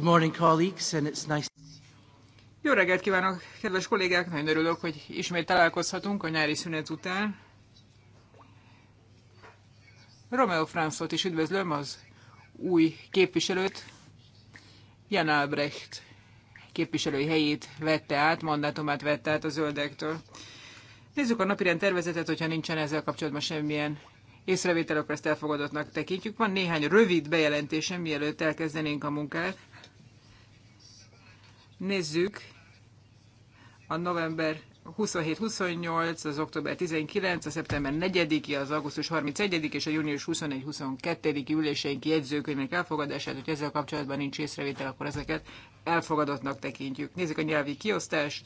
Good morning, colleagues, and it's nice. Jó reggelt kívánok, kedves kollégák! Nagyon örülök, hogy ismét találkozhatunk a nyári szünet után. Romeo Franzot is üdvözlöm, az új képviselőt. Jan Albrecht képviselői helyét vette át, mandátumát vette át a zöldektől. Nézzük a napirend tervezetet, hogyha nincsen ezzel kapcsolatban semmilyen észrevétel, ezt elfogadottnak tekintjük. Van néhány rövid bejelentésem, mielőtt elkezdenénk a munkát nézzük a november 27-28, az október 19, a szeptember 4-i, az augusztus 31 és a június 21-22-i üléseink jegyzőkönyvnek elfogadását, hogy ezzel kapcsolatban nincs észrevétel, akkor ezeket elfogadottnak tekintjük. Nézzük a nyelvi kiosztást.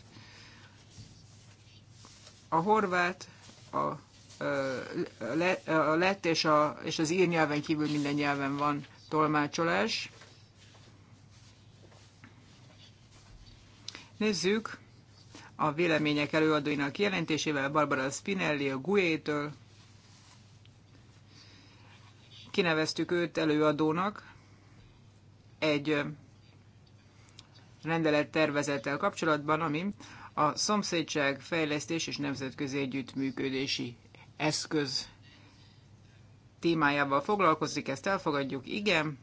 A horvát, a, a, a lett és, a, és az ír nyelven kívül minden nyelven van tolmácsolás. Nézzük a vélemények előadóinak jelentésével Barbara Spinelli a GUE-től. Kineveztük őt előadónak egy rendelet tervezettel kapcsolatban, ami a szomszédság fejlesztés és nemzetközi együttműködési eszköz témájával foglalkozik, ezt elfogadjuk, igen.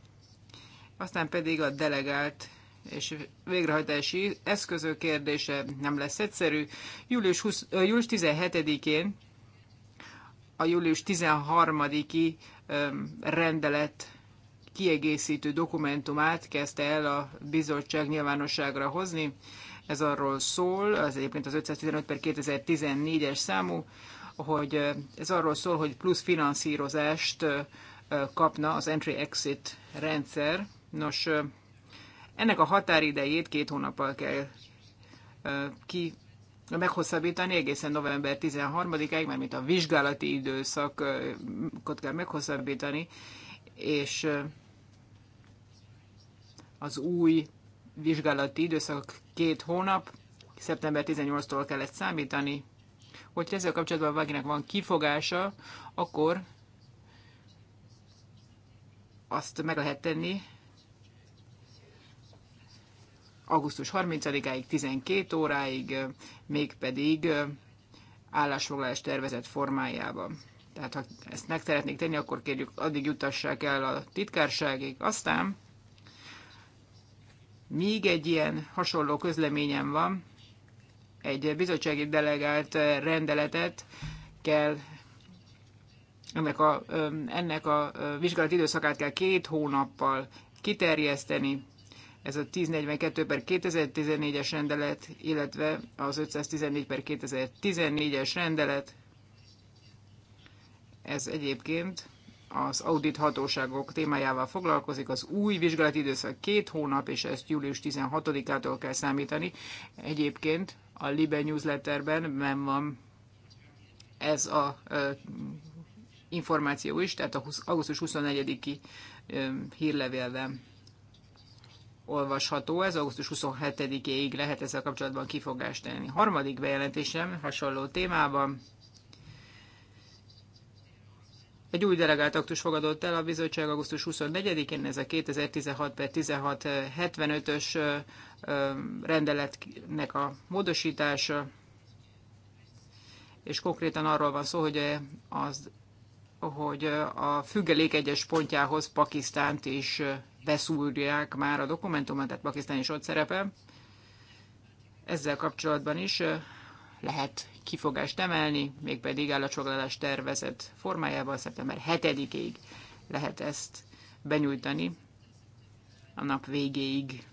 Aztán pedig a delegált és végrehajtási eszközök kérdése nem lesz egyszerű. Július, 20, július 17-én a július 13-i rendelet kiegészítő dokumentumát kezdte el a bizottság nyilvánosságra hozni. Ez arról szól, az egyébként az 515 per 2014-es számú, hogy ez arról szól, hogy plusz finanszírozást kapna az entry-exit rendszer. Nos, Ennek a határidejét két hónappal kell ki meghosszabbítani egészen november 13 ig mert mint a vizsgálati időszakot kell meghosszabbítani, és az új vizsgálati időszak két hónap, szeptember 18-tól kellett számítani. Hogyha ezzel kapcsolatban valakinek van kifogása, akkor azt meg lehet tenni, augusztus 30-áig 12 óráig, mégpedig állásfoglalás tervezett formájában. Tehát ha ezt meg szeretnék tenni, akkor kérjük, addig jutassák el a titkárságig. Aztán még egy ilyen hasonló közleményem van, egy bizottsági delegált rendeletet kell ennek a, ennek a vizsgálati időszakát kell két hónappal kiterjeszteni, ez a 1042 per 2014-es rendelet, illetve az 514 per 2014-es rendelet, ez egyébként az audit hatóságok témájával foglalkozik. Az új vizsgálati időszak két hónap, és ezt július 16-ától kell számítani. Egyébként a Libe newsletterben nem van ez a ö, információ is, tehát a 20, augusztus 24-i hírlevélben olvasható, ez augusztus 27-éig lehet ezzel kapcsolatban kifogást tenni. Harmadik bejelentésem hasonló témában. Egy új delegált aktus fogadott el a bizottság augusztus 24-én, ez a 2016 per 1675-ös rendeletnek a módosítása, és konkrétan arról van szó, hogy az hogy a függelék egyes pontjához Pakisztánt is beszúrják már a dokumentumot, tehát Pakisztán is ott szerepel. Ezzel kapcsolatban is lehet kifogást emelni, mégpedig állatfoglalás tervezett formájában szeptember 7-ig lehet ezt benyújtani a nap végéig.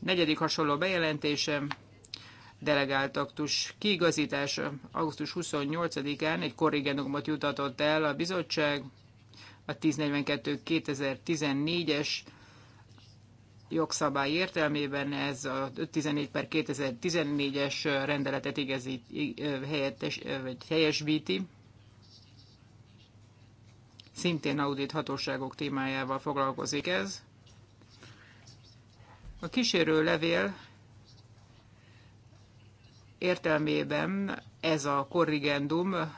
Negyedik hasonló bejelentésem, delegált aktus kiigazítása. Augusztus 28-án egy korrigendumot jutatott el a bizottság, a 1042-2014-es jogszabály értelmében ez a 514 per 2014-es rendeletet igazít, helyettes, vagy helyesbíti. Szintén audit hatóságok témájával foglalkozik ez. A kísérő levél értelmében ez a korrigendum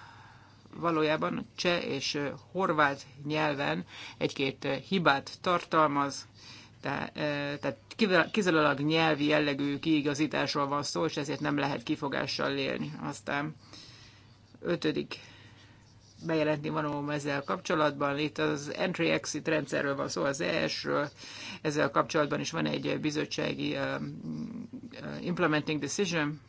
valójában cseh és horvát nyelven egy-két hibát tartalmaz, e, tehát kizárólag nyelvi jellegű kiigazításról van szó, és ezért nem lehet kifogással élni. Aztán ötödik bejelentni van ezzel kapcsolatban. Itt az entry-exit rendszerről van szó, az ES-ről. Ezzel kapcsolatban is van egy bizottsági um, implementing decision,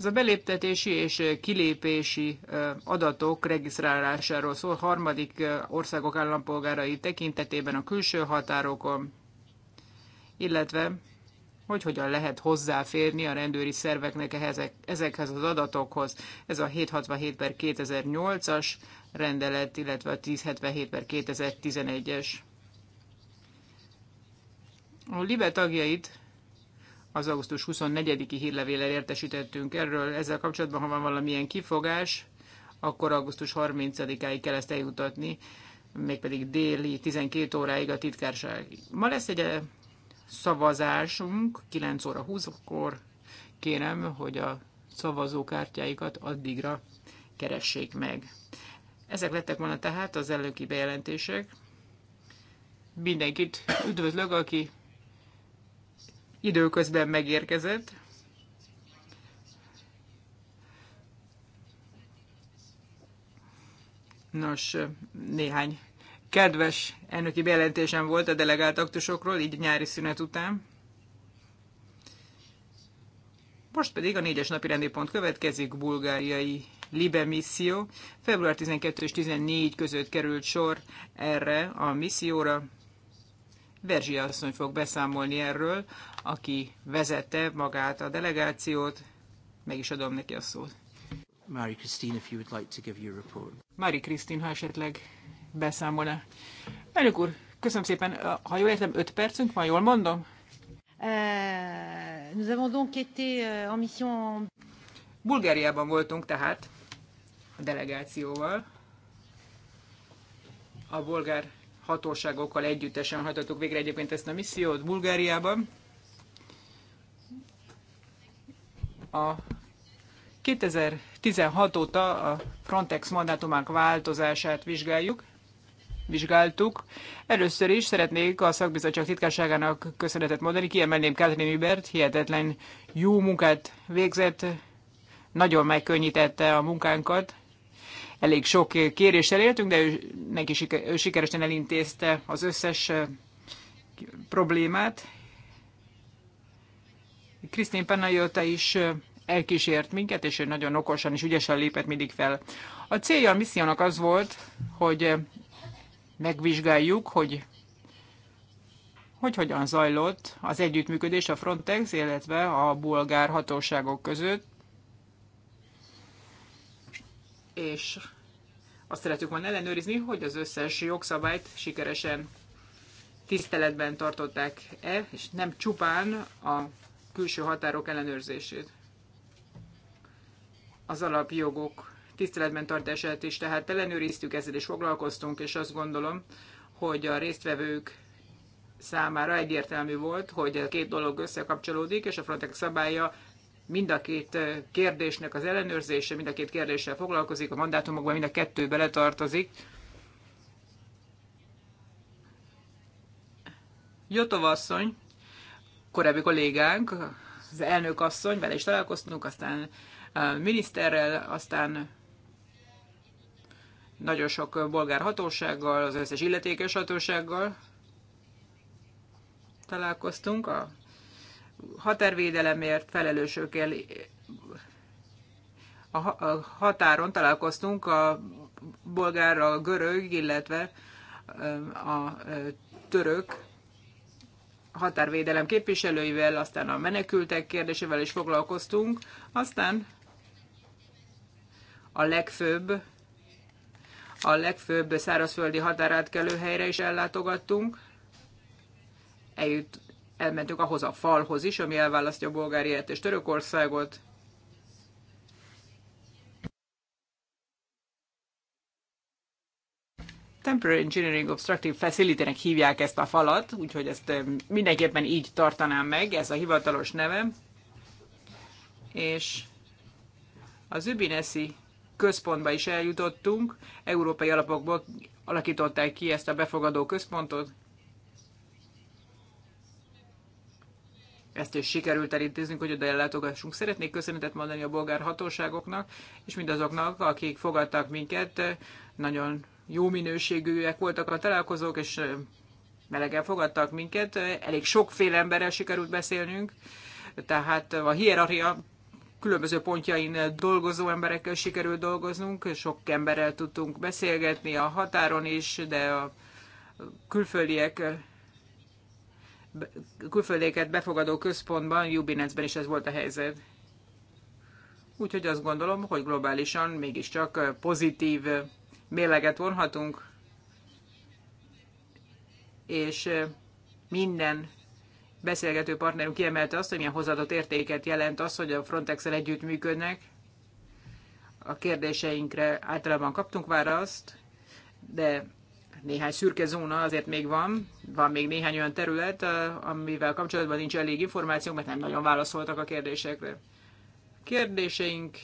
Ez a beléptetési és kilépési adatok regisztrálásáról szól harmadik országok állampolgárai tekintetében a külső határokon, illetve hogy hogyan lehet hozzáférni a rendőri szerveknek ezek, ezekhez az adatokhoz. Ez a 767 per 2008-as rendelet, illetve a 1077 per 2011-es. A LIBE tagjait az augusztus 24-i hírlevéllel értesítettünk erről. Ezzel kapcsolatban, ha van valamilyen kifogás, akkor augusztus 30-áig kell ezt eljutatni, mégpedig déli 12 óráig a titkárság. Ma lesz egy eh, szavazásunk, 9 óra 20-kor kérem, hogy a szavazókártyáikat addigra keressék meg. Ezek lettek volna tehát az előki bejelentések. Mindenkit üdvözlök, aki időközben megérkezett. Nos, néhány kedves elnöki bejelentésem volt a delegált aktusokról, így nyári szünet után. Most pedig a négyes napi rendi pont következik, bulgáriai Libe misszió. Február 12 és 14 között került sor erre a misszióra. Verzsi asszony fog beszámolni erről, aki vezette magát a delegációt. Meg is adom neki a szót. Mari Christine, if you would like to give your report. Mari Christine, ha esetleg beszámolna. Elnök úr, köszönöm szépen. Ha jól értem, 5 percünk van, jól mondom? Uh, nous avons donc été euh, en mission... Bulgáriában voltunk tehát a delegációval. A bolgár hatóságokkal együttesen hajtottuk végre egyébként ezt a missziót Bulgáriában. A 2016 óta a Frontex mandátumák változását vizsgáljuk, vizsgáltuk. Először is szeretnék a szakbizottság titkárságának köszönetet mondani, kiemelném Kátrin Übert, hihetetlen jó munkát végzett, nagyon megkönnyítette a munkánkat, elég sok kéréssel éltünk, de ő, neki siker, ő sikeresen elintézte az összes problémát. Krisztin Pennajóta is elkísért minket, és ő nagyon okosan és ügyesen lépett mindig fel. A célja a missziónak az volt, hogy megvizsgáljuk, hogy hogy hogyan zajlott az együttműködés a Frontex, illetve a bulgár hatóságok között, és azt szeretjük volna ellenőrizni, hogy az összes jogszabályt sikeresen tiszteletben tartották-e, és nem csupán a külső határok ellenőrzését. Az alapjogok tiszteletben tartását is, tehát ellenőriztük, ezzel is foglalkoztunk, és azt gondolom, hogy a résztvevők számára egyértelmű volt, hogy a két dolog összekapcsolódik, és a Frontex szabálya mind a két kérdésnek az ellenőrzése, mind a két kérdéssel foglalkozik, a mandátumokban mind a kettő beletartozik. Jotova asszony, korábbi kollégánk, az elnök asszony, vele is találkoztunk, aztán a miniszterrel, aztán nagyon sok bolgár hatósággal, az összes illetékes hatósággal találkoztunk a határvédelemért felelősökkel a határon találkoztunk a bolgár, a görög, illetve a török határvédelem képviselőivel, aztán a menekültek kérdésével is foglalkoztunk, aztán a legfőbb, a legfőbb szárazföldi határátkelő helyre is ellátogattunk, eljut, elmentünk ahhoz a falhoz is, ami elválasztja a Bulgáriát és Törökországot. Temporary Engineering Obstructive facility hívják ezt a falat, úgyhogy ezt mindenképpen így tartanám meg, ez a hivatalos neve. És a zübineszi központba is eljutottunk, európai alapokból alakították ki ezt a befogadó központot, Ezt is sikerült elintéznünk, hogy oda ellátogassunk. Szeretnék köszönetet mondani a bolgár hatóságoknak, és mindazoknak, akik fogadtak minket. Nagyon jó minőségűek voltak a találkozók, és melegen fogadtak minket. Elég sokféle emberrel sikerült beszélnünk, tehát a hierarchia különböző pontjain dolgozó emberekkel sikerült dolgoznunk, sok emberrel tudtunk beszélgetni a határon is, de a külföldiek külföldéket befogadó központban, Jubinecben is ez volt a helyzet. Úgyhogy azt gondolom, hogy globálisan mégiscsak pozitív méleget vonhatunk, és minden beszélgető partnerünk kiemelte azt, hogy milyen hozadott értéket jelent az, hogy a Frontex-el együttműködnek. A kérdéseinkre általában kaptunk választ, de néhány szürke zóna azért még van, van még néhány olyan terület, eh, amivel kapcsolatban nincs elég információ, mert nem nagyon válaszoltak a kérdésekre. Kérdéseink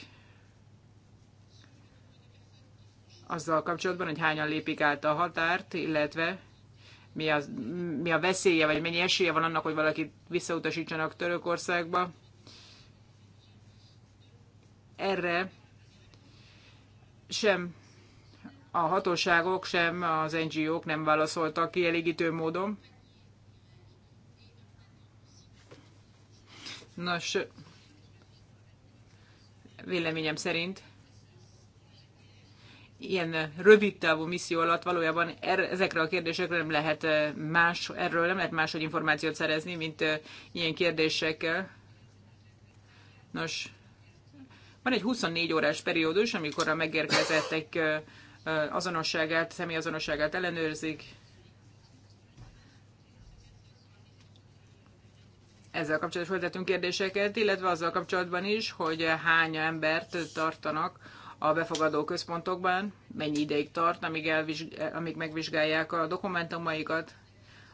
azzal kapcsolatban, hogy hányan lépik át a határt, illetve mi a, mi a veszélye, vagy mennyi esélye van annak, hogy valakit visszautasítsanak Törökországba. Erre sem a hatóságok, sem az NGO-k nem válaszoltak kielégítő módon. Nos, véleményem szerint ilyen rövid távú misszió alatt valójában er, ezekre a kérdésekre nem lehet más, erről nem lehet máshogy információt szerezni, mint ilyen kérdésekkel. Nos, van egy 24 órás periódus, amikor a megérkezettek azonosságát, személyazonosságát ellenőrzik. Ezzel kapcsolatban folytatunk kérdéseket, illetve azzal kapcsolatban is, hogy hány embert tartanak a befogadó központokban, mennyi ideig tart, amíg, elvizsg- amíg megvizsgálják a dokumentumaikat.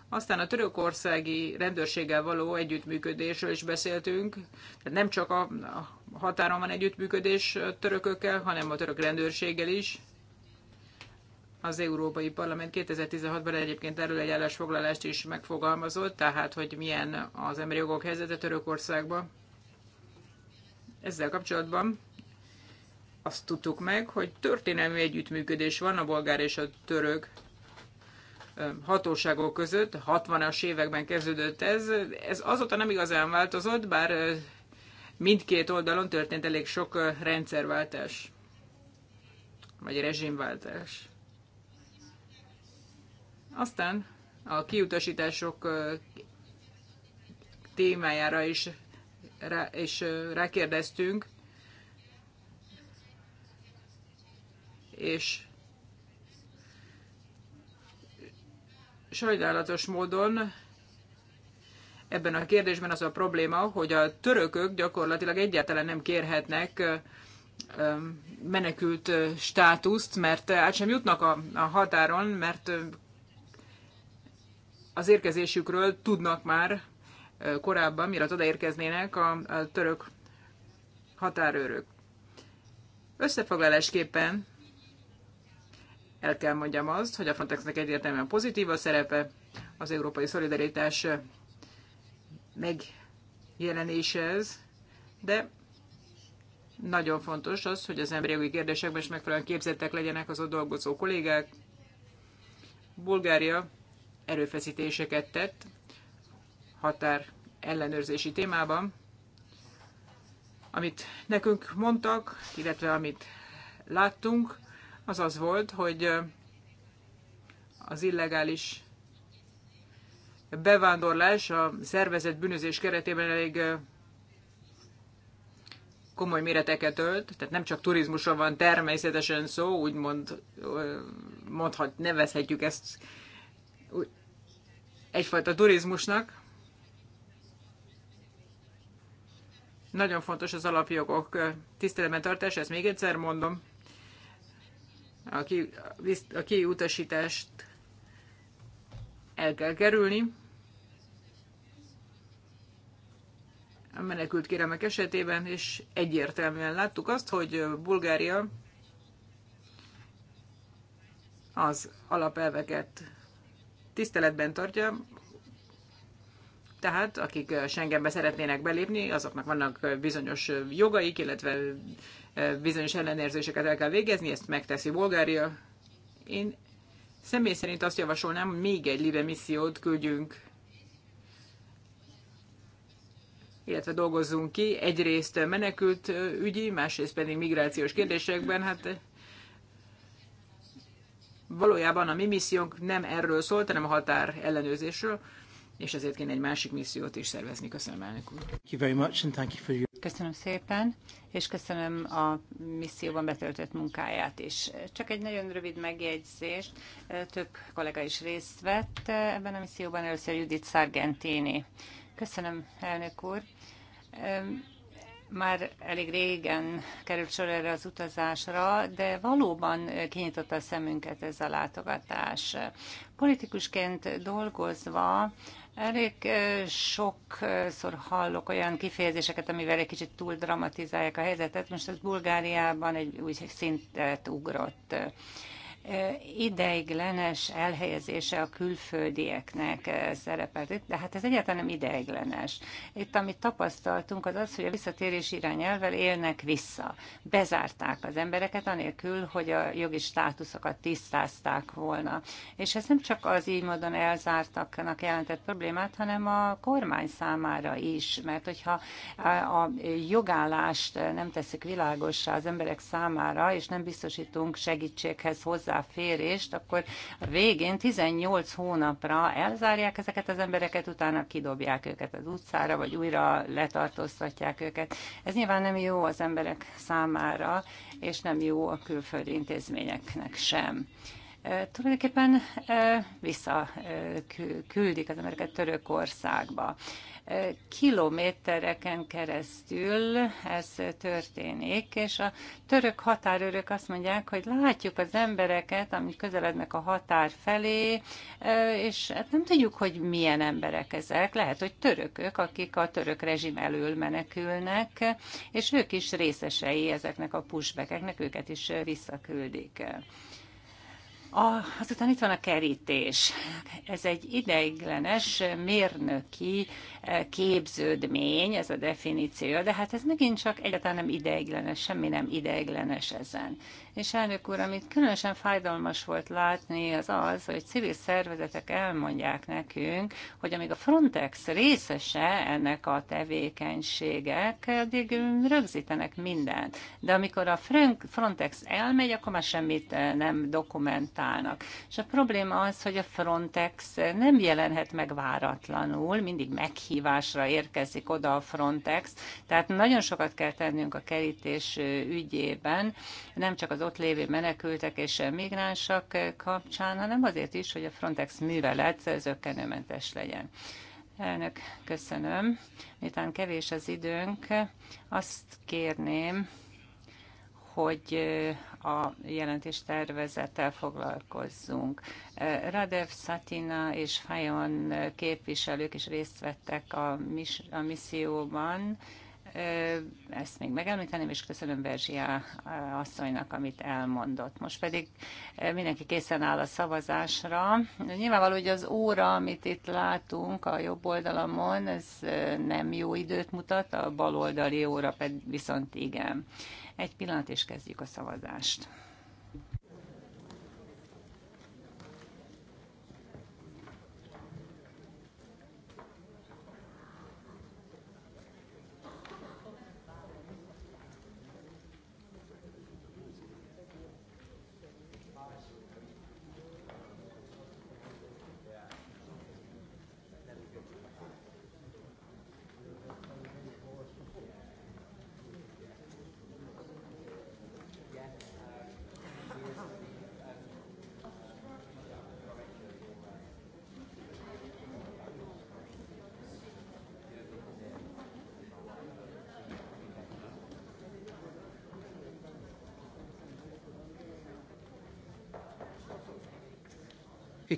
Aztán a törökországi rendőrséggel való együttműködésről is beszéltünk. Tehát nem csak a határon van együttműködés törökökkel, hanem a török rendőrséggel is az Európai Parlament 2016-ban egyébként erről egy állásfoglalást is megfogalmazott, tehát hogy milyen az emberi jogok helyzete Törökországban. Ezzel kapcsolatban azt tudtuk meg, hogy történelmi együttműködés van a bolgár és a török hatóságok között. 60-as években kezdődött ez. Ez azóta nem igazán változott, bár mindkét oldalon történt elég sok rendszerváltás, vagy rezsimváltás. Aztán a kiutasítások témájára is, rá, és rákérdeztünk, és sajnálatos módon ebben a kérdésben az a probléma, hogy a törökök gyakorlatilag egyáltalán nem kérhetnek menekült státuszt, mert át sem jutnak a, a határon, mert az érkezésükről tudnak már korábban, mire odaérkeznének a török határőrök. Összefoglalásképpen el kell mondjam azt, hogy a Frontexnek egyértelműen pozitív a szerepe, az európai szolidaritás megjelenése ez, de nagyon fontos az, hogy az emberi jogi kérdésekben is megfelelően képzettek legyenek az ott dolgozó kollégák. Bulgária erőfeszítéseket tett határ ellenőrzési témában. Amit nekünk mondtak, illetve amit láttunk, az az volt, hogy az illegális bevándorlás a szervezett bűnözés keretében elég komoly méreteket ölt, tehát nem csak turizmusra van természetesen szó, úgymond mondhat, nevezhetjük ezt egyfajta turizmusnak. Nagyon fontos az alapjogok tiszteletben tartása, ezt még egyszer mondom. A, ki, a kiutasítást el kell kerülni. a menekült kéremek esetében, és egyértelműen láttuk azt, hogy Bulgária az alapelveket tiszteletben tartja, tehát akik Schengenbe szeretnének belépni, azoknak vannak bizonyos jogaik, illetve eh, bizonyos ellenérzéseket el kell végezni, ezt megteszi Bulgária. Én személy szerint azt javasolnám, hogy még egy libe missziót küldjünk, illetve dolgozzunk ki, egyrészt menekült eh, ügyi, másrészt pedig migrációs kérdésekben, hát eh, valójában a mi missziónk nem erről szólt, hanem a határ ellenőrzésről, és ezért kéne egy másik missziót is szervezni. Köszönöm, elnök úr. Köszönöm szépen, és köszönöm a misszióban betöltött munkáját is. Csak egy nagyon rövid megjegyzést. Több kollega is részt vett ebben a misszióban, először Judit Sargentini. Köszönöm, elnök úr. Már elég régen került sor erre az utazásra, de valóban kinyitotta a szemünket ez a látogatás. Politikusként dolgozva elég sokszor hallok olyan kifejezéseket, amivel egy kicsit túl dramatizálják a helyzetet. Most ez Bulgáriában egy új szintet ugrott ideiglenes elhelyezése a külföldieknek szerepelt itt, de hát ez egyáltalán nem ideiglenes. Itt, amit tapasztaltunk, az az, hogy a visszatérés irányelvel élnek vissza. Bezárták az embereket, anélkül, hogy a jogi státuszokat tisztázták volna. És ez nem csak az így módon elzártaknak jelentett problémát, hanem a kormány számára is, mert hogyha a jogállást nem teszik világossá az emberek számára, és nem biztosítunk segítséghez hozzá, hozzáférést, akkor a végén 18 hónapra elzárják ezeket az embereket, utána kidobják őket az utcára, vagy újra letartóztatják őket. Ez nyilván nem jó az emberek számára, és nem jó a külföldi intézményeknek sem. Eh, tulajdonképpen eh, visszaküldik eh, az embereket Törökországba. Kilométereken keresztül ez történik, és a török határőrök azt mondják, hogy látjuk az embereket, amik közelednek a határ felé, és hát nem tudjuk, hogy milyen emberek ezek. Lehet, hogy törökök, akik a török rezsim elől menekülnek, és ők is részesei ezeknek a pushbackeknek, őket is visszaküldik. A, azután itt van a kerítés. Ez egy ideiglenes mérnöki eh, képződmény, ez a definíció, de hát ez megint csak egyáltalán nem ideiglenes, semmi nem ideiglenes ezen. És elnök úr, amit különösen fájdalmas volt látni, az az, hogy civil szervezetek elmondják nekünk, hogy amíg a Frontex részese ennek a tevékenységek, addig rögzítenek mindent. De amikor a Frontex elmegy, akkor már semmit eh, nem dokumentálnak. És a probléma az, hogy a Frontex nem jelenhet meg váratlanul, mindig meghívásra érkezik oda a Frontex, tehát nagyon sokat kell tennünk a kerítés eh, ügyében, nem csak az ott lévő menekültek és migránsak kapcsán, hanem azért is, hogy a Frontex művelet zöggenőmentes legyen. Elnök, köszönöm. Miután kevés az időnk, azt kérném, hogy a jelentés tervezettel foglalkozzunk. Radev, Satina és Fajon képviselők is részt vettek a misszióban, Ezt még megemlíteném, és köszönöm Berzsia asszonynak, amit elmondott. Most pedig mindenki készen áll a szavazásra. Nyilvánvaló, hogy az óra, amit itt látunk a jobb oldalamon, ez nem jó időt mutat, a baloldali óra pedig viszont igen. Egy pillanat, és kezdjük a szavazást.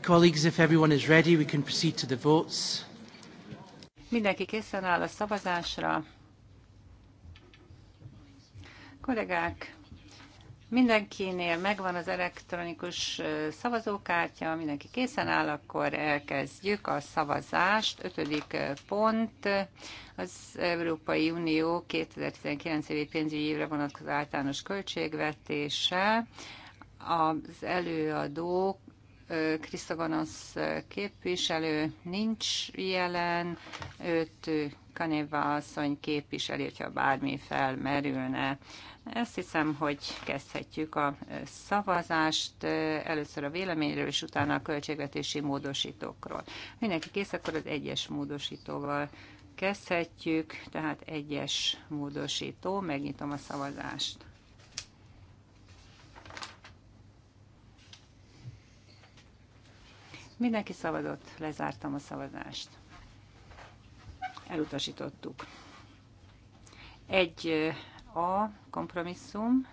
Colleagues, if everyone is ready, we can proceed to the votes. Mindenki készen áll a szavazásra. Kollégák, mindenkinél megvan az elektronikus szavazókártya, mindenki készen áll, akkor elkezdjük a szavazást. Ötödik pont, az Európai Unió 2019 évi pénzügyi évre vonatkozó általános költségvetése. Az előadók Krisztogonosz képviselő nincs jelen, őt Kanéva asszony képviseli, hogyha bármi felmerülne. Ezt hiszem, hogy kezdhetjük a szavazást, először a véleményről, és utána a költségvetési módosítókról. Mindenki kész, akkor az egyes módosítóval kezdhetjük, tehát egyes módosító, megnyitom a szavazást. Mindenki szavazott, lezártam a szavazást. Elutasítottuk. Egy a kompromisszum.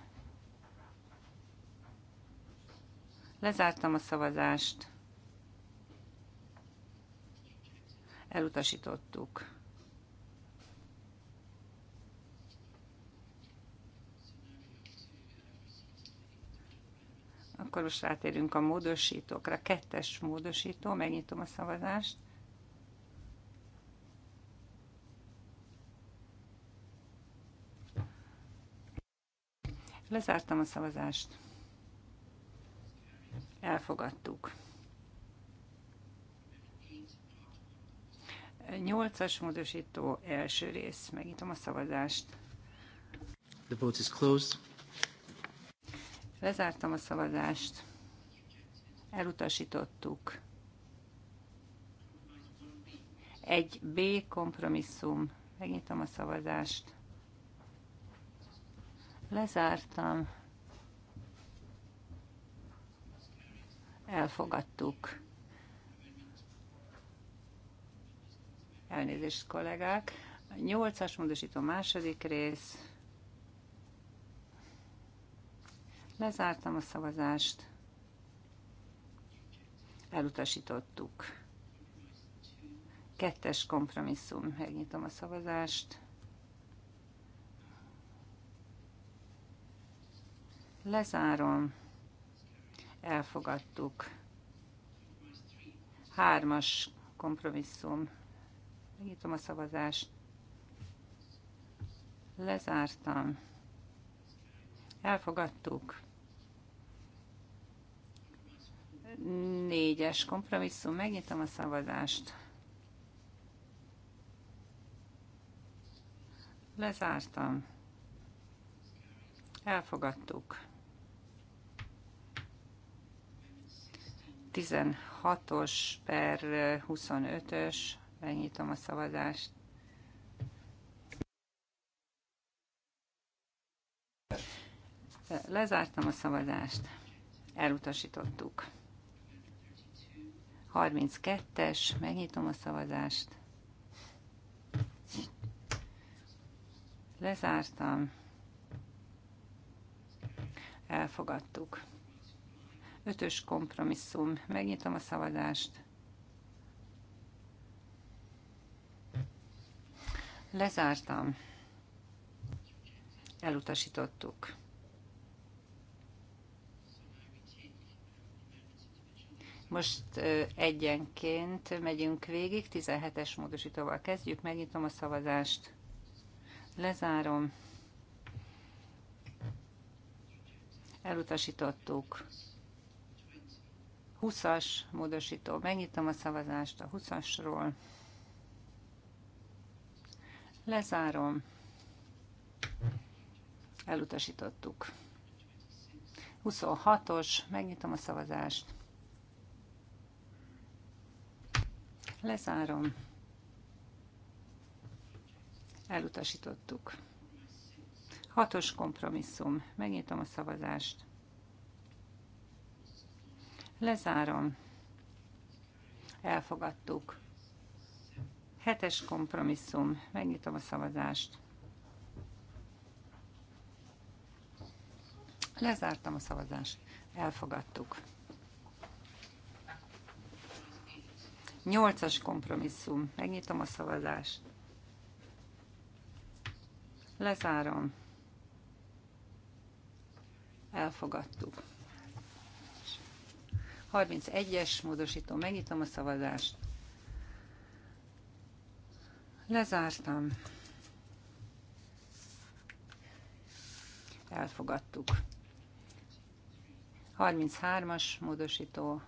Lezártam a szavazást. Elutasítottuk. Akkor most rátérünk a módosítókra. Kettes módosító, megnyitom a szavazást. Lezártam a szavazást. Elfogadtuk. Nyolcas módosító első rész. Megnyitom a szavazást. The vote is closed. Lezártam a szavazást. Elutasítottuk. Egy B kompromisszum. Megnyitom a szavazást. Lezártam. Elfogadtuk. Elnézést, kollégák. Nyolcas módosító második rész. Lezártam a szavazást. Elutasítottuk. Kettes kompromisszum. Megnyitom a szavazást. Lezárom. Elfogadtuk. Hármas kompromisszum. Megnyitom a szavazást. Lezártam. Elfogadtuk. Négyes kompromisszum, megnyitom a szavazást. Lezártam. Elfogadtuk. 16-os per 25-ös, megnyitom a szavazást. Lezártam a szavazást, elutasítottuk. 32-es, megnyitom a szavazást. Lezártam. Elfogadtuk. Ötös kompromisszum. Megnyitom a szavazást. Lezártam. Elutasítottuk. Most egyenként megyünk végig, 17-es módosítóval kezdjük, megnyitom a szavazást, lezárom, elutasítottuk. 20-as módosító, megnyitom a szavazást a 20-asról, lezárom, elutasítottuk. 26-os, megnyitom a szavazást, Lezárom. Elutasítottuk. Hatos kompromisszum. Megnyitom a szavazást. Lezárom. Elfogadtuk. Hetes kompromisszum. Megnyitom a szavazást. Lezártam a szavazást. Elfogadtuk. Nyolcas kompromisszum. Megnyitom a szavazást. Lezárom. Elfogadtuk. 31-es módosító. Megnyitom a szavazást. Lezártam. Elfogadtuk. 33-as módosító.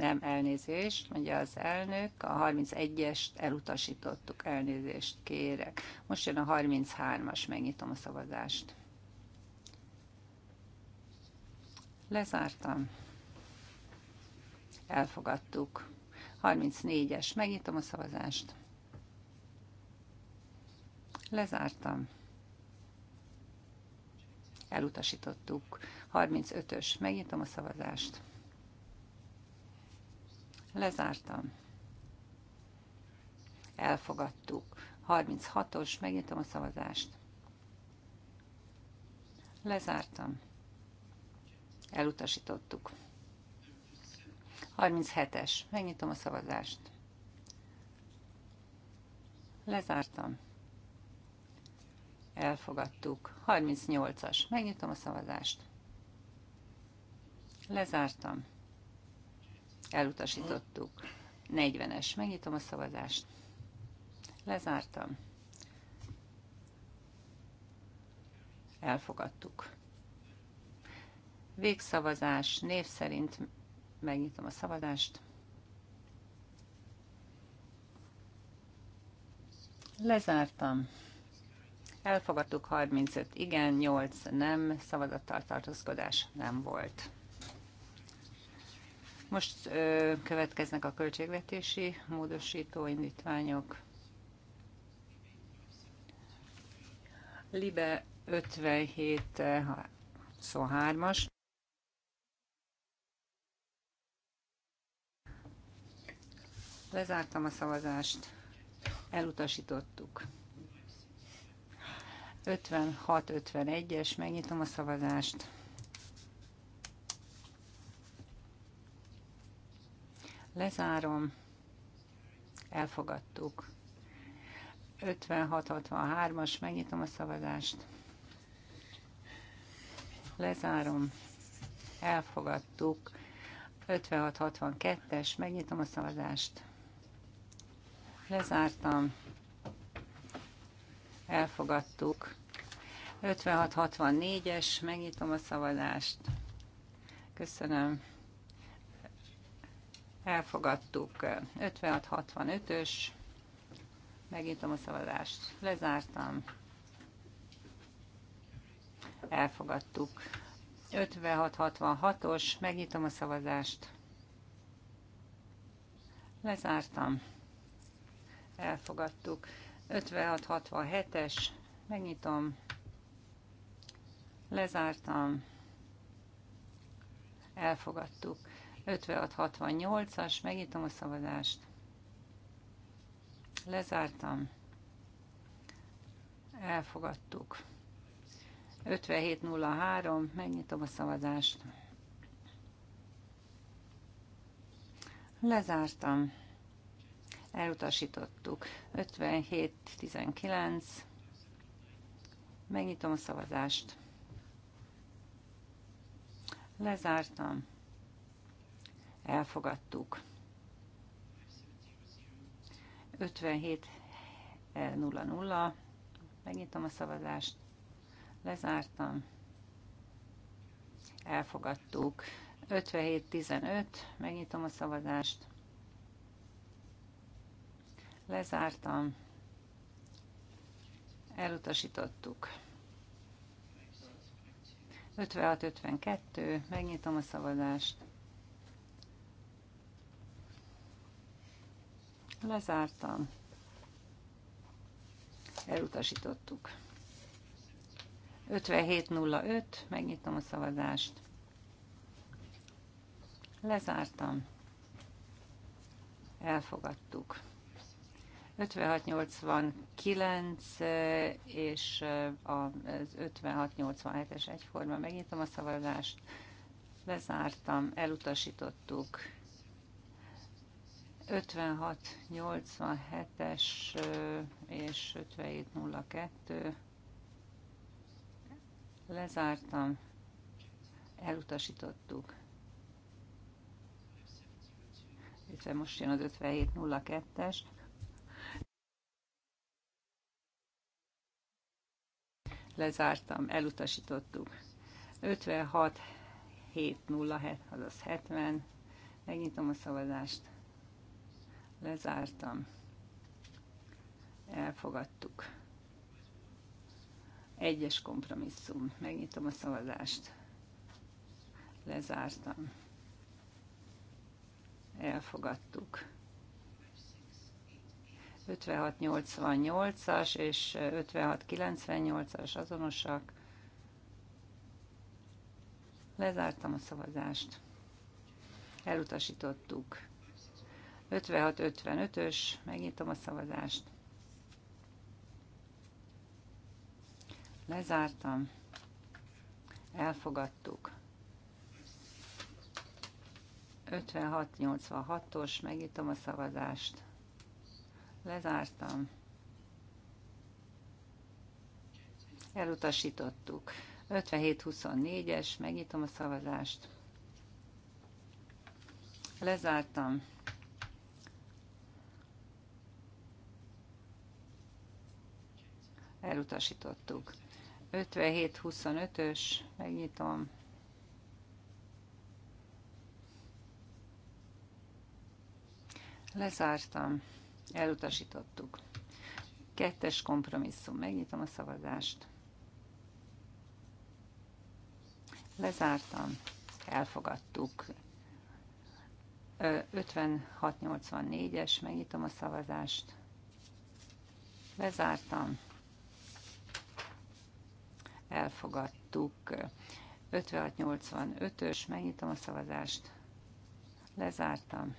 Nem, elnézést, mondja az elnök. A 31-est elutasítottuk, elnézést kérek. Most jön a 33-as, megnyitom a szavazást. Lezártam. Elfogadtuk. 34-es, megnyitom a szavazást. Lezártam. Elutasítottuk. 35-ös, megnyitom a szavazást. Lezártam. Elfogadtuk. 36-os, megnyitom a szavazást. Lezártam. Elutasítottuk. 37-es, megnyitom a szavazást. Lezártam. Elfogadtuk. 38-as, megnyitom a szavazást. Lezártam. Elutasítottuk. 40-es. Megnyitom a szavazást. Lezártam. Elfogadtuk. Végszavazás név szerint megnyitom a szavazást. Lezártam. Elfogadtuk 35 igen, 8 nem, szavazattal tartózkodás nem volt. Most ö, következnek a költségvetési módosító indítványok. Libe 57 23-as. Lezártam a szavazást, elutasítottuk. 56-51-es, megnyitom a szavazást. Lezárom. Elfogadtuk. 56-63-as, megnyitom a szavazást. Lezárom. Elfogadtuk. 56-62-es, megnyitom a szavazást. Lezártam. Elfogadtuk. 56-64-es, megnyitom a szavazást. Köszönöm. Elfogadtuk 56-65-ös. Megnyitom a szavazást. Lezártam. Elfogadtuk. 56-66-os. Megnyitom a szavazást. Lezártam. Elfogadtuk. 56-67-es. Megnyitom. Lezártam. Elfogadtuk. 5668 as megnyitom a szavazást. Lezártam. Elfogadtuk. 57-03, megnyitom a szavazást. Lezártam. Elutasítottuk. 57-19. Megnyitom a szavazást. Lezártam elfogadtuk. 57.00, eh, megnyitom a szavazást, lezártam, elfogadtuk. 57.15, megnyitom a szavazást, lezártam, elutasítottuk. 56-52, megnyitom a szavazást, Lezártam. Elutasítottuk. 57.05, megnyitom a szavazást. Lezártam. Elfogadtuk. 56.89 és az 56.87-es egyforma. Megnyitom a szavazást. Lezártam, elutasítottuk. 56-87-es és 57-02. Lezártam, elutasítottuk. Illetve most jön az 57-02-es. Lezártam, elutasítottuk. 56 707, azaz 70. Megnyitom a szavazást. Lezártam. Elfogadtuk. Egyes kompromisszum. Megnyitom a szavazást. Lezártam. Elfogadtuk. 56-88-as és 56-98-as azonosak. Lezártam a szavazást. Elutasítottuk. 56-55-ös, megnyitom a szavazást. Lezártam. Elfogadtuk. 56-86-os, megnyitom a szavazást. Lezártam. Elutasítottuk. 57-24-es, megnyitom a szavazást. Lezártam. elutasítottuk. 57-25-ös, megnyitom. Lezártam, elutasítottuk. Kettes kompromisszum, megnyitom a szavazást. Lezártam, elfogadtuk. 56-84-es, megnyitom a szavazást. Lezártam, elfogadtuk. 56-85-ös, megnyitom a szavazást, lezártam,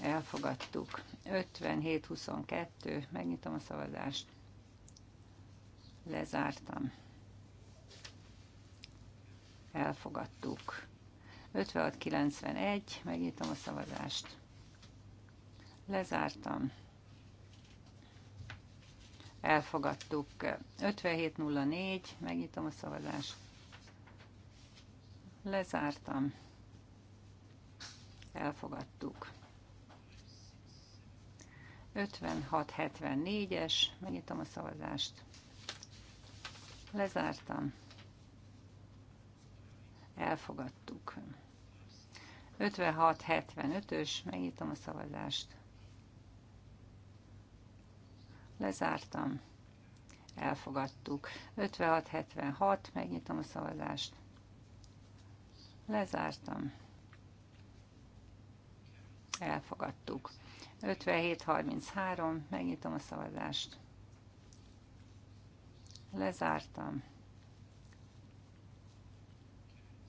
elfogadtuk. 57-22, megnyitom a szavazást, lezártam, elfogadtuk. 56-91, megnyitom a szavazást, lezártam, elfogadtuk. 57.04, megnyitom a szavazást. Lezártam. Elfogadtuk. 56.74-es, megnyitom a szavazást. Lezártam. Elfogadtuk. 56.75-ös, megnyitom a szavazást. Lezártam. Elfogadtuk. 56-76, megnyitom a szavazást. Lezártam. Elfogadtuk. 57-33, megnyitom a szavazást. Lezártam.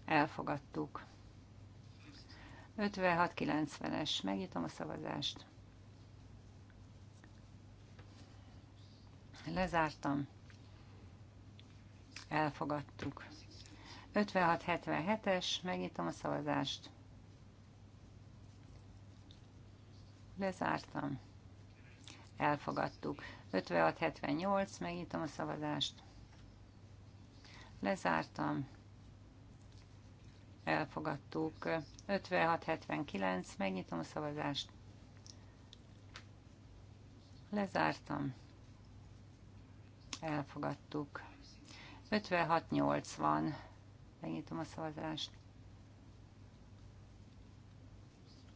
Elfogadtuk. 56-90-es, megnyitom a szavazást. Lezártam. Elfogadtuk. 56-77-es, megnyitom a szavazást. Lezártam. Elfogadtuk. 56-78, megnyitom a szavazást. Lezártam. Elfogadtuk. 56-79, megnyitom a szavazást. Lezártam elfogadtuk. 56-80, megnyitom a szavazást.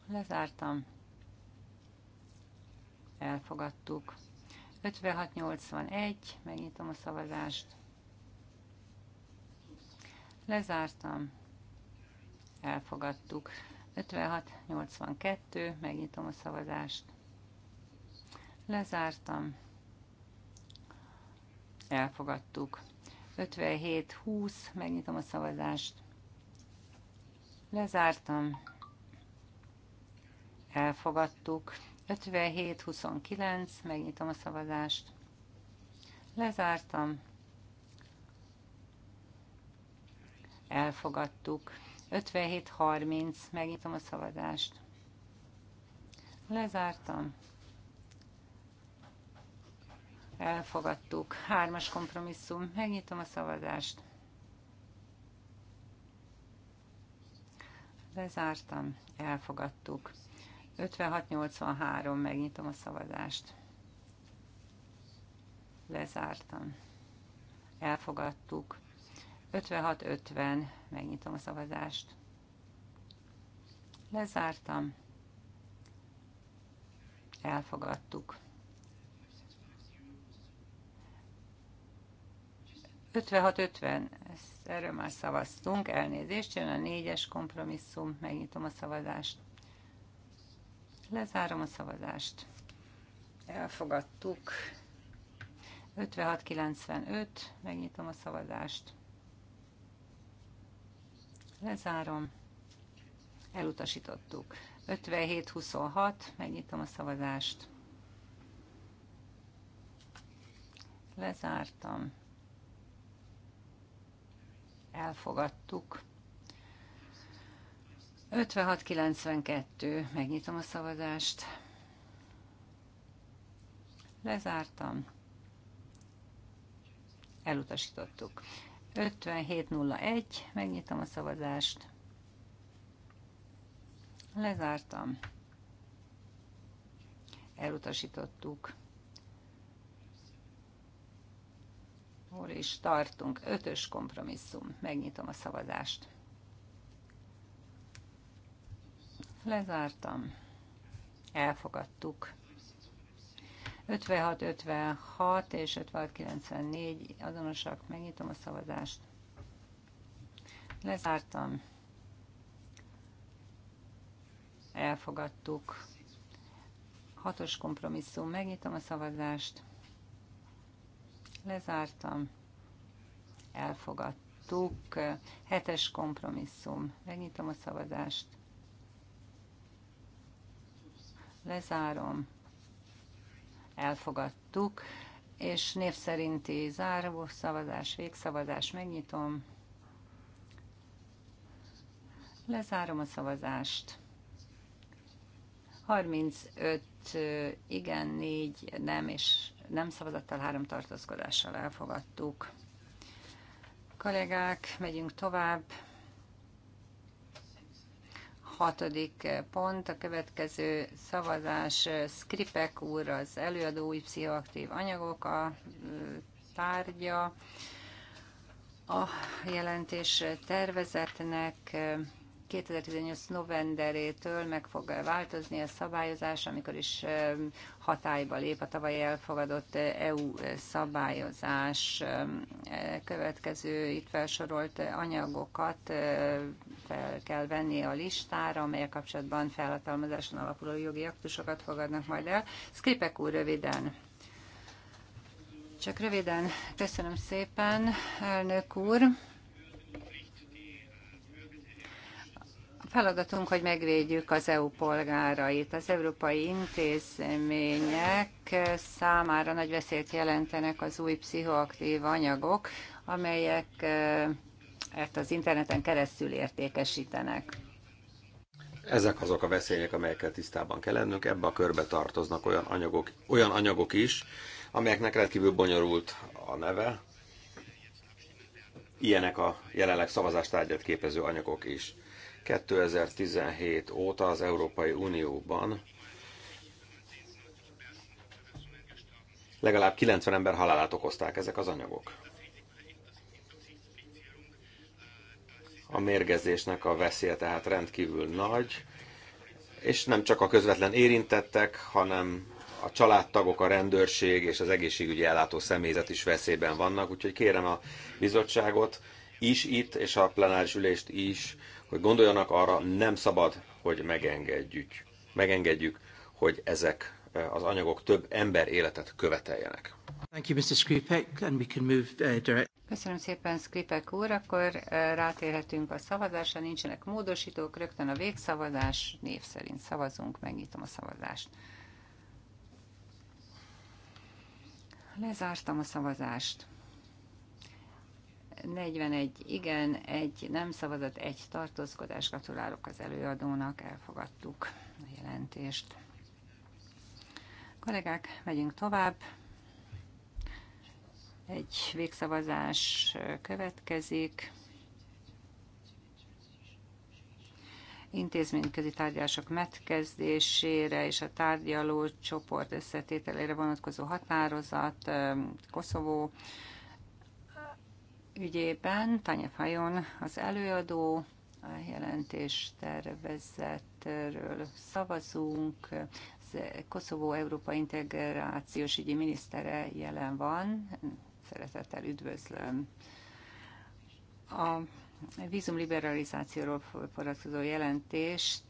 Lezártam. Elfogadtuk. 56-81, megnyitom a szavazást. Lezártam. Elfogadtuk. 56-82, megnyitom a szavazást. Lezártam Elfogadtuk. 57-20, megnyitom a szavazást. Lezártam. Elfogadtuk. 57-29, megnyitom a szavazást. Lezártam. Elfogadtuk. 57-30, megnyitom a szavazást. Lezártam elfogadtuk. Hármas kompromisszum, megnyitom a szavazást. Lezártam, elfogadtuk. 56-83, megnyitom a szavazást. Lezártam. Elfogadtuk. 56-50, megnyitom a szavazást. Lezártam. Elfogadtuk. 56-50, erről már szavaztunk, elnézést, jön a négyes kompromisszum, megnyitom a szavazást. Lezárom a szavazást. Elfogadtuk. 56-95, megnyitom a szavazást. Lezárom. Elutasítottuk. 57-26, megnyitom a szavazást. Lezártam elfogadtuk. 56-92, megnyitom a szavazást. Lezártam. Elutasítottuk. 57-01, megnyitom a szavazást. Lezártam. Elutasítottuk. hol is tartunk. Ötös kompromisszum. Megnyitom a szavazást. Lezártam. Elfogadtuk. 56-56 és 56-94 azonosak. Megnyitom a szavazást. Lezártam. Elfogadtuk. Hatos kompromisszum. Megnyitom a szavazást. Lezártam. Elfogadtuk. Hetes kompromisszum. Megnyitom a szavazást. Lezárom. Elfogadtuk. És név szerinti záró szavazás, végszavazás. Megnyitom. Lezárom a szavazást. 35 igen, 4 nem, és nem szavazattal, három tartózkodással elfogadtuk. Kollégák, megyünk tovább. Hatodik pont, a következő szavazás. Skripek úr az előadó új pszichoaktív anyagok a tárgya a jelentés tervezetnek 2018. novemberétől meg fog változni a szabályozás, amikor is hatályba lép a tavaly elfogadott EU eh, e eh, szabályozás. Eh, következő itt felsorolt anyagokat fel kell venni a listára, amelyek kapcsolatban felhatalmazáson alapuló jogi aktusokat fogadnak majd el. Skripek úr röviden. Csak röviden köszönöm szépen, elnök úr. feladatunk, hogy megvédjük az EU polgárait. Az európai intézmények számára nagy veszélyt jelentenek az új pszichoaktív anyagok, amelyek ezt eh, az interneten keresztül értékesítenek. Ezek azok a veszélyek, amelyekkel tisztában kell lennünk. Ebbe a körbe tartoznak olyan anyagok, olyan anyagok is, amelyeknek rendkívül bonyolult a neve. Ilyenek a jelenleg szavazástárgyat képező anyagok is. 2017 óta az Európai Unióban legalább 90 ember halálát okozták ezek az anyagok. A mérgezésnek a veszélye tehát rendkívül nagy, és nem csak a közvetlen érintettek, hanem a családtagok, a rendőrség és az egészségügyi ellátó személyzet is veszélyben vannak, úgyhogy kérem a bizottságot is itt, és a plenáris ülést is, hogy gondoljanak arra, nem szabad, hogy megengedjük, megengedjük hogy ezek eh, az anyagok több ember életet követeljenek. Thank you, Mr. Skripek, and we can move eh, direct. Köszönöm szépen, Skripek úr. Akkor eh, rátérhetünk a szavazásra. Nincsenek módosítók, rögtön a végszavazás. Név szerint szavazunk, megnyitom a szavazást. Lezártam a szavazást. 41 igen, egy nem szavazat, egy tartózkodás. Gratulálok az előadónak, elfogadtuk a jelentést. Kollégák, megyünk tovább. Egy végszavazás következik. intézményközi tárgyalások megkezdésére és a tárgyaló csoport összetételére vonatkozó határozat Koszovó ügyében Tanya Fajon az előadó, a jelentés tervezetről szavazunk. Koszovó Európa Integrációs ügyi minisztere jelen van. Szeretettel üdvözlöm. A vízumliberalizációról foglalkozó jelentést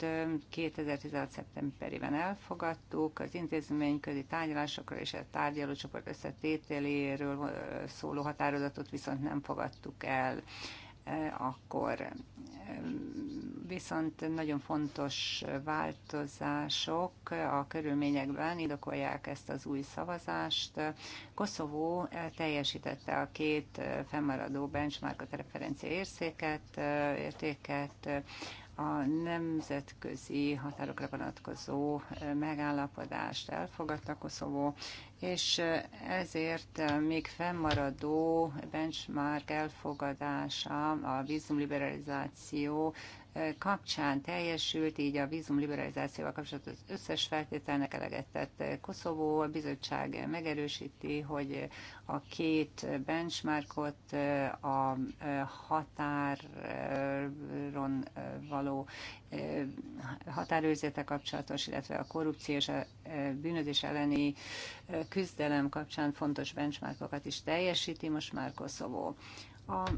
2016. szeptemberében elfogadtuk, az intézményközi tárgyalásokról és a tárgyalócsoport összetételéről szóló határozatot viszont nem fogadtuk el. E, akkor e, viszont nagyon fontos változások a körülményekben indokolják ezt az új szavazást. Koszovó e, teljesítette a két fennmaradó benchmarkot, referencia érszéket, értéket, a nemzetközi határokra vonatkozó megállapodást elfogadta Koszovó, és ezért még fennmaradó benchmark elfogadása a vízumliberalizáció kapcsán teljesült, így a vízumliberalizációval kapcsolatos összes feltételnek eleget tett Koszovó. A bizottság megerősíti, hogy a két benchmarkot a határon való határőrzete kapcsolatos, illetve a korrupció és a bűnözés elleni küzdelem kapcsán fontos benchmarkokat is teljesíti most már Koszovó. A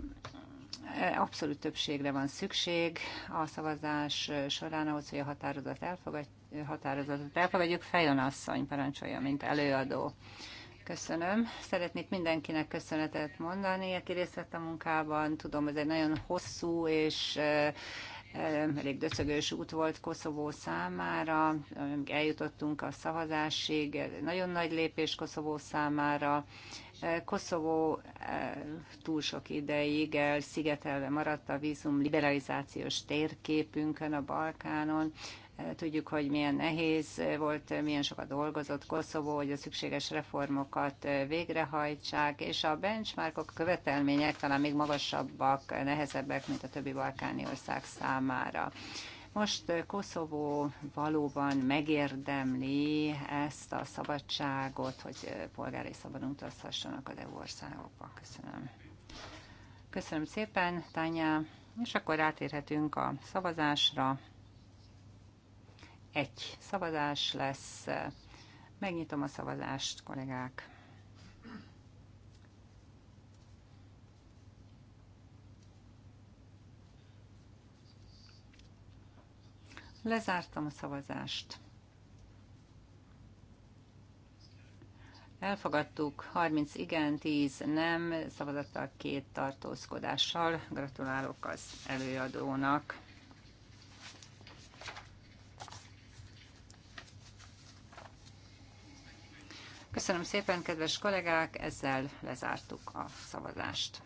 abszolút többségre van szükség a szavazás során ahhoz, hogy a határozat elfogad, határozatot elfogadjuk. Fejon asszony parancsolja, mint előadó. Köszönöm. Szeretnék mindenkinek köszönetet mondani, aki részt vett a munkában. Tudom, ez egy nagyon hosszú és elég döcögős út volt Koszovó számára, eljutottunk a szavazásig, nagyon nagy lépés Koszovó számára, Koszovó túl sok ideig szigetelve maradt a vízum liberalizációs térképünkön a Balkánon. Tudjuk, hogy milyen nehéz volt, milyen sokat dolgozott Koszovó, hogy a szükséges reformokat végrehajtsák, és a benchmarkok, a követelmények talán még magasabbak, nehezebbek, mint a többi balkáni ország számára. Most Koszovó valóban megérdemli ezt a szabadságot, hogy polgári szabadon utazhassanak az EU országokba. Köszönöm. Köszönöm szépen, Tanya, és akkor átérhetünk a szavazásra egy szavazás lesz. Megnyitom a szavazást, kollégák. Lezártam a szavazást. Elfogadtuk 30 igen, 10 nem, szavazattal két tartózkodással. Gratulálok az előadónak. Köszönöm szépen, kedves kollégák, ezzel lezártuk a szavazást.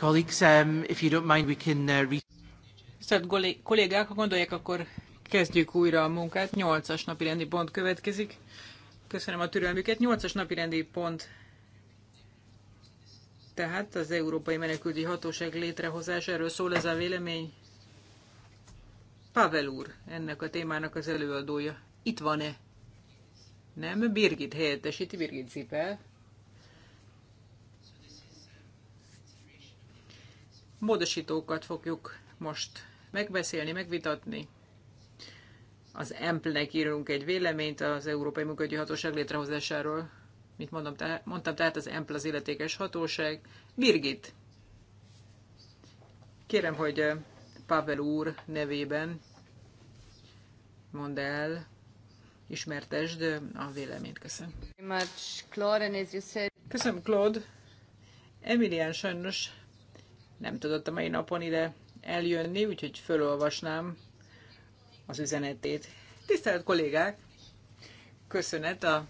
Colleagues, um, if you don't mind, we can uh, re- Tisztelt kollégák, ha gondolják, akkor kezdjük újra a munkát. 8-as napi rendi pont következik. Köszönöm a türelmüket. 8-as napi rendi pont tehát az Európai Menekülti Hatóság létrehozása, erről szól ez a vélemény. Pavel úr, ennek a témának az előadója. Itt van-e? Nem, Birgit helyettesíti, Birgit Zipel. módosítókat fogjuk most megbeszélni, megvitatni. Az emp nek írunk egy véleményt az Európai Munkahogyi Hatóság létrehozásáról. Mint mondom, tehát, mondtam, tehát az EMP az illetékes hatóság. Birgit, kérem, hogy eh, Pavel úr nevében mondd el, ismertesd eh, a véleményt. Köszönöm. Köszönöm, Claude. Emilián sajnos nem tudott a mai napon ide eljönni, úgyhogy fölolvasnám az üzenetét. Tisztelt kollégák! Köszönet a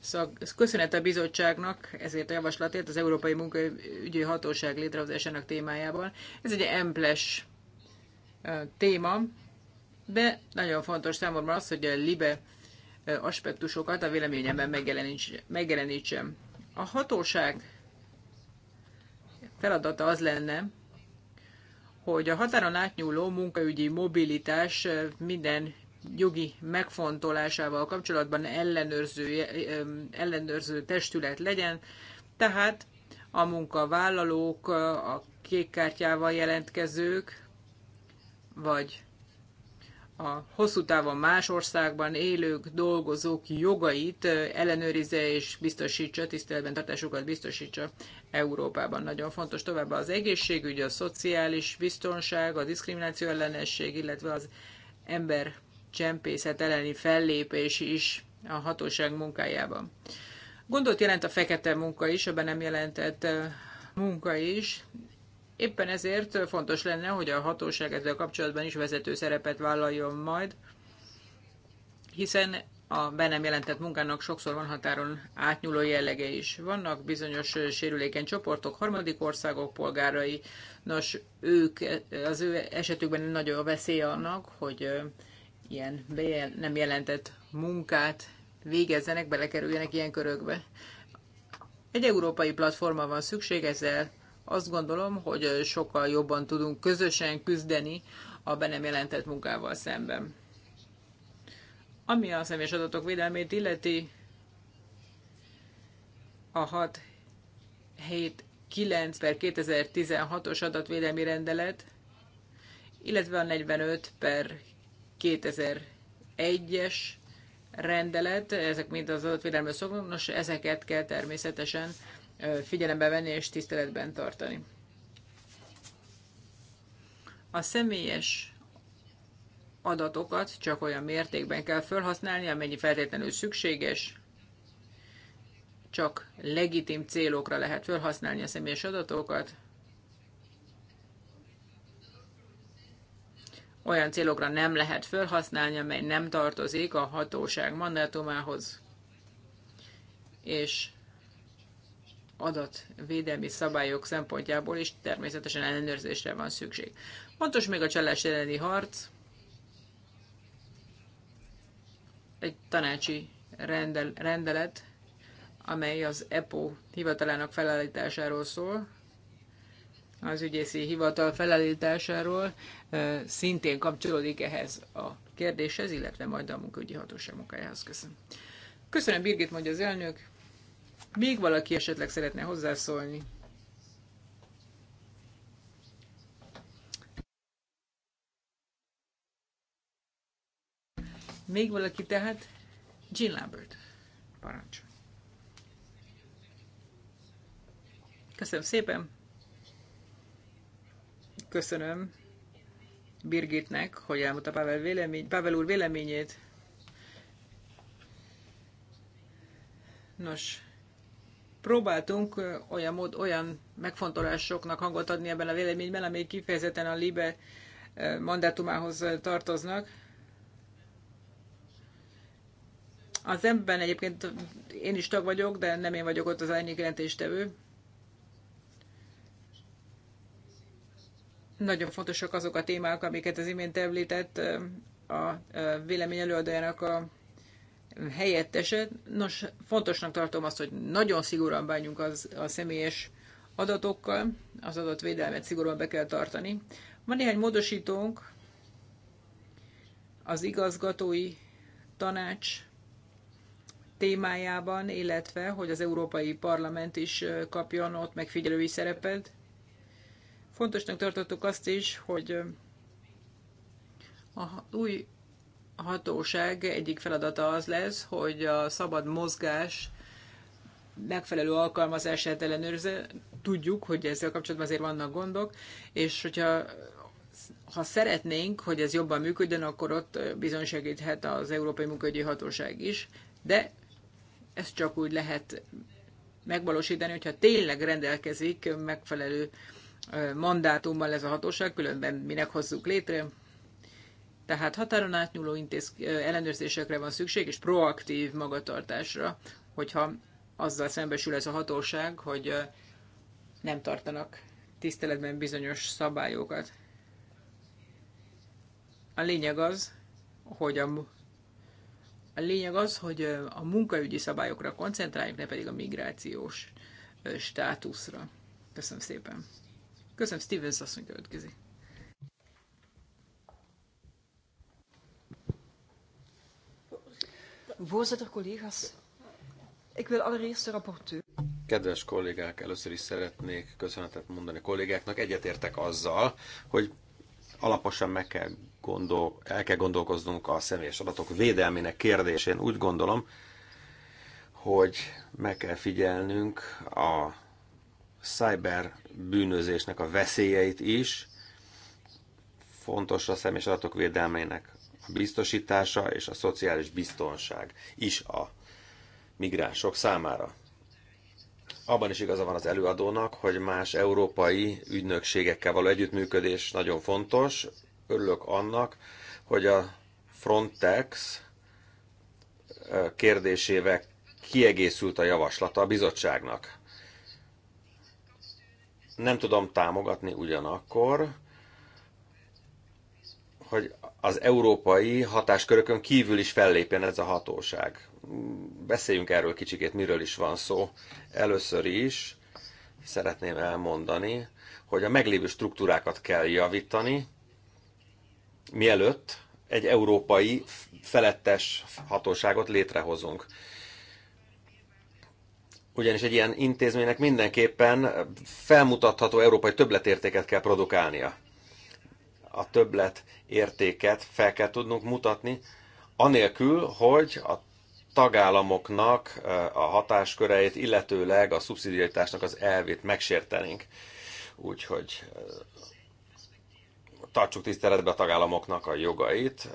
szag, köszönet a bizottságnak ezért a javaslatért az Európai Munkaügyi Hatóság létrehozásának témájában. Ez egy emples téma, de nagyon fontos számomra az, hogy a libe aspektusokat a véleményemben megjelenítsem. A hatóság feladata az lenne, hogy a határon átnyúló munkaügyi mobilitás minden jogi megfontolásával kapcsolatban ellenőrző, ellenőrző testület legyen, tehát a munkavállalók, a kék kártyával jelentkezők, vagy a hosszú távon más országban élők, dolgozók jogait ellenőrize és biztosítsa, tiszteletben tartásukat biztosítsa Európában. Nagyon fontos továbbá az egészségügy, a szociális biztonság, a diszkrimináció ellenesség, illetve az ember csempészet elleni fellépés is a hatóság munkájában. Gondot jelent a fekete munka is, a nem jelentett munka is. Éppen ezért fontos lenne, hogy a hatóság ezzel kapcsolatban is vezető szerepet vállaljon majd, hiszen a be nem jelentett munkának sokszor van határon átnyúló jellege is. Vannak bizonyos sérülékeny csoportok, harmadik országok polgárai, nos, ők, az ő esetükben nagyon a veszély annak, hogy ilyen be nem jelentett munkát végezzenek, belekerüljenek ilyen körökbe. Egy európai platforma van szükség, ezzel Azt gondolom, hogy sokkal jobban tudunk közösen küzdeni a be nem jelentett munkával szemben. Ami a személyes adatok védelmét illeti, a 6 7 9 per 2016-os adatvédelmi rendelet, illetve a 45 per 2001-es rendelet, ezek mind az adatvédelmi szokonos, ezeket kell természetesen figyelembe venni és tiszteletben tartani. A személyes adatokat csak olyan mértékben kell felhasználni, amennyi feltétlenül szükséges, csak legitim célokra lehet felhasználni a személyes adatokat, olyan célokra nem lehet felhasználni, amely nem tartozik a hatóság mandátumához, és adatvédelmi szabályok szempontjából is természetesen ellenőrzésre van szükség. Fontos még a csalás elleni harc. Egy tanácsi rendel, rendelet, amely az EPO hivatalának felállításáról szól, az ügyészi hivatal felállításáról, szintén kapcsolódik ehhez a kérdéshez, illetve majd a munkaügyi hatóság munkájához. Köszönöm. Köszönöm, Birgit, mondja az elnök. Még valaki esetleg szeretne hozzászólni? Még valaki tehát? Jean Lambert. parancs! Köszönöm szépen. Köszönöm Birgitnek, hogy elmondta Pavel, vélemény, Pavel úr véleményét. Nos, próbáltunk olyan, mód, olyan megfontolásoknak hangot adni ebben a véleményben, amely kifejezetten a LIBE mandátumához tartoznak. Az ebben egyébként én is tag vagyok, de nem én vagyok ott az árnyék jelentéstevő. Nagyon fontosak azok a témák, amiket az imént említett a vélemény előadójának a helyettese. Eh, nos, fontosnak tartom azt, hogy nagyon szigorúan bánjunk az, a személyes adatokkal, az védelmet szigorúan be kell tartani. Van néhány módosítónk, az igazgatói tanács témájában, illetve hogy az Európai Parlament is eh, kapjon ott megfigyelői szerepet. Fontosnak tartottuk azt is, hogy eh, a új hatóság egyik feladata az lesz, hogy a szabad mozgás megfelelő alkalmazását ellenőrző, Tudjuk, hogy ezzel kapcsolatban azért vannak gondok, és hogyha ha szeretnénk, hogy ez jobban működjön, akkor ott bizony segíthet az Európai Munkahogyi Hatóság is, de ezt csak úgy lehet megvalósítani, hogyha tényleg rendelkezik megfelelő mandátummal ez a hatóság, különben minek hozzuk létre. Tehát határon átnyúló intéz, ellenőrzésekre van szükség, és proaktív magatartásra, hogyha azzal szembesül ez a hatóság, hogy nem tartanak tiszteletben bizonyos szabályokat. A lényeg az, hogy a, a lényeg az, hogy a munkaügyi szabályokra koncentráljunk, ne pedig a migrációs státuszra. Köszönöm szépen. Köszönöm, Stevens asszony következik. Voorzitter, collega's. Ik wil allereerst de rapporteur. Kedves kollégák, először is szeretnék köszönetet mondani kollégáknak. Egyetértek azzal, hogy alaposan meg kell gondol, el kell gondolkoznunk a személyes adatok védelmének kérdésén. Úgy gondolom, hogy meg kell figyelnünk a cyber bűnözésnek a veszélyeit is, fontos a személyes adatok védelmének biztosítása és a szociális biztonság is a migránsok számára. Abban is igaza van az előadónak, hogy más európai ügynökségekkel való együttműködés nagyon fontos. Örülök annak, hogy a Frontex kérdésével kiegészült a javaslata a bizottságnak. Nem tudom támogatni ugyanakkor, hogy az európai hatáskörökön kívül is fellépjen ez a hatóság. Beszéljünk erről kicsikét, miről is van szó. Először is szeretném elmondani, hogy a meglévő struktúrákat kell javítani, mielőtt egy európai felettes hatóságot létrehozunk. Ugyanis egy ilyen intézménynek mindenképpen felmutatható európai többletértéket kell produkálnia a többlet értéket fel kell tudnunk mutatni, anélkül, hogy a tagállamoknak a hatásköreit, illetőleg a szubszidiaritásnak az elvét megsértenénk. Úgyhogy tartsuk tiszteletbe a tagállamoknak a jogait.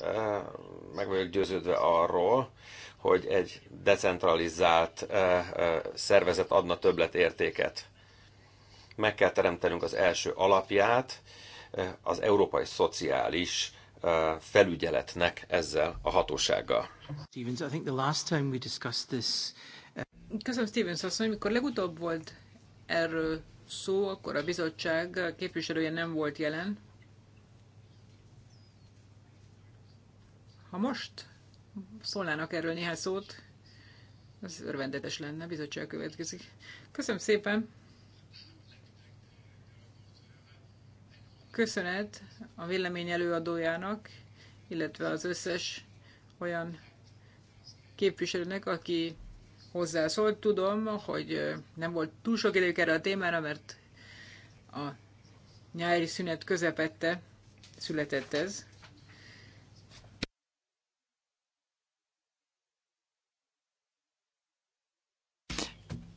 Meg vagyok győződve arról, hogy egy decentralizált szervezet adna többletértéket. Meg kell teremtenünk az első alapját, az európai szociális felügyeletnek ezzel a hatósággal. Uh, Köszönöm, Stevens asszony, amikor legutóbb volt erről szó, akkor a bizottság képviselője nem volt jelen. Ha most szólnának erről néhány szót, az örvendetes lenne, a bizottság következik. Köszönöm szépen! Köszönet a vélemény előadójának, illetve az összes olyan képviselőnek, aki hozzászólt. Tudom, hogy nem volt túl sok idők erre a témára, mert a nyári szünet közepette született ez.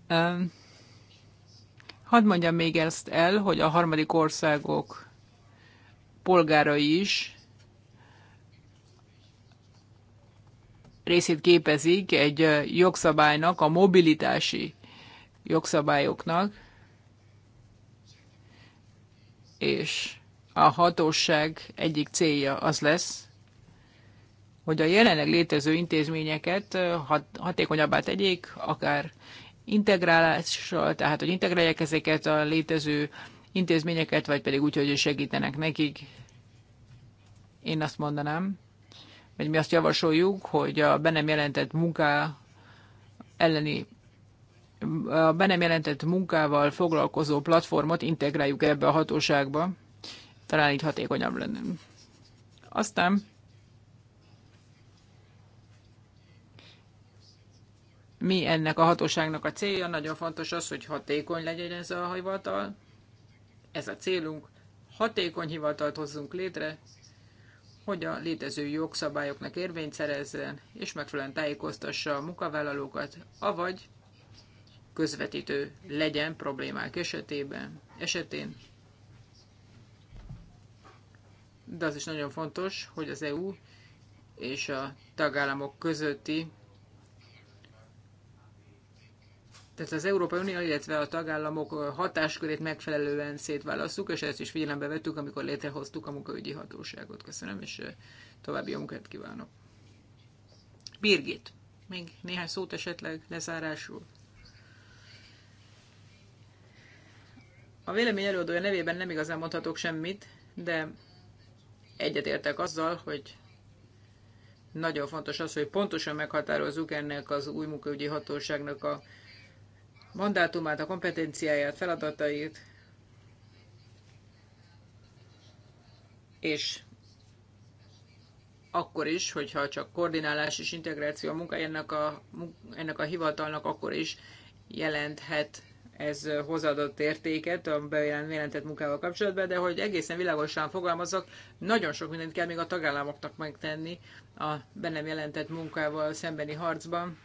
Um, hadd mondjam még ezt el, hogy a harmadik országok polgárai is részét képezik egy jogszabálynak, a mobilitási jogszabályoknak, és a hatóság egyik célja az lesz, hogy a jelenleg létező intézményeket hat, hatékonyabbá tegyék, akár integrálással, tehát hogy integrálják ezeket a létező intézményeket, vagy pedig úgy, hogy segítenek nekik. Én azt mondanám, hogy mi azt javasoljuk, hogy a be nem jelentett munká elleni a be nem jelentett munkával foglalkozó platformot integráljuk ebbe a hatóságba. Talán így hatékonyabb lenne. Aztán mi ennek a hatóságnak a célja? Nagyon fontos az, hogy hatékony legyen ez a hivatal. Ez a célunk, hatékony hivatalt hozzunk létre, hogy a létező jogszabályoknak érvényt szerezzen, és megfelelően tájékoztassa a munkavállalókat, avagy közvetítő legyen problémák esetében, esetén. De az is nagyon fontos, hogy az EU és a tagállamok közötti tehát az Európai Unió, illetve a tagállamok hatáskörét megfelelően szétválasztjuk, és ezt is figyelembe vettük, amikor létrehoztuk a munkaügyi hatóságot. Köszönöm, és további jó munkát kívánok. Birgit, még néhány szót esetleg lezárásul. A vélemény előadója nevében nem igazán mondhatok semmit, de egyetértek azzal, hogy nagyon fontos az, hogy pontosan meghatározzuk ennek az új munkaügyi hatóságnak a mandátumát, a kompetenciáját, feladatait, és akkor is, hogyha csak koordinálás és integráció a munka ennek a, ennek a hivatalnak, akkor is jelenthet ez hozadott értéket a bejelentett munkával kapcsolatban, de hogy egészen világosan fogalmazok, nagyon sok mindent kell még a tagállamoknak megtenni a bennem jelentett munkával szembeni harcban.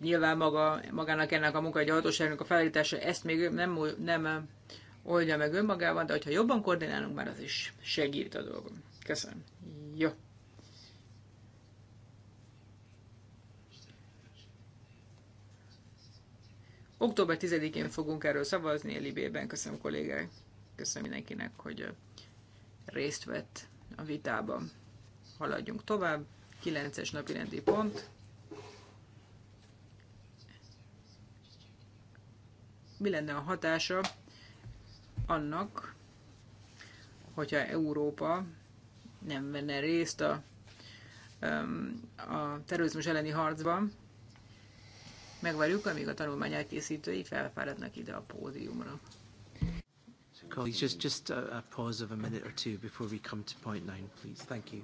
Nyilván maga, magának ennek a munka, egy hatóságnak a felállítása ezt még nem, nem oldja meg önmagában, de hogyha jobban koordinálunk, már az is segít a dolgom. Köszönöm. Jó. Október 10-én fogunk erről szavazni a Libében. Köszönöm kollégák, köszönöm mindenkinek, hogy részt vett a vitában. Haladjunk tovább. 9-es napi rendi pont. mi lenne a hatása annak, hogyha Európa nem venne részt a, a terrorizmus elleni harcban. Megvárjuk, amíg a tanulmány elkészítői felfáradnak ide a pódiumra. Colleagues, just, just a, a pause of a minute or two before we come to point nine, please. Thank you.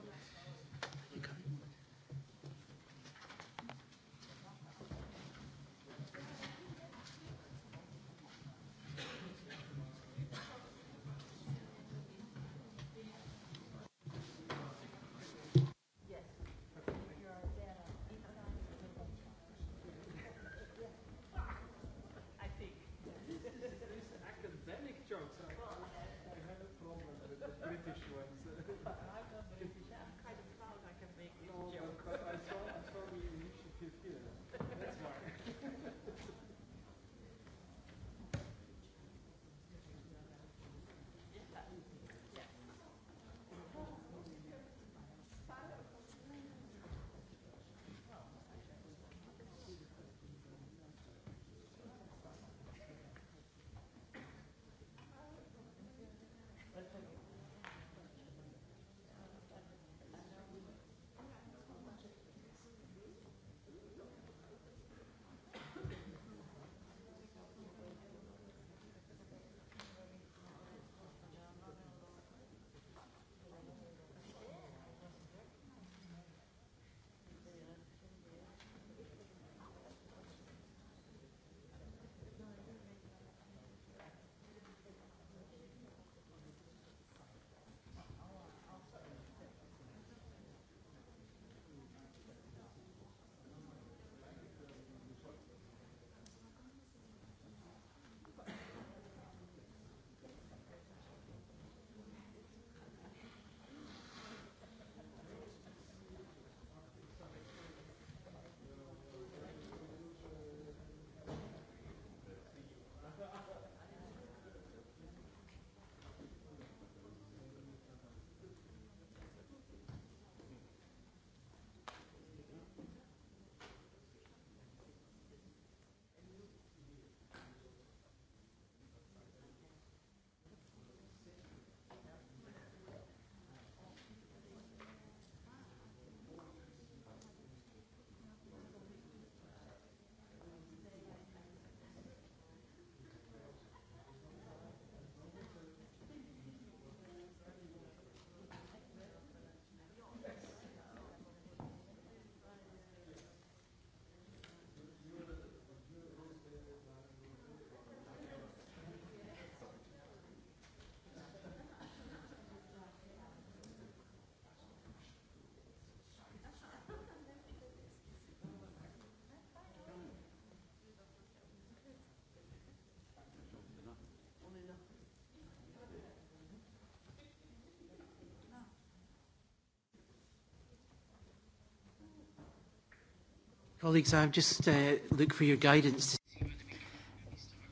Colleagues, I've just uh, for your guidance.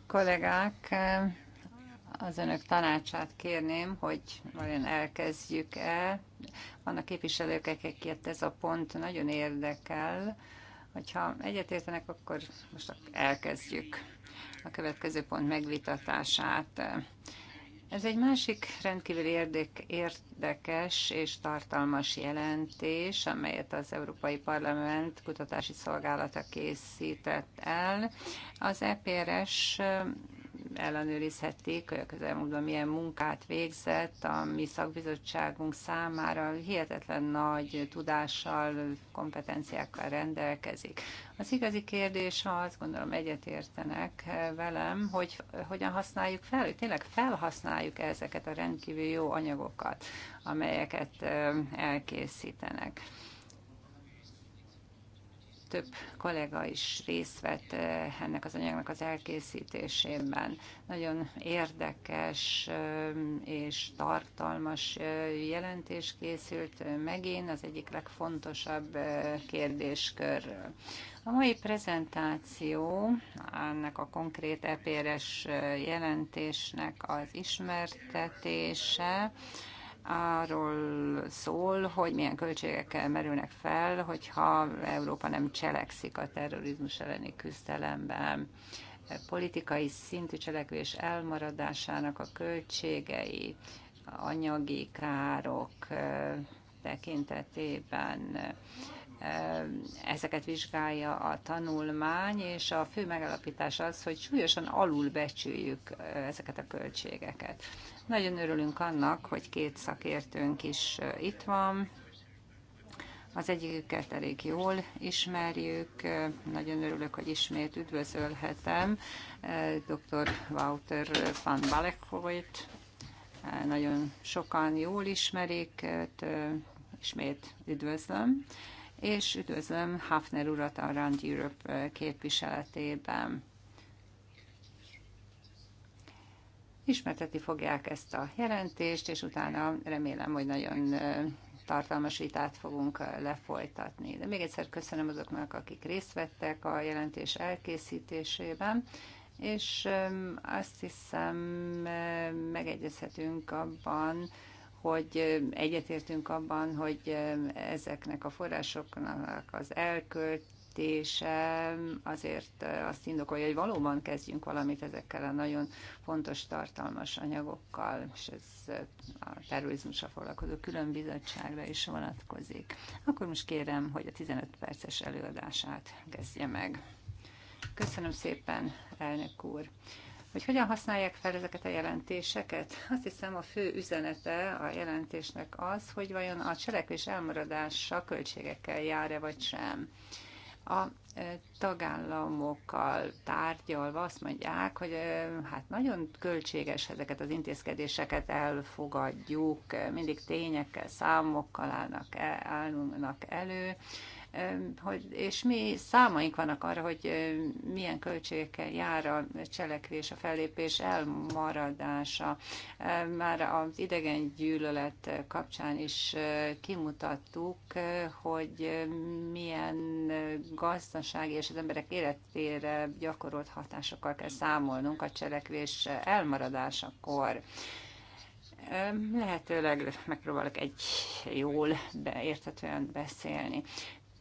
Kollégák, az önök tanácsát kérném, hogy vajon elkezdjük el. Vannak képviselők, akiket ez a pont nagyon érdekel. Hogyha egyetértenek, akkor most elkezdjük a következő pont megvitatását. Ez egy másik rendkívül érdekes és tartalmas jelentés, amelyet az Európai Parlament kutatási szolgálata készített el. Az EPRS ellenőrizhették, hogy a közelmúltban milyen munkát végzett. A mi szakbizottságunk számára hihetetlen nagy tudással, kompetenciákkal rendelkezik. Az igazi kérdés az, gondolom egyetértenek velem, hogy hogyan használjuk fel, hogy tényleg felhasználjuk -e ezeket a rendkívül jó anyagokat, amelyeket elkészítenek több kollega is részt vett eh, ennek az anyagnak az elkészítésében. Nagyon érdekes eh, és tartalmas eh, jelentés készült megint az egyik legfontosabb kérdéskörről. A mai prezentáció ennek a konkrét epéres jelentésnek az ismertetése, arról szól, hogy milyen költségekkel merülnek fel, hogyha Európa nem cselekszik a terrorizmus elleni küzdelemben politikai szintű cselekvés elmaradásának a költségei, anyagi károk eh, tekintetében ezeket vizsgálja a tanulmány, és a fő megalapítás az, hogy súlyosan alulbecsüljük ezeket a költségeket. Nagyon örülünk annak, hogy két szakértőnk is itt van. Az egyiküket elég jól ismerjük, nagyon örülök, hogy ismét üdvözölhetem dr. Wouter van Balekhoit. Nagyon sokan jól ismerik, ismét üdvözlöm és üdvözlöm Hafner urat a Rand Europe képviseletében. Ismerteti fogják ezt a jelentést, és utána remélem, hogy nagyon tartalmas vitát fogunk lefolytatni. De még egyszer köszönöm azoknak, akik részt vettek a jelentés elkészítésében, és azt hiszem megegyezhetünk abban, hogy egyetértünk abban, hogy ezeknek a forrásoknak az elköltése azért azt indokolja, hogy valóban kezdjünk valamit ezekkel a nagyon fontos, tartalmas anyagokkal, és ez a terrorizmusra foglalkozó külön bizottságra is vonatkozik. Akkor most kérem, hogy a 15 perces előadását kezdje meg. Köszönöm szépen, elnök úr! hogy hogyan használják fel ezeket a jelentéseket. Azt hiszem a fő üzenete a jelentésnek az, hogy vajon a cselekvés elmaradása költségekkel jár-e vagy sem. A e, tagállamokkal tárgyalva azt mondják, hogy e, hát nagyon költséges ezeket az intézkedéseket elfogadjuk, e, mindig tényekkel, számokkal állnak, állnak elő, hogy, és mi számaink vannak arra, hogy milyen költségekkel jár a cselekvés, a fellépés elmaradása. Már az idegen gyűlölet kapcsán is kimutattuk, hogy milyen gazdasági és az emberek életére gyakorolt hatásokkal kell számolnunk a cselekvés elmaradásakor lehetőleg megpróbálok egy jól beérthetően beszélni.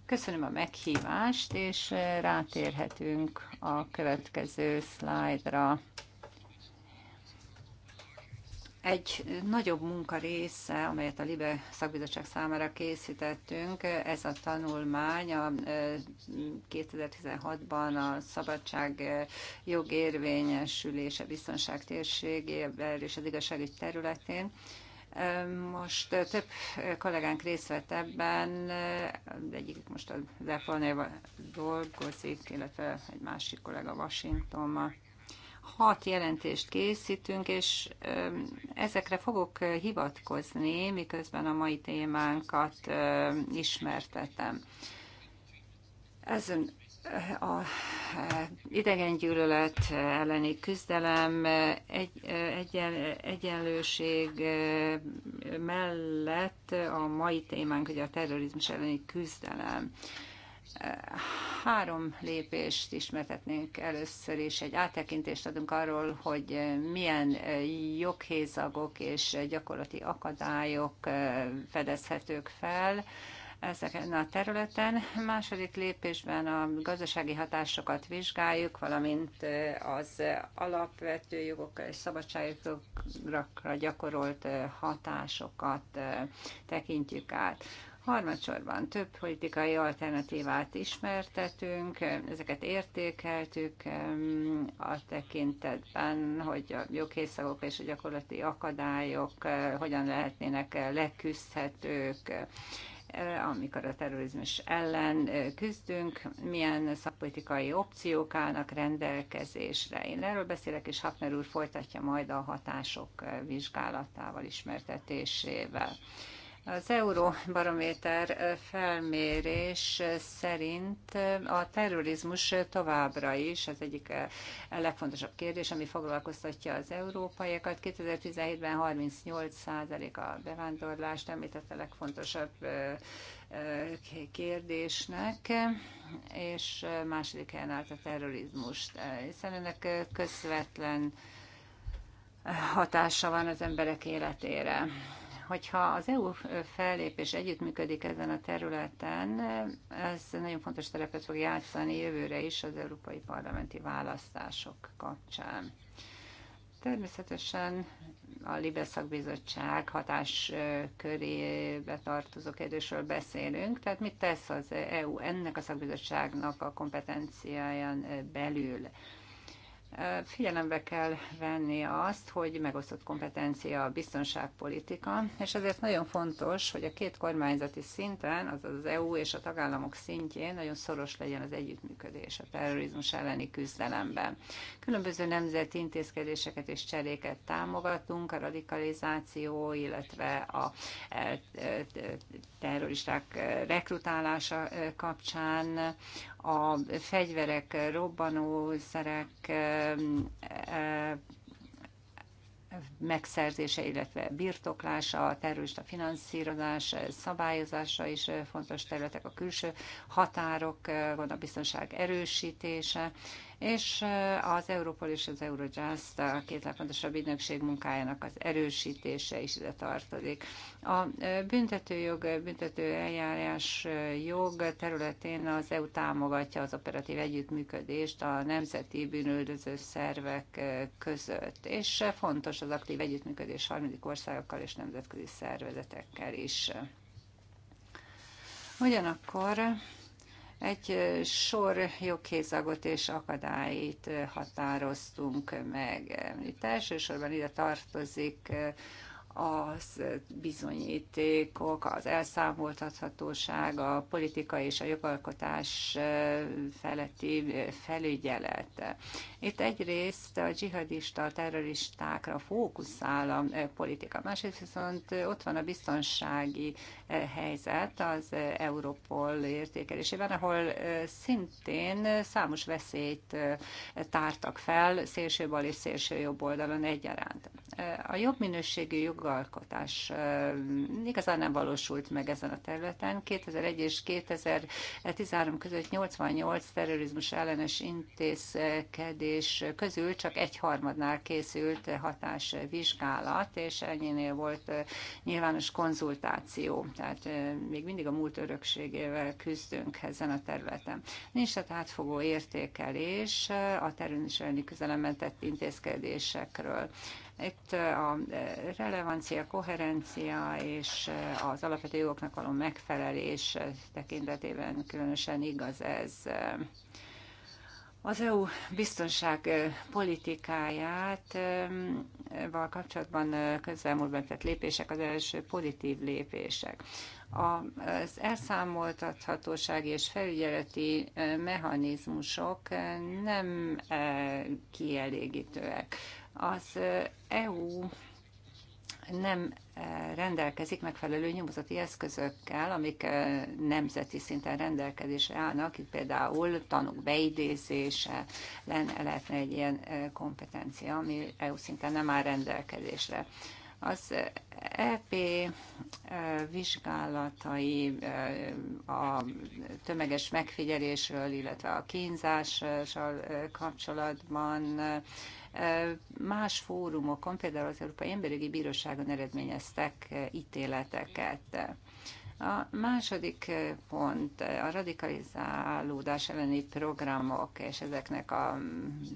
Köszönöm a meghívást, és rátérhetünk a következő szlájdra. Egy nagyobb munka része, amelyet a LIBE szakbizottság számára készítettünk, ez a tanulmány a 2016-ban a szabadság jogérvényesülése biztonság térségével és az igazságügy területén. Most eh, több eh, kollégánk részt vett ebben, eh, egyik most az apple dolgozik, illetve egy másik kollega Washingtonban. Hat jelentést készítünk, és ezekre fogok hivatkozni, miközben a mai témánkat ismertetem. Ezen a eh, idegengyűlölet elleni küzdelem egy, eh, egyen, egyenlőség eh, mellett a mai témánk, hogy a terrorizmus elleni küzdelem. Három lépést ismertetnénk először is. Egy áttekintést adunk arról, hogy milyen joghézagok és gyakorlati akadályok fedezhetők fel, ezeken a területen. második lépésben a gazdasági hatásokat vizsgáljuk, valamint az alapvető jogok és szabadságokra gyakorolt hatásokat tekintjük át. Harmadsorban több politikai alternatívát ismertetünk, ezeket értékeltük a tekintetben, hogy a joghészagok és a gyakorlati akadályok hogyan lehetnének leküzdhetők. Eh, amikor a terrorizmus ellen eh, küzdünk, milyen szakpolitikai opciók állnak rendelkezésre. Én erről beszélek, és Hafner úr folytatja majd a hatások eh, vizsgálatával, ismertetésével. Az Euróbarométer felmérés szerint a terrorizmus továbbra is az egyik eh, legfontosabb kérdés, ami foglalkoztatja az európaiakat. 2017-ben 38% a bevándorlást említett a legfontosabb eh, eh, kérdésnek, és második helyen állt a terrorizmus. hiszen ennek közvetlen hatása van az emberek életére hogyha az EU fellépés együttműködik ezen a területen, ez nagyon fontos szerepet fog játszani jövőre is az európai parlamenti választások kapcsán. Természetesen a Libe Szakbizottság hatáskörébe tartozó kérdésről beszélünk, tehát mit tesz az EU ennek a szakbizottságnak a kompetenciáján belül. Figyelembe kell venni azt, hogy megosztott kompetencia a biztonságpolitika, és ezért nagyon fontos, hogy a két kormányzati szinten, azaz az EU és a tagállamok szintjén nagyon szoros legyen az együttműködés a terrorizmus elleni küzdelemben. Különböző nemzeti intézkedéseket és cseréket támogatunk, a radikalizáció, illetve a e, e, terroristák rekrutálása kapcsán, a fegyverek, robbanószerek megszerzése, illetve birtoklása, a terrorista finanszírozás, szabályozása is fontos területek, a külső határok, a biztonság erősítése, és eh, az Európol és az Eurojust a két legfontosabb ügynökség munkájának az erősítése is ide tartozik. A eh, büntetőjog, eh, büntető eljárás jog területén az EU támogatja az operatív együttműködést a nemzeti bűnöldöző szervek között, és fontos az aktív együttműködés harmadik országokkal és nemzetközi szervezetekkel is. Ugyanakkor Egy sor jogkézagot és akadályt határoztunk meg. Itt elsősorban ide tartozik az bizonyítékok, az elszámoltathatóság, a politika és a jogalkotás feletti felügyelet. Itt egyrészt a dzsihadista, a terroristákra fókuszál a politika, másrészt viszont ott van a biztonsági helyzet az Európol értékelésében, ahol szintén számos veszélyt tártak fel szélső bal és szélső jobb oldalon egyaránt. A jobb minőségű jog jogalkotás igazán nem valósult meg ezen a területen. 2001 és 2013 között 88 terrorizmus ellenes intézkedés közül csak egy harmadnál készült hatásvizsgálat, és ennyinél volt nyilvános konzultáció. Tehát még mindig a múlt örökségével küzdünk ezen a területen. Nincs tehát átfogó értékelés a terrorizmus elleni küzdelemben tett intézkedésekről. Itt a e, relevancia, koherencia és e, az alapvető jogoknak való megfelelés tekintetében különösen igaz ez. Az EU biztonság e, politikáját val kapcsolatban közelmúltban tett lépések az első pozitív lépések. Az elszámoltathatósági és felügyeleti mechanizmusok nem kielégítőek. Az EU nem rendelkezik megfelelő nyomozati eszközökkel, amik nemzeti szinten rendelkezésre állnak, itt például tanúk beidézése lehetne egy ilyen kompetencia, ami EU szinten nem áll rendelkezésre. Az EP vizsgálatai a tömeges megfigyelésről, illetve a kínzással kapcsolatban más fórumokon, például az Európai Emberjogi Bíróságon eredményeztek ítéleteket. A második pont a radikalizálódás elleni programok és ezeknek a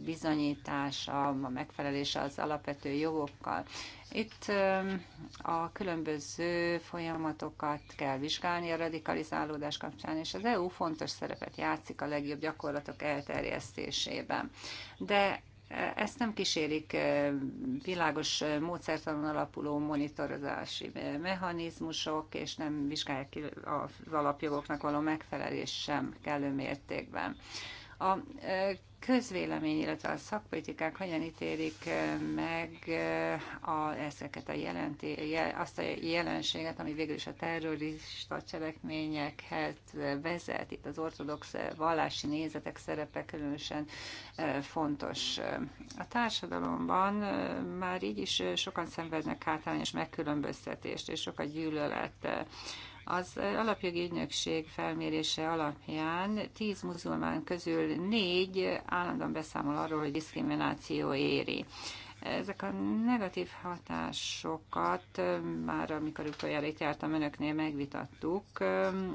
bizonyítása, a megfelelése az alapvető jogokkal. Itt a különböző folyamatokat kell vizsgálni a radikalizálódás kapcsán, és az EU fontos szerepet játszik a legjobb gyakorlatok elterjesztésében. De Ezt nem kísérik világos módszertanon alapuló monitorozási mechanizmusok, és nem vizsgálják ki az alapjogoknak való megfelelés sem kellő mértékben. A e, közvélemény, illetve a szakpolitikák hogyan ítélik e, meg e, a, ezeket a jelenti, azt a jelenséget, ami végül is a terrorista cselekményekhez vezet. Itt az ortodox vallási nézetek szerepe különösen fontos. A társadalomban már így is sokan szenvednek hátrányos megkülönböztetést és sok a gyűlölet Az alapjogi ügynökség felmérése alapján tíz muzulmán közül négy állandóan beszámol arról, hogy diszkrimináció éri. Ezek a negatív hatásokat már, amikor utoljára itt jártam önöknél, megvitattuk.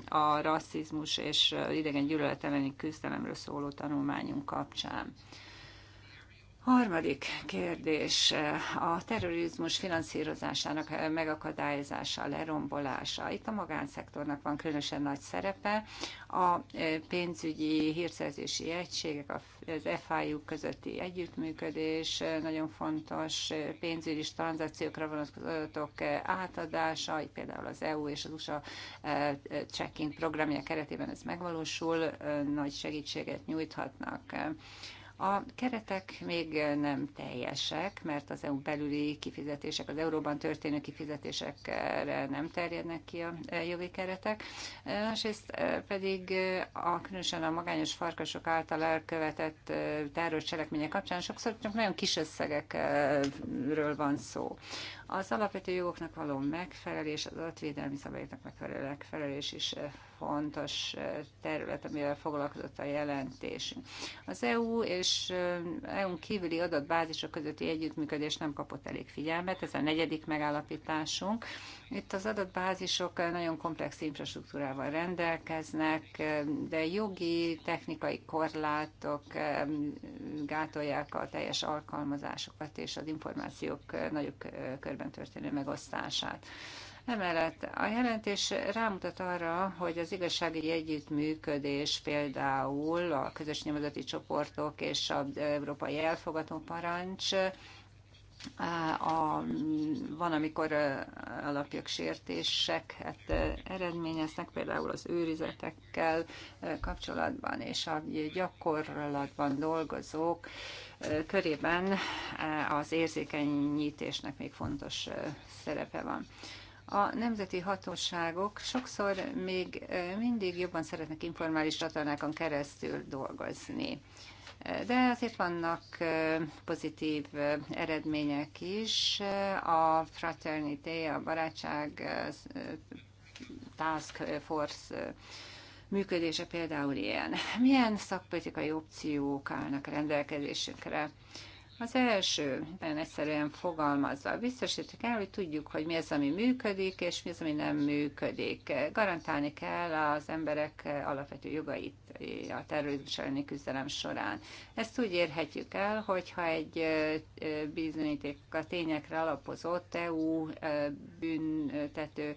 A rasszizmus és idegen gyűlölet elleni küzdelemről szóló tanulmányunk kapcsán. Harmadik kérdés, a terrorizmus finanszírozásának megakadályozása, lerombolása. Itt a magánszektornak van különösen nagy szerepe. A pénzügyi hírszerzési egységek, az FIU közötti együttműködés nagyon fontos, pénzügyi tranzakciókra vonatkozó adatok átadása, így például az EU és az USA e, checking programja keretében ez megvalósul, nagy segítséget nyújthatnak. A keretek még nem teljesek, mert az EU belüli kifizetések, az euróban történő kifizetésekre nem terjednek ki a jogi keretek. Másrészt pedig a, különösen a magányos farkasok által elkövetett terrorcselekmények kapcsán sokszor csak nagyon kis összegekről van szó. Az alapvető jogoknak való megfelelés, az adatvédelmi szabályoknak megfelelő megfelelés is eh, fontos eh, terület, amivel foglalkozott a jelentésünk. Az EU és EU-n eh, e kívüli adatbázisok közötti együttműködés nem kapott elég figyelmet, ez a negyedik megállapításunk. Itt az adatbázisok nagyon komplex infrastruktúrával rendelkeznek, de jogi, technikai korlátok gátolják a teljes alkalmazásokat és az információk nagyobb körben történő megosztását. Emellett a jelentés rámutat arra, hogy az igazságügyi együttműködés például a közös nyomozati csoportok és az európai elfogató parancs a, van, amikor alapjog sértéseket eredményeznek, például az őrizetekkel kapcsolatban, és a gyakorlatban dolgozók körében az érzékenyítésnek még fontos szerepe van. A nemzeti hatóságok sokszor még mindig jobban szeretnek informális csatornákon keresztül dolgozni De azért vannak pozitív eredmények is. A Fraternité, a Barátság Task Force működése például ilyen. Milyen szakpolitikai opciók állnak rendelkezésünkre? Az első, nagyon egyszerűen fogalmazva, biztosítani kell, hogy tudjuk, hogy mi az, ami működik, és mi az, ami nem működik. Garantálni kell az emberek alapvető jogait a terrorizmus elleni küzdelem során. Ezt úgy érhetjük el, hogyha egy bizonyíték a tényekre alapozott EU büntető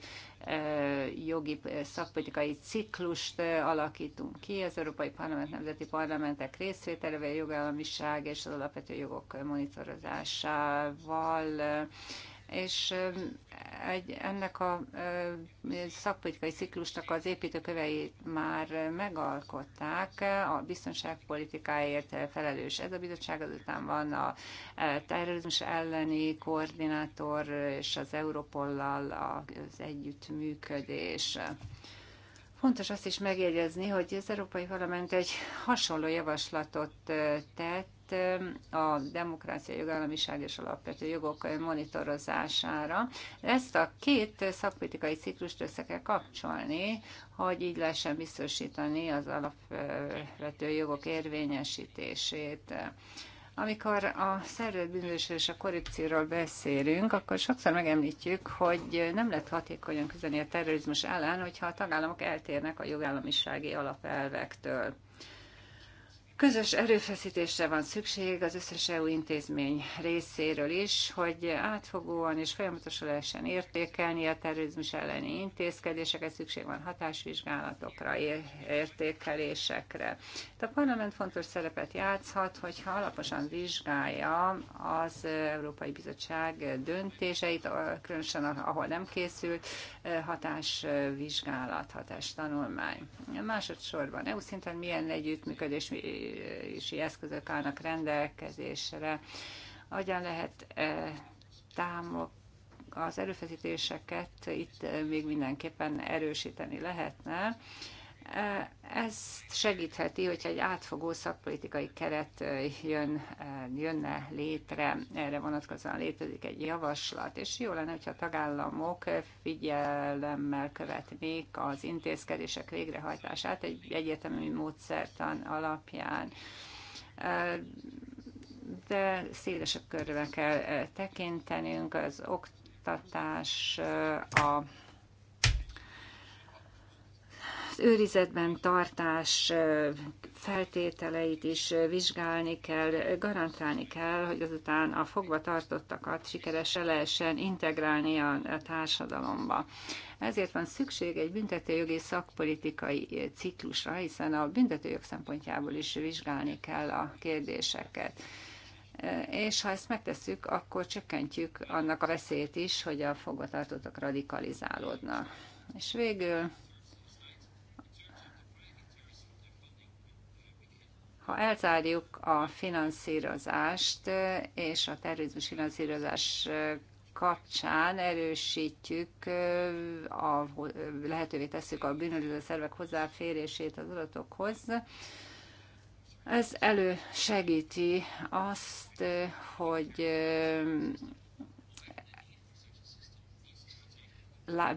jogi szakpolitikai ciklust alakítunk ki az Európai Parlament Nemzeti Parlamentek részvételével, jogállamiság és az alapvető jogok árok monitorozásával, és egy, ennek a szakpolitikai ciklusnak az építőköveit már megalkották, a biztonságpolitikáért felelős ez a bizottság, azután van a terrorizmus elleni koordinátor és az Europollal az együttműködés. Fontos azt is megjegyezni, hogy az Európai Parlament egy hasonló javaslatot tett, a demokrácia, jogállamiság és alapvető jogok monitorozására. Ezt a két szakpolitikai ciklust össze kell kapcsolni, hogy így lehessen biztosítani az alapvető jogok érvényesítését. Amikor a szervezetbűnözés és a korrupcióról beszélünk, akkor sokszor megemlítjük, hogy nem lehet hatékonyan küzdeni a terrorizmus ellen, hogyha a tagállamok eltérnek a jogállamisági alapelvektől. Közös erőfeszítésre van szükség az összes EU intézmény részéről is, hogy átfogóan és folyamatosan lehessen értékelni a terrorizmus elleni intézkedéseket, szükség van hatásvizsgálatokra, értékelésekre. Itt a parlament fontos szerepet játszhat, hogyha alaposan vizsgálja az Európai Bizottság döntéseit, különösen ahol nem készült e, hatásvizsgálat, hatástanulmány. Másodszorban EU szinten milyen együttműködés ellenőrzési eszközök állnak rendelkezésre. Hogyan lehet e, támogatni az erőfeszítéseket itt e, még mindenképpen erősíteni lehetne, Ez segítheti, hogyha egy átfogó szakpolitikai keret jön, jönne létre, erre vonatkozóan létezik egy javaslat, és jó lenne, hogyha a tagállamok figyelemmel követnék az intézkedések végrehajtását egy egyetemi módszertan alapján de szélesebb körbe kell tekintenünk, az oktatás, a őrizetben tartás feltételeit is vizsgálni kell, garantálni kell, hogy azután a fogva tartottakat sikeresen lehessen integrálni a társadalomba. Ezért van szükség egy büntetőjogi szakpolitikai ciklusra, hiszen a büntetőjog szempontjából is vizsgálni kell a kérdéseket és ha ezt megtesszük, akkor csökkentjük annak a veszélyt is, hogy a fogvatartottak radikalizálódnak. És végül Ha elzárjuk a finanszírozást és a terrorizmus finanszírozás kapcsán erősítjük, a, lehetővé tesszük a bűnöző szervek hozzáférését az adatokhoz, ez elősegíti azt, hogy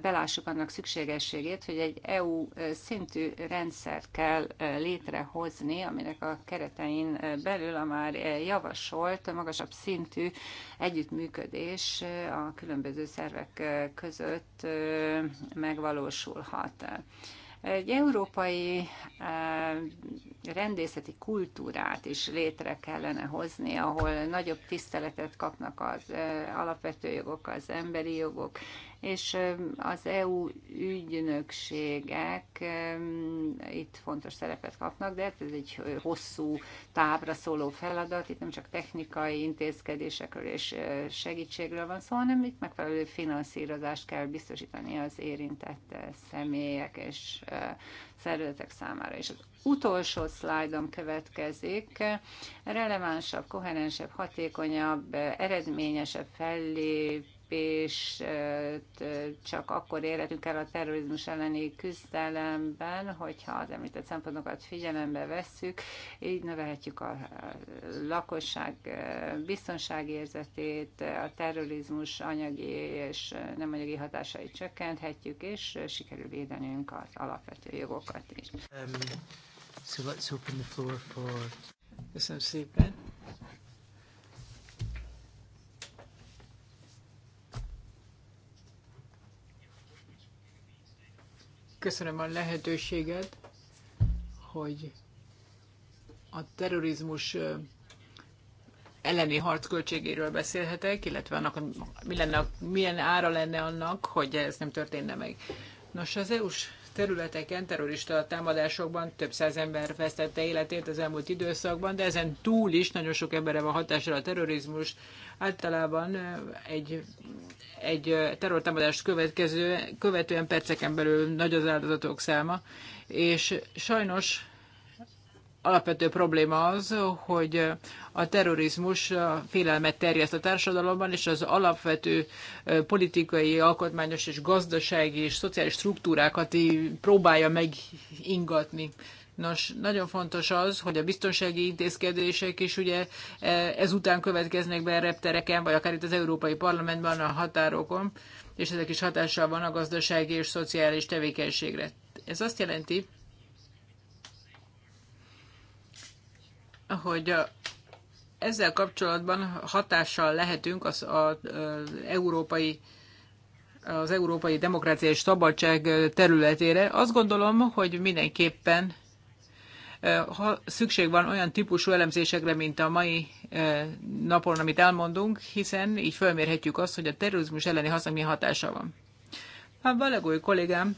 belássuk annak szükségességét, hogy egy EU szintű rendszert kell létrehozni, aminek a keretein belül a már javasolt magasabb szintű együttműködés a különböző szervek között megvalósulhat. Egy európai rendészeti kultúrát is létre kellene hozni, ahol nagyobb tiszteletet kapnak az alapvető jogok, az emberi jogok, és az EU ügynökségek itt fontos szerepet kapnak, de ez egy hosszú távra szóló feladat, itt nem csak technikai intézkedésekről és segítségről van szó, hanem itt megfelelő finanszírozást kell biztosítani az érintett személyek és szervezetek számára. És az utolsó szlájdom következik. Relevánsabb, koherensebb, hatékonyabb, eredményesebb fellép És csak akkor érhetünk el a terrorizmus elleni küzdelemben, hogyha az említett szempontokat figyelembe vesszük, így növelhetjük a lakosság biztonságérzetét, a terrorizmus anyagi és nem anyagi hatásait csökkenthetjük, és sikerül védenünk az alapvető jogokat is. Um, so let's open the floor for... Köszönöm szépen. Köszönöm a lehetőséget, hogy a terrorizmus elleni harc költségéről beszélhetek, illetve annak, mi lenne, milyen ára lenne annak, hogy ez nem történne meg. Nos, az EU-s területeken, terrorista támadásokban több száz ember vesztette életét az elmúlt időszakban, de ezen túl is nagyon sok emberre van hatással a terrorizmus. Általában egy, egy terrortámadást következő, követően perceken belül nagy az áldozatok száma, és sajnos alapvető probléma az, hogy a terrorizmus félelmet terjeszt a társadalomban, és az alapvető politikai, alkotmányos és gazdasági és szociális struktúrákat próbálja megingatni. Nos, nagyon fontos az, hogy a biztonsági intézkedések is ugye e, ezután következnek be a reptereken, vagy akár itt az Európai Parlamentben a határokon, és ezek is hatással van a gazdasági és szociális tevékenységre. Ez azt jelenti, hogy ezzel kapcsolatban hatással lehetünk az, az, az európai az európai demokrácia és szabadság területére. Azt gondolom, hogy mindenképpen ha szükség van olyan típusú elemzésekre, mint a mai napon, amit elmondunk, hiszen így fölmérhetjük azt, hogy a terrorizmus elleni harcnak milyen hatása van. A Balagói kollégám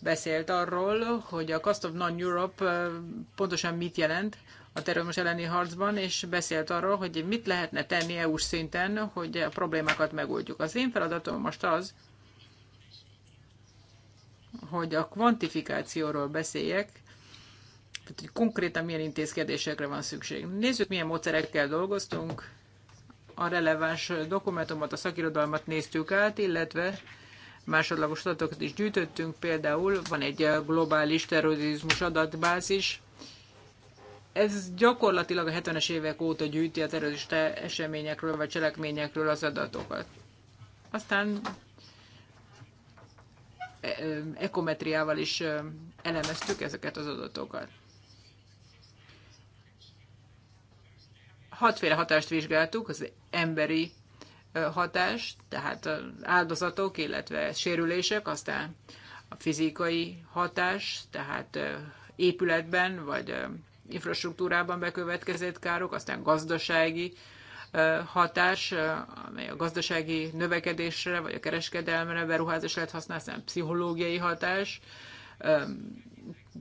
beszélt arról, hogy a Cost of Non-Europe pontosan mit jelent a terrorizmus elleni harcban, és beszélt arról, hogy mit lehetne tenni eu szinten, hogy a problémákat megoldjuk. Az én feladatom most az, hogy a kvantifikációról beszéljek, tehát, hogy konkrétan milyen intézkedésekre van szükség. Nézzük, milyen módszerekkel dolgoztunk. A releváns dokumentumot, a szakirodalmat néztük át, illetve másodlagos adatokat is gyűjtöttünk. Például van egy globális terrorizmus adatbázis, ez gyakorlatilag a 70-es évek óta gyűjti a terrorista eseményekről vagy cselekményekről az adatokat. Aztán e, ekometriával is elemeztük ezeket az adatokat. Hatféle hatást vizsgáltuk, az emberi hatás, tehát az áldozatok, illetve sérülések, aztán a fizikai hatás, tehát épületben vagy infrastruktúrában bekövetkezett károk, aztán gazdasági hatás, amely a gazdasági növekedésre vagy a kereskedelmre beruházás lehet használni, aztán pszichológiai hatás,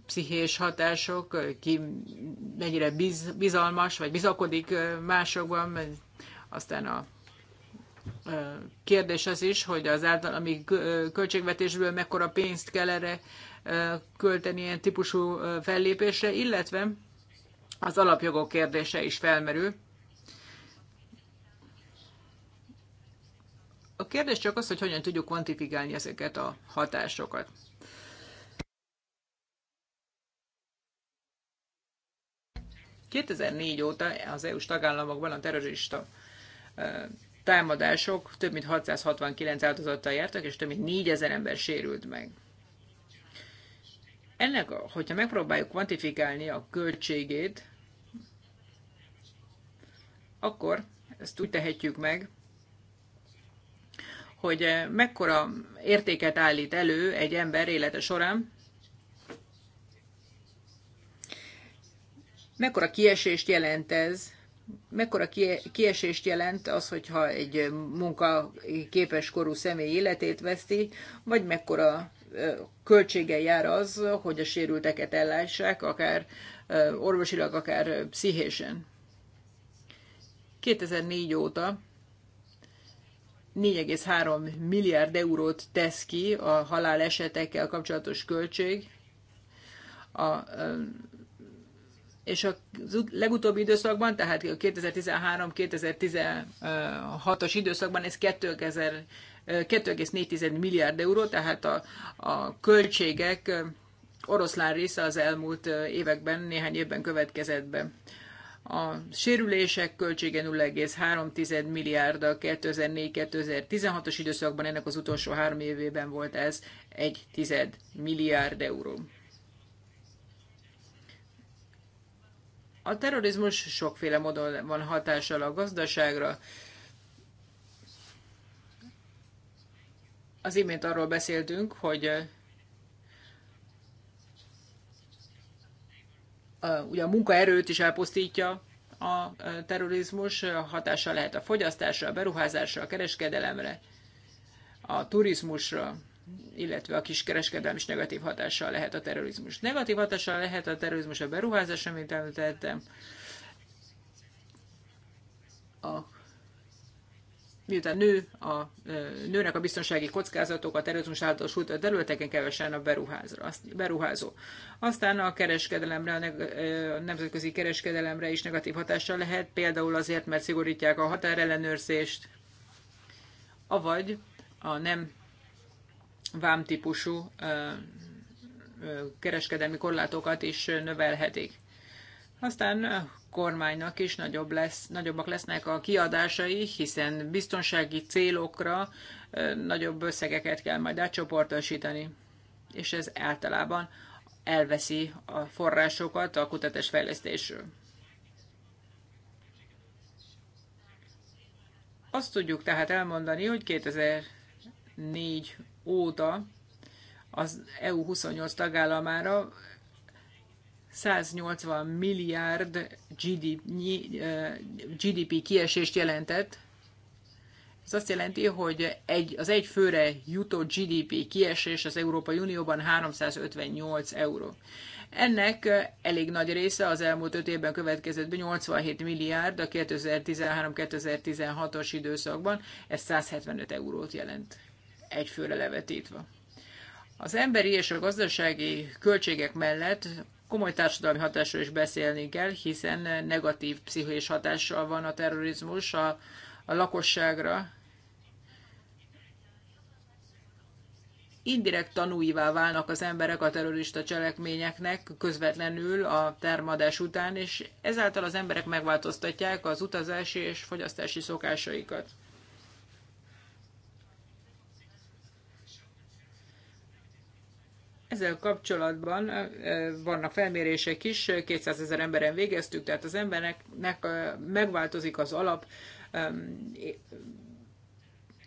pszichés hatások, ki mennyire biz, bizalmas vagy bizakodik másokban, aztán a kérdés az is, hogy az általami költségvetésből mekkora pénzt kell erre költeni ilyen típusú fellépésre, illetve az alapjogok kérdése is felmerül. A kérdés csak az, hogy hogyan tudjuk kvantifikálni ezeket a hatásokat. ...2004 óta az EU-s tagállamokban a terrorista támadások több mint 669 áldozattal jártak, és több mint 4000 ember sérült meg. Ennek, hogyha megpróbáljuk kvantifikálni a költségét, akkor ezt úgy tehetjük meg, hogy mekkora értéket állít elő egy ember élete során, mekkora kiesést jelent ez, mekkora kiesést jelent az, hogyha egy munka képes korú személy életét veszti, vagy mekkora költsége jár az, hogy a sérülteket ellássák, akár orvosilag, akár pszichésen. 2004 óta 4,3 milliárd eurót tesz ki a halálesetekkel kapcsolatos költség, a, és a legutóbbi időszakban, tehát 2013-2016-os időszakban ez 2000 2,4 milliárd euró, tehát a, a költségek oroszlán része az elmúlt években, néhány évben következett be. A sérülések költsége 0,3 milliárd a 2004-2016-os időszakban, ennek az utolsó három évében volt ez 1 tized milliárd euró. A terrorizmus sokféle módon van hatással a gazdaságra, Az imént arról beszéltünk, hogy a, ugye a munkaerőt is elpusztítja a terrorizmus, hatása lehet a fogyasztásra, a beruházásra, a kereskedelemre, a turizmusra, illetve a kiskereskedelem is negatív hatással lehet a terrorizmus. Negatív hatással lehet a terrorizmus a beruházásra, mint említettem, a miután nő a, nőnek a biztonsági kockázatok a terrorizmus által sújtott területeken kevesen a beruházó. Aztán a kereskedelemre, a nemzetközi kereskedelemre is negatív hatással lehet, például azért, mert szigorítják a határellenőrzést, avagy a nem vámtípusú kereskedelmi korlátokat is növelhetik. Aztán a kormánynak is nagyobb lesz, nagyobbak lesznek a kiadásai, hiszen biztonsági célokra nagyobb összegeket kell majd átcsoportosítani. És ez általában elveszi a forrásokat a kutatás fejlesztésről. Azt tudjuk tehát elmondani, hogy 2004 óta az EU 28 tagállamára 180 milliárd GDP e, kiesést jelentett. Ez azt jelenti, hogy egy, az egy főre jutó GDP kiesés az Európai Unióban 358 euró. Ennek elég nagy része az elmúlt öt évben következett be 87 milliárd a 2013-2016-os időszakban, ez 175 eurót jelent egy főre levetítve. Az emberi és a gazdasági költségek mellett Komoly társadalmi hatásról is beszélni kell, hiszen negatív pszichés hatással van a terrorizmus a, a lakosságra. Indirekt tanúivá válnak az emberek a terrorista cselekményeknek közvetlenül a termadás után, és ezáltal az emberek megváltoztatják az utazási és fogyasztási szokásaikat. Ezzel kapcsolatban vannak felmérések is, 200 ezer emberen végeztük, tehát az embereknek megváltozik az alap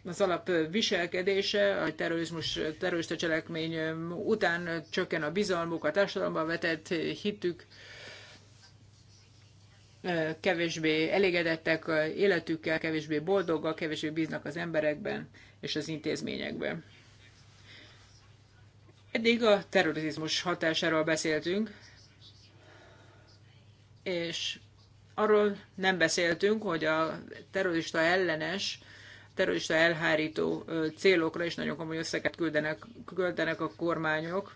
az alap viselkedése, a terrorizmus, terrorista cselekmény után csökken a bizalmuk, a társadalomban vetett hitük, kevésbé elégedettek életükkel, kevésbé boldogak, kevésbé bíznak az emberekben és az intézményekben. Eddig a terrorizmus hatásáról beszéltünk, és arról nem beszéltünk, hogy a terrorista ellenes, terrorista elhárító célokra is nagyon komoly összeget küldenek, küldenek a kormányok.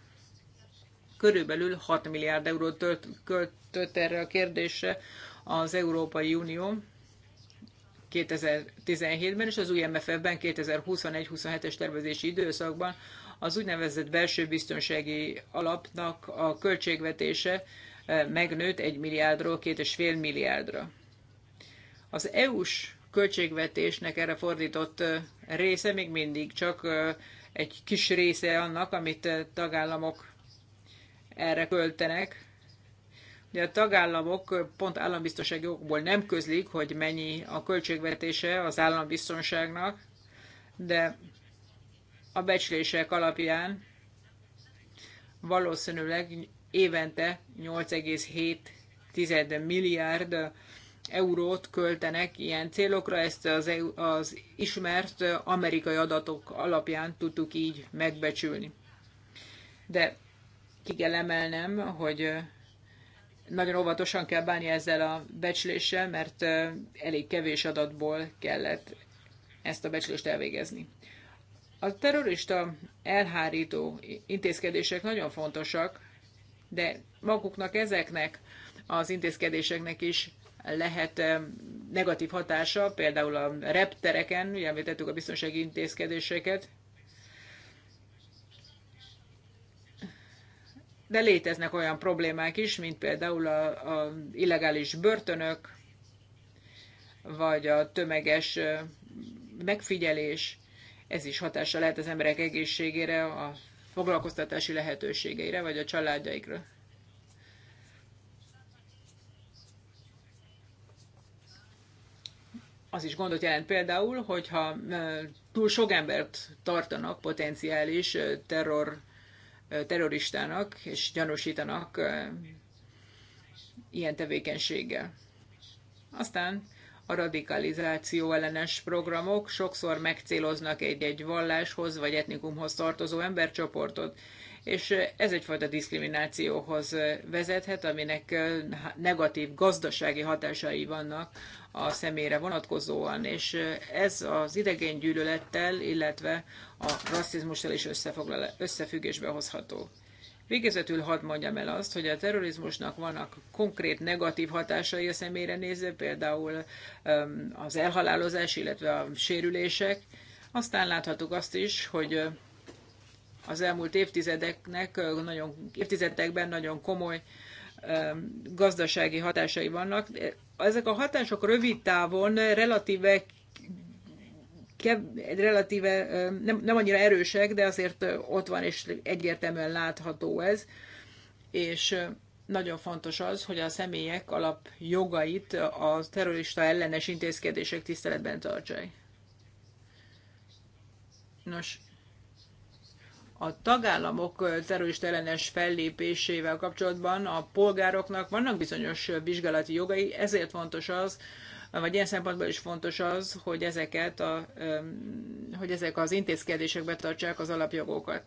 Körülbelül 6 milliárd eurót költött erre a kérdésre az Európai Unió 2017-ben, és az új MFF-ben 2021-27-es tervezési időszakban Az úgynevezett belső biztonsági alapnak a költségvetése eh, megnőtt 1 milliárdról 2,5 milliárdra. Az EU-s költségvetésnek erre fordított eh, része még mindig csak eh, egy kis része annak, amit tagállamok erre költenek. Ugye a tagállamok pont állambiztonsági okból nem közlik, hogy mennyi a költségvetése az állambiztonságnak, de a becslések alapján valószínűleg évente 8,7 milliárd eurót költenek ilyen célokra, ezt az, e az ismert amerikai adatok alapján tudtuk így megbecsülni. De ki kell emelnem, hogy nagyon óvatosan kell bánni ezzel a becsléssel, mert elég kevés adatból kellett ezt a becslést elvégezni. A terrorista elhárító intézkedések nagyon fontosak, de maguknak ezeknek az intézkedéseknek is lehet negatív hatása, például a reptereken, ugye említettük a biztonsági intézkedéseket, de léteznek olyan problémák is, mint például a, a illegális börtönök, vagy a tömeges megfigyelés. Ez is hatása lehet az emberek egészségére, a foglalkoztatási lehetőségeire, vagy a családjaikra. Az is gondot jelent például, hogyha túl sok embert tartanak potenciális terror, terroristának, és gyanúsítanak ilyen tevékenységgel. Aztán a radikalizáció ellenes programok sokszor megcéloznak egy-egy valláshoz vagy etnikumhoz tartozó embercsoportot, és ez egyfajta diszkriminációhoz vezethet, aminek negatív gazdasági hatásai vannak a személyre vonatkozóan, és ez az idegen gyűlölettel, illetve a rasszizmussal is összefüggésbe hozható. Végezetül hadd mondjam el azt, hogy a terrorizmusnak vannak konkrét negatív hatásai a személyre nézve, például az elhalálozás, illetve a sérülések. Aztán láthatjuk azt is, hogy az elmúlt évtizedeknek, nagyon, évtizedekben nagyon komoly gazdasági hatásai vannak. Ezek a hatások rövid távon relatívek relatíve nem, nem annyira erősek, de azért ott van, és egyértelműen látható ez, és nagyon fontos az, hogy a személyek alap jogait a terrorista ellenes intézkedések tiszteletben tartsák. Nos, a tagállamok terrorista ellenes fellépésével kapcsolatban a polgároknak vannak bizonyos vizsgálati jogai, ezért fontos az, vagy ilyen szempontból is fontos az, hogy ezeket a, hogy ezek az intézkedések betartsák az alapjogokat.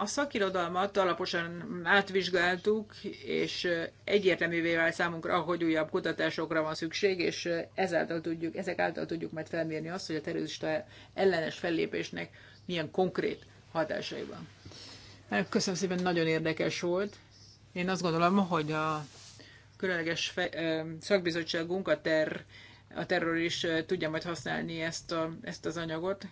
A szakirodalmat alaposan átvizsgáltuk, és egyértelművé vált számunkra, hogy újabb kutatásokra van szükség, és ezáltal tudjuk, ezek által tudjuk majd felmérni azt, hogy a terrorista ellenes fellépésnek milyen konkrét hatásai van. Köszönöm szépen, nagyon érdekes volt. Én azt gondolom, hogy a különleges fej, szakbizottságunk, a, ter, a terror is tudja majd használni ezt, a, ezt az anyagot.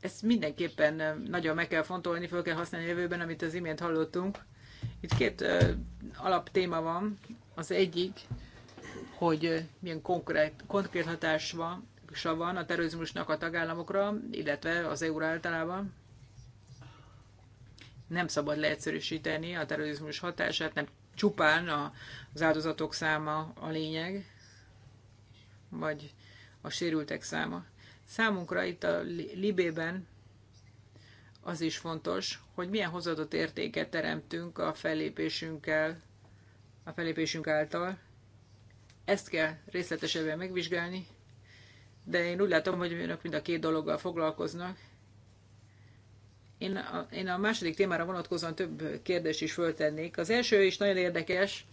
Ezt mindenképpen nagyon meg kell fontolni, fel kell használni a jövőben, amit az imént hallottunk. Itt két ö, alaptéma van. Az egyik, hogy milyen konkrét, konkrét hatása van a terrorizmusnak a tagállamokra, illetve az EU általában. Nem szabad leegyszerűsíteni a terrorizmus hatását, nem csupán a, no, az áldozatok száma a lényeg, vagy a sérültek száma. Számunkra itt a Libében az is fontos, hogy milyen hozadott értéket teremtünk a fellépésünkkel, a fellépésünk által. Ezt kell részletesebben megvizsgálni, de én úgy látom, hogy önök mind a két dologgal foglalkoznak, Én a, én a második témára vonatkozóan több kérdést is föltennék. Az első is nagyon érdekes,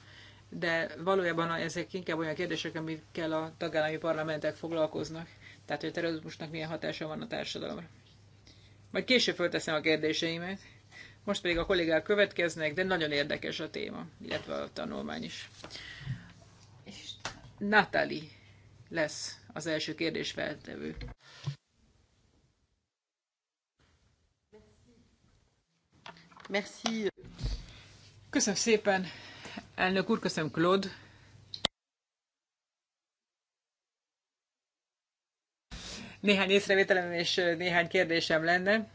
de valójában ezek inkább olyan kérdések, amikkel a tagállami parlamentek foglalkoznak. Tehát, hogy a terrorizmusnak milyen hatása van a társadalomra. Majd később fölteszem a kérdéseimet. Most pedig a kollégák következnek, de nagyon érdekes a téma, illetve a tanulmány is. Natali lesz az első kérdés feltevő. Merci. Köszönöm szépen, elnök úr, köszönöm Claude. Néhány észrevételem és néhány kérdésem lenne.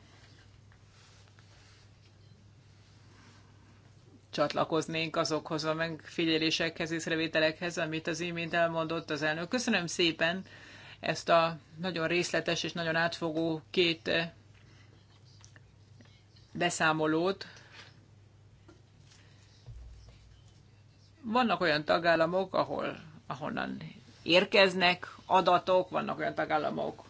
csatlakoznénk azokhoz a megfigyelésekhez, észrevételekhez, amit az imént elmondott az elnök. Köszönöm szépen ezt a nagyon részletes és nagyon átfogó két beszámolót. Vannak olyan tagállamok, ahol, ahonnan érkeznek adatok, vannak olyan tagállamok,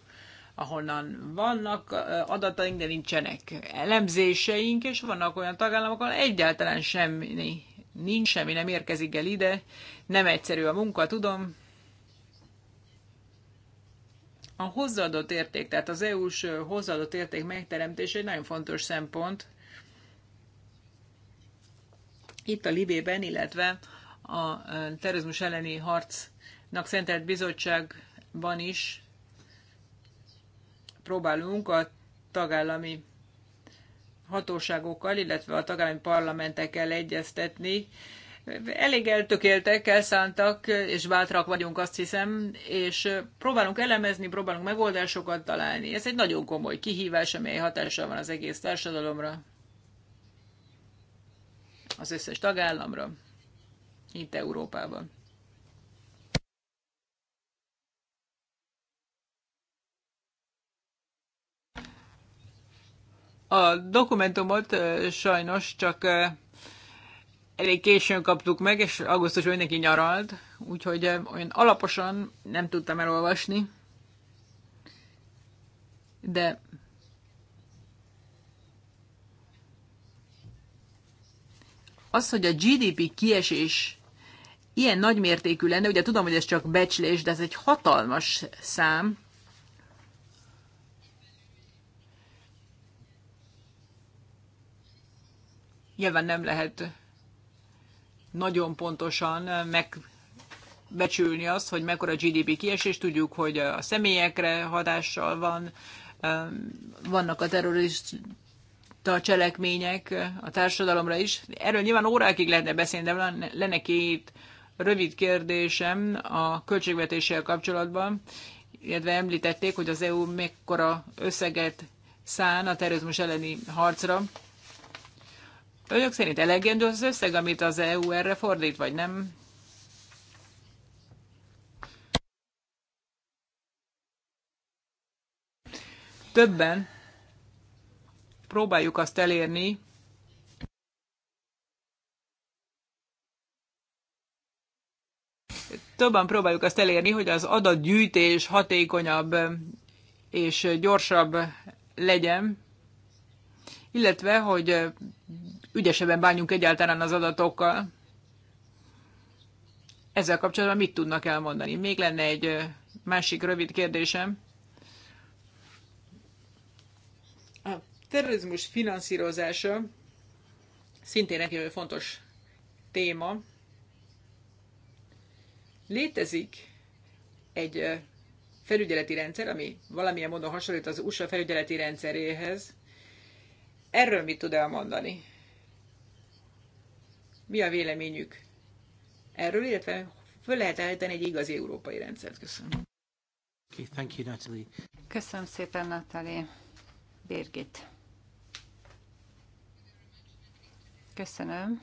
ahonnan vannak eh, adataink, de nincsenek elemzéseink, és vannak olyan tagállamok, ahol egyáltalán semmi nincs, semmi nem érkezik el ide, nem egyszerű a munka, tudom, a hozzáadott érték, tehát az EU-s hozzáadott érték megteremtése egy nagyon fontos szempont itt a Libében, illetve a terrorizmus elleni harcnak szentelt bizottságban is próbálunk a tagállami hatóságokkal, illetve a tagállami parlamentekkel egyeztetni, Elég eltökéltek, elszántak, és bátrak vagyunk, azt hiszem, és próbálunk elemezni, próbálunk megoldásokat találni. Ez egy nagyon komoly kihívás, amely hatással van az egész társadalomra, az összes tagállamra, itt Európában. A dokumentumot sajnos csak elég későn kaptuk meg, és augusztusban mindenki nyaralt, úgyhogy eh, olyan alaposan nem tudtam elolvasni. De az, hogy a GDP kiesés ilyen nagymértékű lenne, ugye tudom, hogy ez csak becslés, de ez egy hatalmas szám, nyilván nem lehet nagyon pontosan megbecsülni azt, hogy mekkora GDP kiesés, tudjuk, hogy a személyekre hatással van, vannak a terrorista cselekmények a társadalomra is. Erről nyilván órákig lehetne beszélni, de lenne két rövid kérdésem a költségvetéssel kapcsolatban, illetve említették, hogy az EU mekkora összeget szán a terrorizmus elleni harcra. Önök szerint elegendő az összeg, amit az EU erre fordít, vagy nem? Többen próbáljuk azt elérni, többen próbáljuk azt elérni, hogy az adatgyűjtés hatékonyabb és gyorsabb legyen, illetve, hogy ügyesebben bánjunk egyáltalán az adatokkal. Ezzel kapcsolatban mit tudnak elmondani? Még lenne egy másik rövid kérdésem. A terrorizmus finanszírozása szintén egy fontos téma. Létezik egy felügyeleti rendszer, ami valamilyen módon hasonlít az USA felügyeleti rendszeréhez. Erről mit tud elmondani? Mi a véleményük erről, illetve föl lehet állítani egy igazi európai rendszert? Köszönöm. Okay, thank you, Natalie. Köszönöm szépen, Natalie. Birgit. Köszönöm.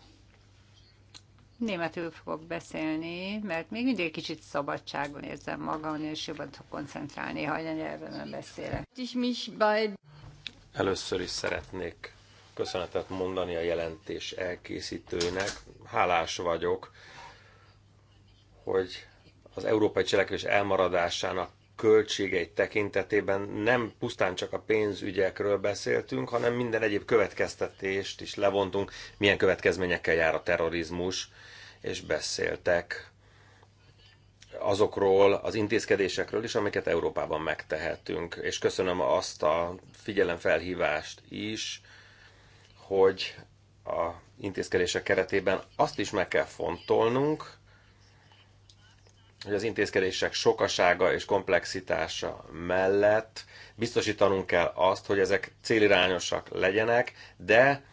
Németül fogok beszélni, mert még mindig kicsit szabadságon érzem magam, és jobban tudok koncentrálni, ha a nyelvemen beszélek. Először is szeretnék köszönetet mondani a jelentés elkészítőnek. Hálás vagyok, hogy az európai cselekvés elmaradásának költségei tekintetében nem pusztán csak a pénzügyekről beszéltünk, hanem minden egyéb következtetést is levontunk, milyen következményekkel jár a terrorizmus, és beszéltek azokról az intézkedésekről is, amiket Európában megtehetünk. És köszönöm azt a figyelemfelhívást is, hogy a intézkedések keretében azt is meg kell fontolnunk, hogy az intézkedések sokasága és komplexitása mellett biztosítanunk kell azt, hogy ezek célirányosak legyenek, de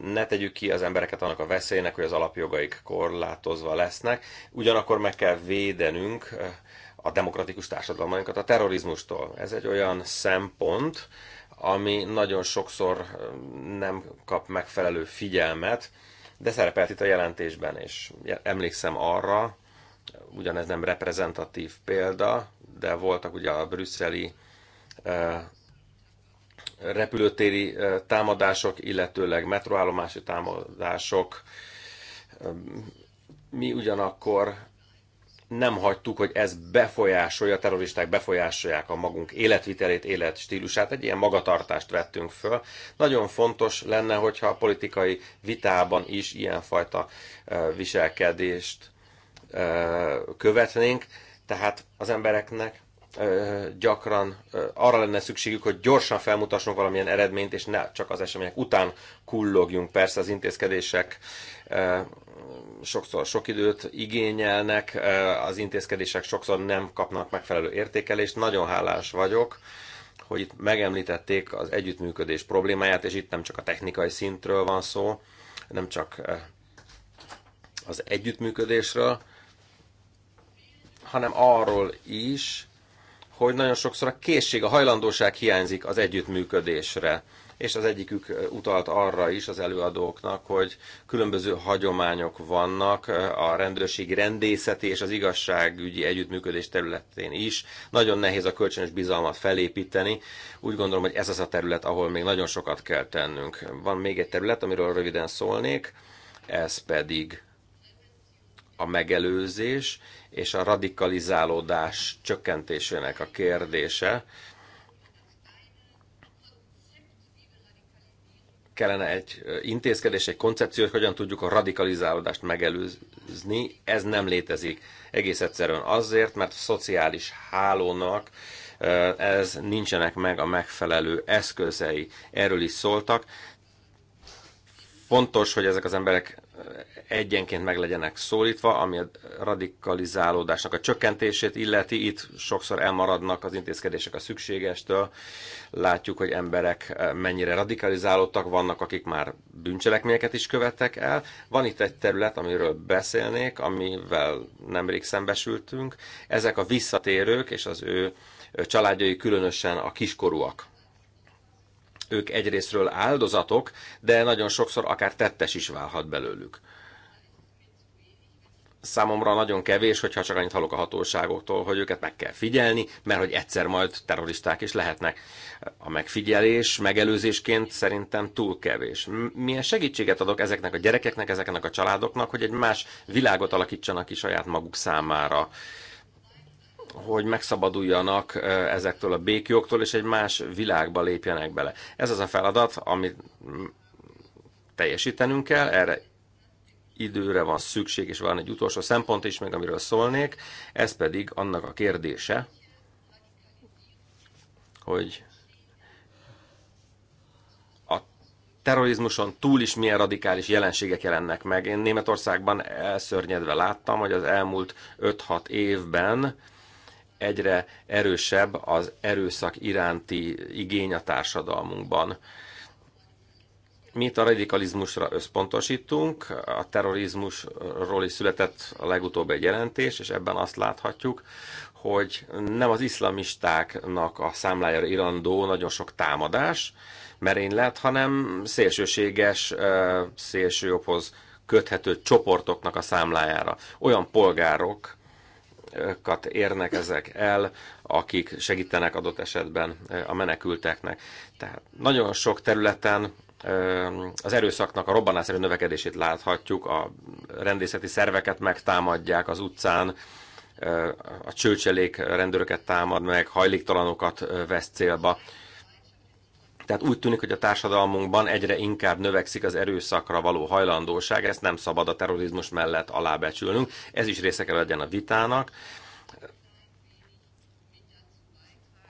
ne tegyük ki az embereket annak a veszélynek, hogy az alapjogaik korlátozva lesznek. Ugyanakkor meg kell védenünk eh, a demokratikus társadalmainkat a terrorizmustól. Ez egy olyan szempont, ami nagyon sokszor nem kap megfelelő figyelmet, de szerepelt itt a jelentésben, és emlékszem arra, ugyanez nem reprezentatív példa, de voltak ugye a brüsszeli repülőtéri támadások, illetőleg metroállomási támadások. Mi ugyanakkor nem hagytuk, hogy ez befolyásolja, a terroristák befolyásolják a magunk életvitelét, életstílusát. Egy ilyen magatartást vettünk föl. Nagyon fontos lenne, hogyha a politikai vitában is ilyenfajta viselkedést követnénk. Tehát az embereknek gyakran arra lenne szükségük, hogy gyorsan felmutassunk valamilyen eredményt, és ne csak az események után kullogjunk. Persze az intézkedések sokszor sok időt igényelnek, e, az intézkedések sokszor nem kapnak megfelelő értékelést. Nagyon hálás vagyok, hogy itt megemlítették az együttműködés problémáját, és itt nem csak a technikai szintről van szó, nem csak e, az együttműködésről, hanem arról is, hogy nagyon sokszor a készség, a hajlandóság hiányzik az együttműködésre és az egyikük utalt arra is az előadóknak, hogy különböző hagyományok vannak a rendőrségi rendészeti és az igazságügyi együttműködés területén is. Nagyon nehéz a kölcsönös bizalmat felépíteni. Úgy gondolom, hogy ez az a terület, ahol még nagyon sokat kell tennünk. Van még egy terület, amiről röviden szólnék, ez pedig a megelőzés és a radikalizálódás csökkentésének a kérdése. kellene egy intézkedés, egy koncepció, hogy hogyan tudjuk a radikalizálódást megelőzni. Ez nem létezik. Egész egyszerűen azért, mert a szociális hálónak ez nincsenek meg a megfelelő eszközei. Erről is szóltak. Fontos, hogy ezek az emberek egyenként meg legyenek szólítva, ami a radikalizálódásnak a csökkentését illeti. Itt sokszor elmaradnak az intézkedések a szükségestől. Látjuk, hogy emberek eh, mennyire radikalizálódtak, vannak, akik már bűncselekményeket is követtek el. Van itt egy terület, amiről beszélnék, amivel nemrég szembesültünk. Ezek a visszatérők és az ő családjai különösen a kiskorúak ők egyrésztről áldozatok, de nagyon sokszor akár tettes is válhat belőlük számomra nagyon kevés, hogyha csak annyit hallok a hatóságoktól, hogy őket meg kell figyelni, mert hogy egyszer majd terroristák is lehetnek. A megfigyelés megelőzésként szerintem túl kevés. Milyen segítséget adok ezeknek a gyerekeknek, ezeknek a családoknak, hogy egy más világot alakítsanak ki saját maguk számára? hogy megszabaduljanak ezektől a békjogtól, és egy más világba lépjenek bele. Ez az a feladat, amit teljesítenünk kell, erre időre van szükség, és van egy utolsó szempont is, meg amiről szólnék, ez pedig annak a kérdése, hogy a terrorizmuson túl is milyen radikális jelenségek jelennek meg. Én Németországban elszörnyedve láttam, hogy az elmúlt 5-6 évben egyre erősebb az erőszak iránti igény a társadalmunkban itt a radikalizmusra összpontosítunk, a terrorizmusról is született a legutóbb egy jelentés, és ebben azt láthatjuk, hogy nem az iszlamistáknak a számlájára irandó nagyon sok támadás, merénylet, hanem szélsőséges, szélsőjobbhoz köthető csoportoknak a számlájára. Olyan polgárok, kat érnek ezek el, akik segítenek adott esetben a menekülteknek. Tehát nagyon sok területen az erőszaknak a robbanásszerű növekedését láthatjuk, a rendészeti szerveket megtámadják az utcán, a csőcselék rendőröket támad meg, hajléktalanokat vesz célba. Tehát úgy tűnik, hogy a társadalmunkban egyre inkább növekszik az erőszakra való hajlandóság, ezt nem szabad a terrorizmus mellett alábecsülnünk, ez is része kell legyen a vitának.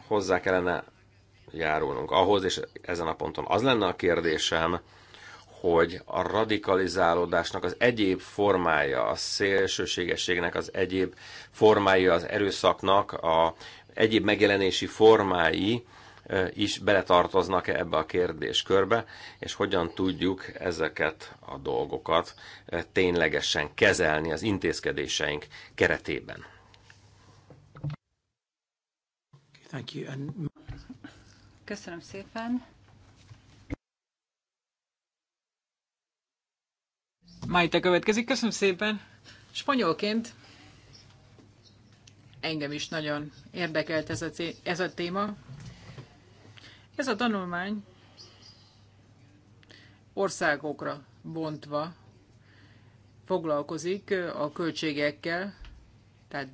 Hozzá kellene járulnunk ahhoz, és ezen a ponton az lenne a kérdésem, hogy a radikalizálódásnak az egyéb formája, a szélsőségességnek az egyéb formája, az erőszaknak a egyéb megjelenési formái is beletartoznak-e ebbe a kérdéskörbe, és hogyan tudjuk ezeket a dolgokat ténylegesen kezelni az intézkedéseink keretében. Köszönöm szépen. Majta következik. Köszönöm szépen. Spanyolként engem is nagyon érdekelt ez a, ez a téma. Ez a tanulmány országokra bontva foglalkozik a költségekkel, tehát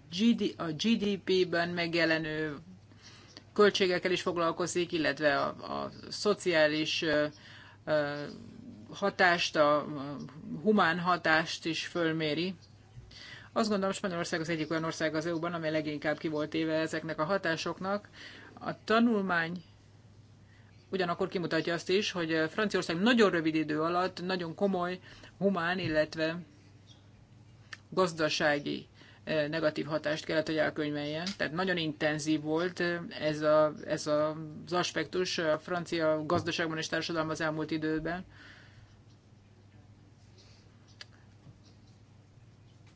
a GDP-ben megjelenő költségekkel is foglalkozik, illetve a, a szociális hatást, a humán hatást is fölméri. Azt gondolom, Spanyolország az egyik olyan ország az EU-ban, amely leginkább ki volt éve ezeknek a hatásoknak. A tanulmány ugyanakkor kimutatja azt is, hogy Franciaország nagyon rövid idő alatt nagyon komoly humán, illetve gazdasági negatív hatást kellett, hogy elkönyveljen. Tehát nagyon intenzív volt ez, a, ez a, az aspektus a francia gazdaságban és társadalomban az elmúlt időben.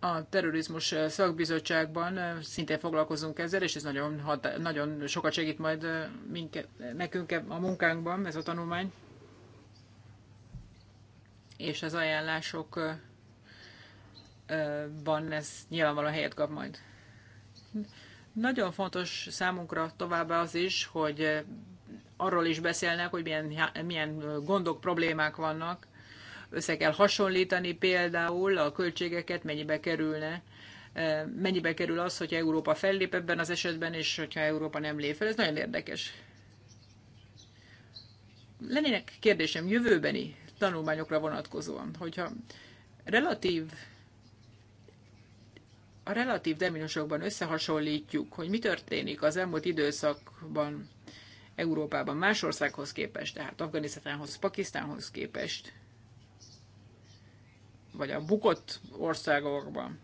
a terrorizmus szakbizottságban szintén foglalkozunk ezzel, és ez nagyon, hat, nagyon sokat segít majd minket, nekünk a munkánkban, ez a tanulmány. És az ajánlások Van, ez nyilvánvalóan helyet kap majd. Nagyon fontos számunkra továbbá az is, hogy arról is beszélnek, hogy milyen, milyen gondok, problémák vannak. Össze kell hasonlítani például a költségeket, mennyibe kerülne, mennyibe kerül az, hogyha Európa fellép ebben az esetben, és hogyha Európa nem lép fel. Ez nagyon érdekes. Lennének kérdésem jövőbeni tanulmányokra vonatkozóan, hogyha relatív a relatív deminusokban összehasonlítjuk, hogy mi történik az elmúlt időszakban Európában más országhoz képest, tehát Afganisztánhoz, Pakisztánhoz képest, vagy a bukott országokban,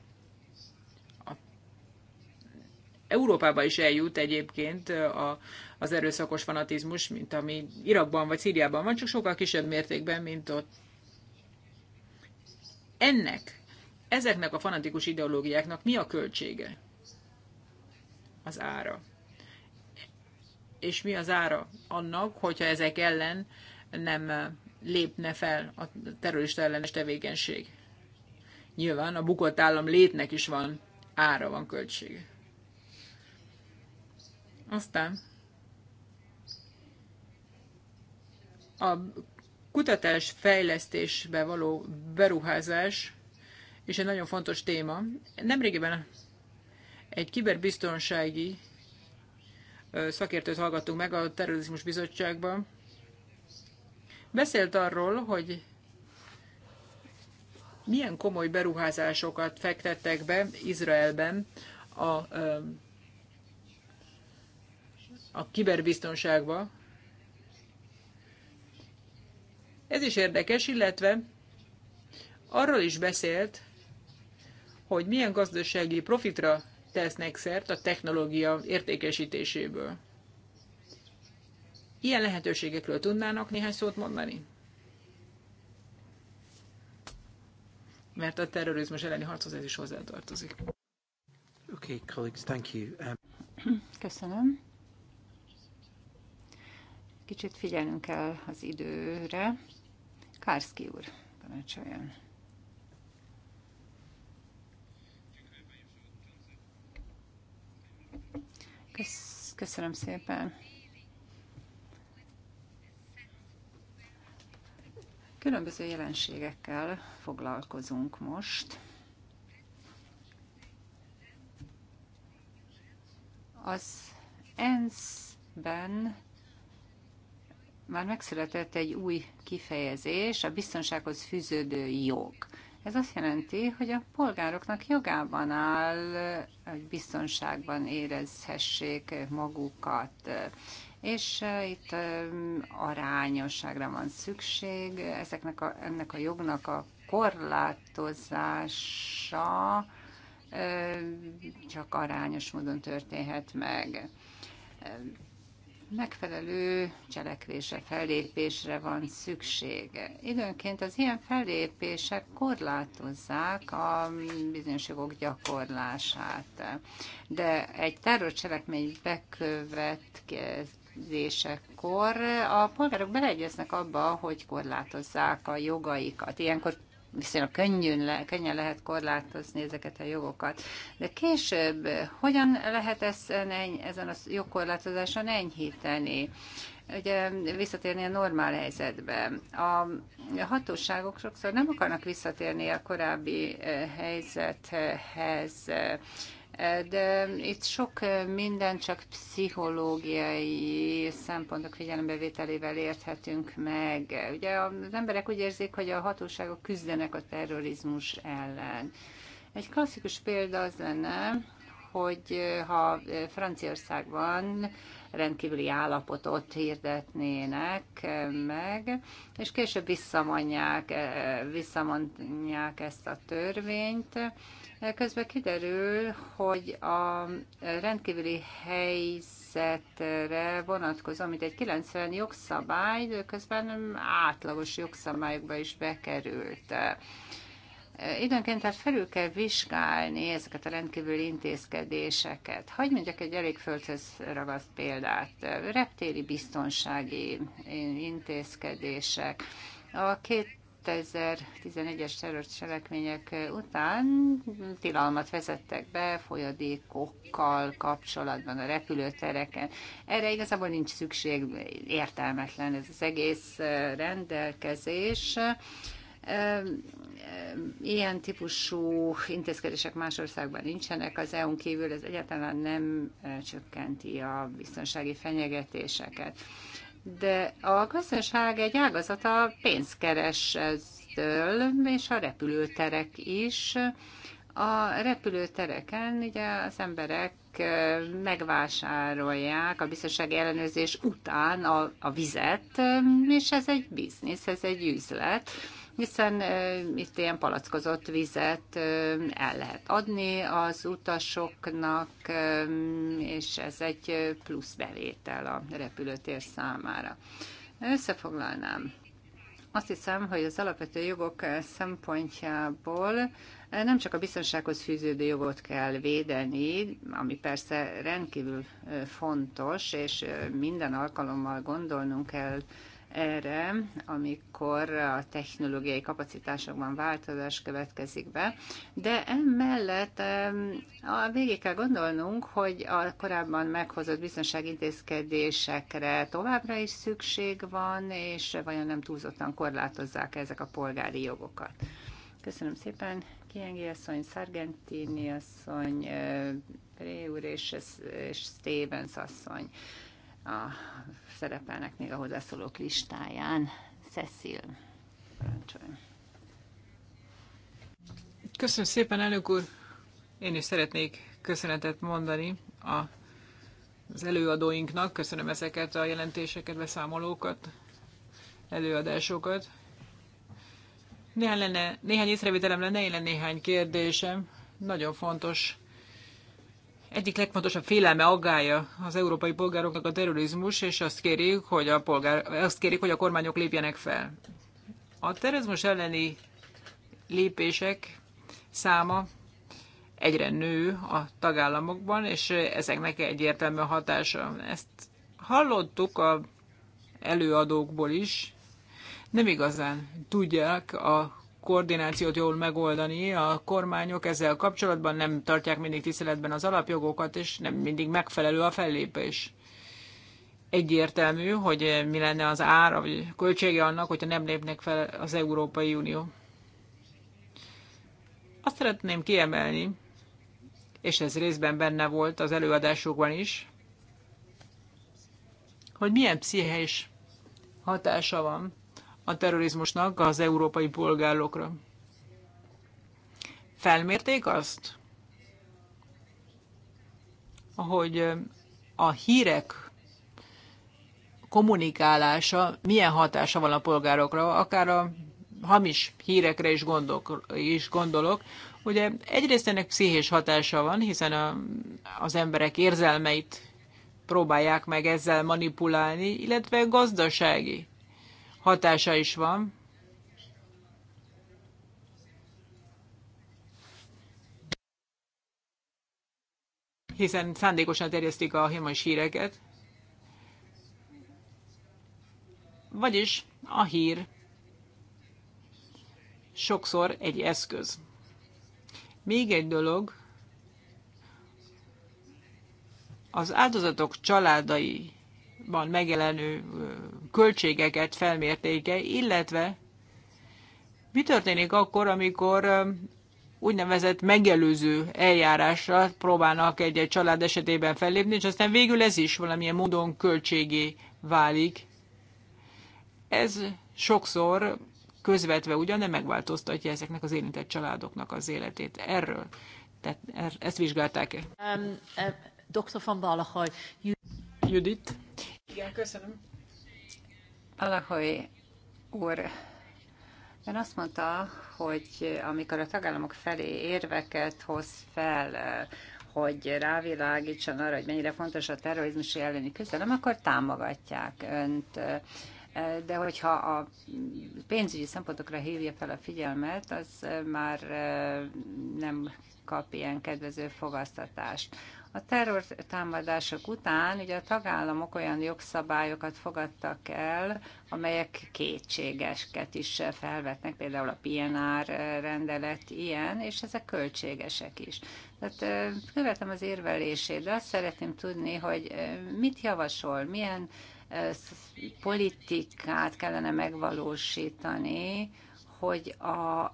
Európába is eljut egyébként a, az erőszakos fanatizmus, mint ami Irakban vagy Szíriában van, csak sokkal kisebb mértékben, mint ott. Ennek ezeknek a fanatikus ideológiáknak mi a költsége? Az ára. És mi az ára annak, hogyha ezek ellen nem lépne fel a terrorista ellenes tevékenység? Nyilván a bukott állam létnek is van ára, van költsége. Aztán a kutatás fejlesztésbe való beruházás és egy nagyon fontos téma. Nemrégiben egy kiberbiztonsági szakértőt hallgattunk meg a Terrorizmus Bizottságban. Beszélt arról, hogy milyen komoly beruházásokat fektettek be Izraelben a, a kiberbiztonságba. Ez is érdekes, illetve arról is beszélt, hogy milyen gazdasági profitra tesznek szert a technológia értékesítéséből. Ilyen lehetőségekről tudnának néhány szót mondani? Mert a terrorizmus elleni harchoz ez is hozzátartozik. Okay, colleagues, thank you. Um... Köszönöm. Kicsit figyelnünk kell az időre. Kárszki úr, tanácsoljon. köszönöm szépen. Különböző jelenségekkel foglalkozunk most. Az ENSZ-ben már megszületett egy új kifejezés, a biztonsághoz fűződő jog. Ez azt jelenti, hogy a polgároknak jogában áll, hogy biztonságban érezhessék magukat. És itt arányosságra van szükség, ezeknek a, ennek a jognak a korlátozása csak arányos módon történhet meg megfelelő cselekvésre, fellépésre van szüksége. Időnként az ilyen fellépések korlátozzák a bizonyos jogok gyakorlását, de egy terrorcselekmény bekövetkezésekor a polgárok beleegyeznek abba, hogy korlátozzák a jogaikat. Ilyenkor viszonylag könnyűn le, könnyen lehet korlátozni ezeket a jogokat. De később hogyan lehet ezen, ezen a jogkorlátozáson enyhíteni? ugye visszatérni a normál helyzetbe. A hatóságok sokszor nem akarnak visszatérni a korábbi eh, helyzethez, de itt sok eh, minden csak pszichológiai szempontok figyelembevételével érthetünk meg. Ugye az emberek úgy érzik, hogy a hatóságok küzdenek a terrorizmus ellen. Egy klasszikus példa az lenne, hogy eh, ha eh, Franciaországban rendkívüli állapotot hirdetnének meg, és később visszamondják, visszamondják ezt a törvényt, Közben kiderül, hogy a rendkívüli helyzetre vonatkozó, mint egy 90 jogszabály, közben átlagos jogszabályokba is bekerült. Időnként tehát felül kell vizsgálni ezeket a rendkívüli intézkedéseket. Hagy mondjak egy elég földhöz ragaszt példát. Reptéri biztonsági intézkedések. A két 2011-es cselekmények után tilalmat vezettek be folyadékokkal kapcsolatban a repülőtereken. Erre igazából nincs szükség, értelmetlen ez az egész rendelkezés. Ilyen típusú intézkedések más országban nincsenek, az EU-n kívül ez egyáltalán nem csökkenti a biztonsági fenyegetéseket de a gazdaság egy ágazata pénzkeres eztől, és a repülőterek is. A repülőtereken ugye az emberek megvásárolják a biztonsági ellenőrzés után a, a vizet, és ez egy biznisz, ez egy üzlet hiszen itt ilyen palackozott vizet el lehet adni az utasoknak, és ez egy plusz bevétel a repülőtér számára. Összefoglalnám. Azt hiszem, hogy az alapvető jogok szempontjából eh, nem csak a biztonsághoz fűződő jogot kell védeni, ami persze rendkívül eh, fontos, és eh, minden alkalommal gondolnunk kell erre, amikor a technológiai kapacitásokban változás következik be, de emellett a végig kell gondolnunk, hogy a korábban meghozott biztonságintézkedésekre továbbra is szükség van, és vajon nem túlzottan korlátozzák ezek a polgári jogokat. Köszönöm szépen, Kiengi asszony, Sargentini asszony, eh, Préúr és, és Stevens asszony a szerepelnek még a hozzászólók listáján. Cecil, parancsoljon. Köszönöm szépen, elnök úr! Én is szeretnék köszönetet mondani a, az előadóinknak. Köszönöm ezeket a jelentéseket, beszámolókat, előadásokat. Néhány, lenne, néhány észrevételem lenne, én lenne néhány kérdésem. Nagyon fontos egyik legfontosabb félelme aggája az európai polgároknak a terrorizmus, és azt kérik, hogy a, polgár, azt kérik, hogy a kormányok lépjenek fel. A terrorizmus elleni lépések száma egyre nő a tagállamokban, és ezeknek egyértelmű hatása. Ezt hallottuk az előadókból is, nem igazán tudják a koordinációt jól megoldani. A kormányok ezzel kapcsolatban nem tartják mindig tiszteletben az alapjogokat, és nem mindig megfelelő a fellépés. Egyértelmű, hogy mi lenne az ára, vagy költsége annak, hogyha nem lépnek fel az Európai Unió. Azt szeretném kiemelni, és ez részben benne volt az előadásokban is, hogy milyen pszichés hatása van a terrorizmusnak az európai polgárokra. Felmérték azt, hogy a hírek kommunikálása milyen hatása van a polgárokra, akár a hamis hírekre is, gondok, is gondolok. Ugye egyrészt ennek pszichés hatása van, hiszen a, az emberek érzelmeit próbálják meg ezzel manipulálni, illetve gazdasági hatása is van. hiszen szándékosan terjesztik a hímas híreket. Vagyis a hír sokszor egy eszköz. Még egy dolog, az áldozatok családaiban megjelenő költségeket felmértéke, illetve mi történik akkor, amikor um, úgynevezett megelőző eljárásra próbálnak egy-egy család esetében fellépni, és aztán végül ez is valamilyen módon költségé válik. Ez sokszor közvetve ugyan, nem megváltoztatja ezeknek az érintett családoknak az életét. Erről, tehát er, ezt vizsgálták -e? Um, uh, Dr. van Balahoy, you... Judit. Igen, köszönöm. Alahoy úr, ön azt mondta, hogy amikor a tagállamok felé érveket hoz fel, hogy rávilágítson arra, hogy mennyire fontos a terrorizmus elleni küzdelem, akkor támogatják önt. De hogyha a pénzügyi szempontokra hívja fel a figyelmet, az már nem kap ilyen kedvező fogasztatást. A terror támadások után ugye a tagállamok olyan jogszabályokat fogadtak el, amelyek kétségesket is felvetnek, például a PNR rendelet ilyen, és ezek költségesek is. Tehát követem az érvelését, de azt szeretném tudni, hogy mit javasol, milyen politikát kellene megvalósítani, hogy a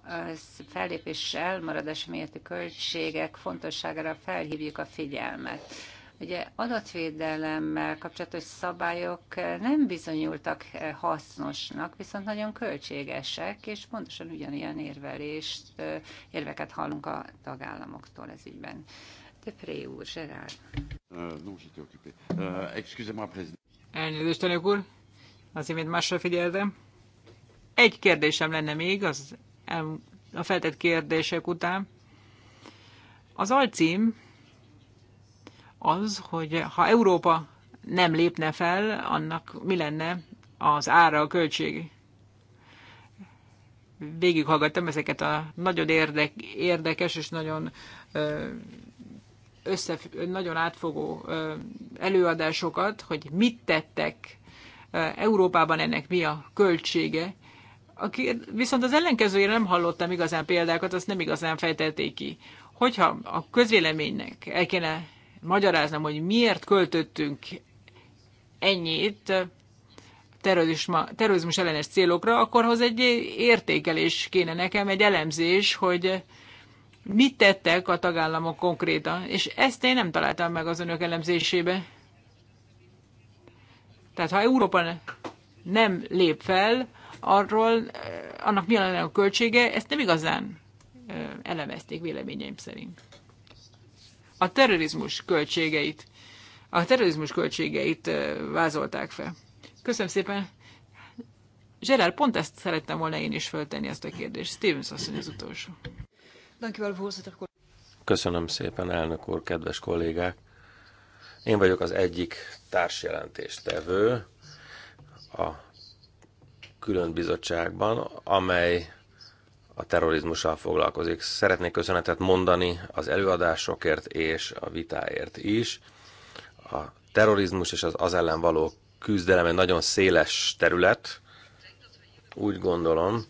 fellépéssel marad miatt költségek fontosságára felhívjuk a figyelmet. Ugye adatvédelemmel kapcsolatos szabályok nem bizonyultak hasznosnak, viszont nagyon költségesek, és pontosan ugyanilyen érvelést, érveket hallunk a tagállamoktól ez ügyben. Pré úr, Gerard. No, Elnézést, elnök úr, Azért imént másra figyeltem. Egy kérdésem lenne még az, a feltett kérdések után. Az alcím az, hogy ha Európa nem lépne fel, annak mi lenne az ára, a költség? Végighallgattam ezeket a nagyon érdek, érdekes és nagyon össze, nagyon átfogó előadásokat, hogy mit tettek Európában ennek mi a költsége, Aki, viszont az ellenkezőjére nem hallottam igazán példákat, azt nem igazán fejtelték ki. Hogyha a közvéleménynek el kéne magyaráznom, hogy miért költöttünk ennyit terrorizmus ellenes célokra, akkor hoz egy értékelés kéne nekem, egy elemzés, hogy mit tettek a tagállamok konkrétan, és ezt én nem találtam meg az önök elemzésébe. Tehát ha Európa nem lép fel, arról, eh, annak mi lenne a költsége, ezt nem igazán eh, elemezték véleményeim szerint. A terrorizmus költségeit, a terrorizmus költségeit eh, vázolták fel. Köszönöm szépen. Gerard, pont ezt szerettem volna én is föltenni, ezt a kérdést. Stevens asszony az utolsó. Köszönöm szépen, elnök úr, kedves kollégák. Én vagyok az egyik tevő, a külön bizottságban, amely a terrorizmussal foglalkozik. Szeretnék köszönetet mondani az előadásokért és a vitáért is. A terrorizmus és az az ellen való küzdelem egy nagyon széles terület. Úgy gondolom,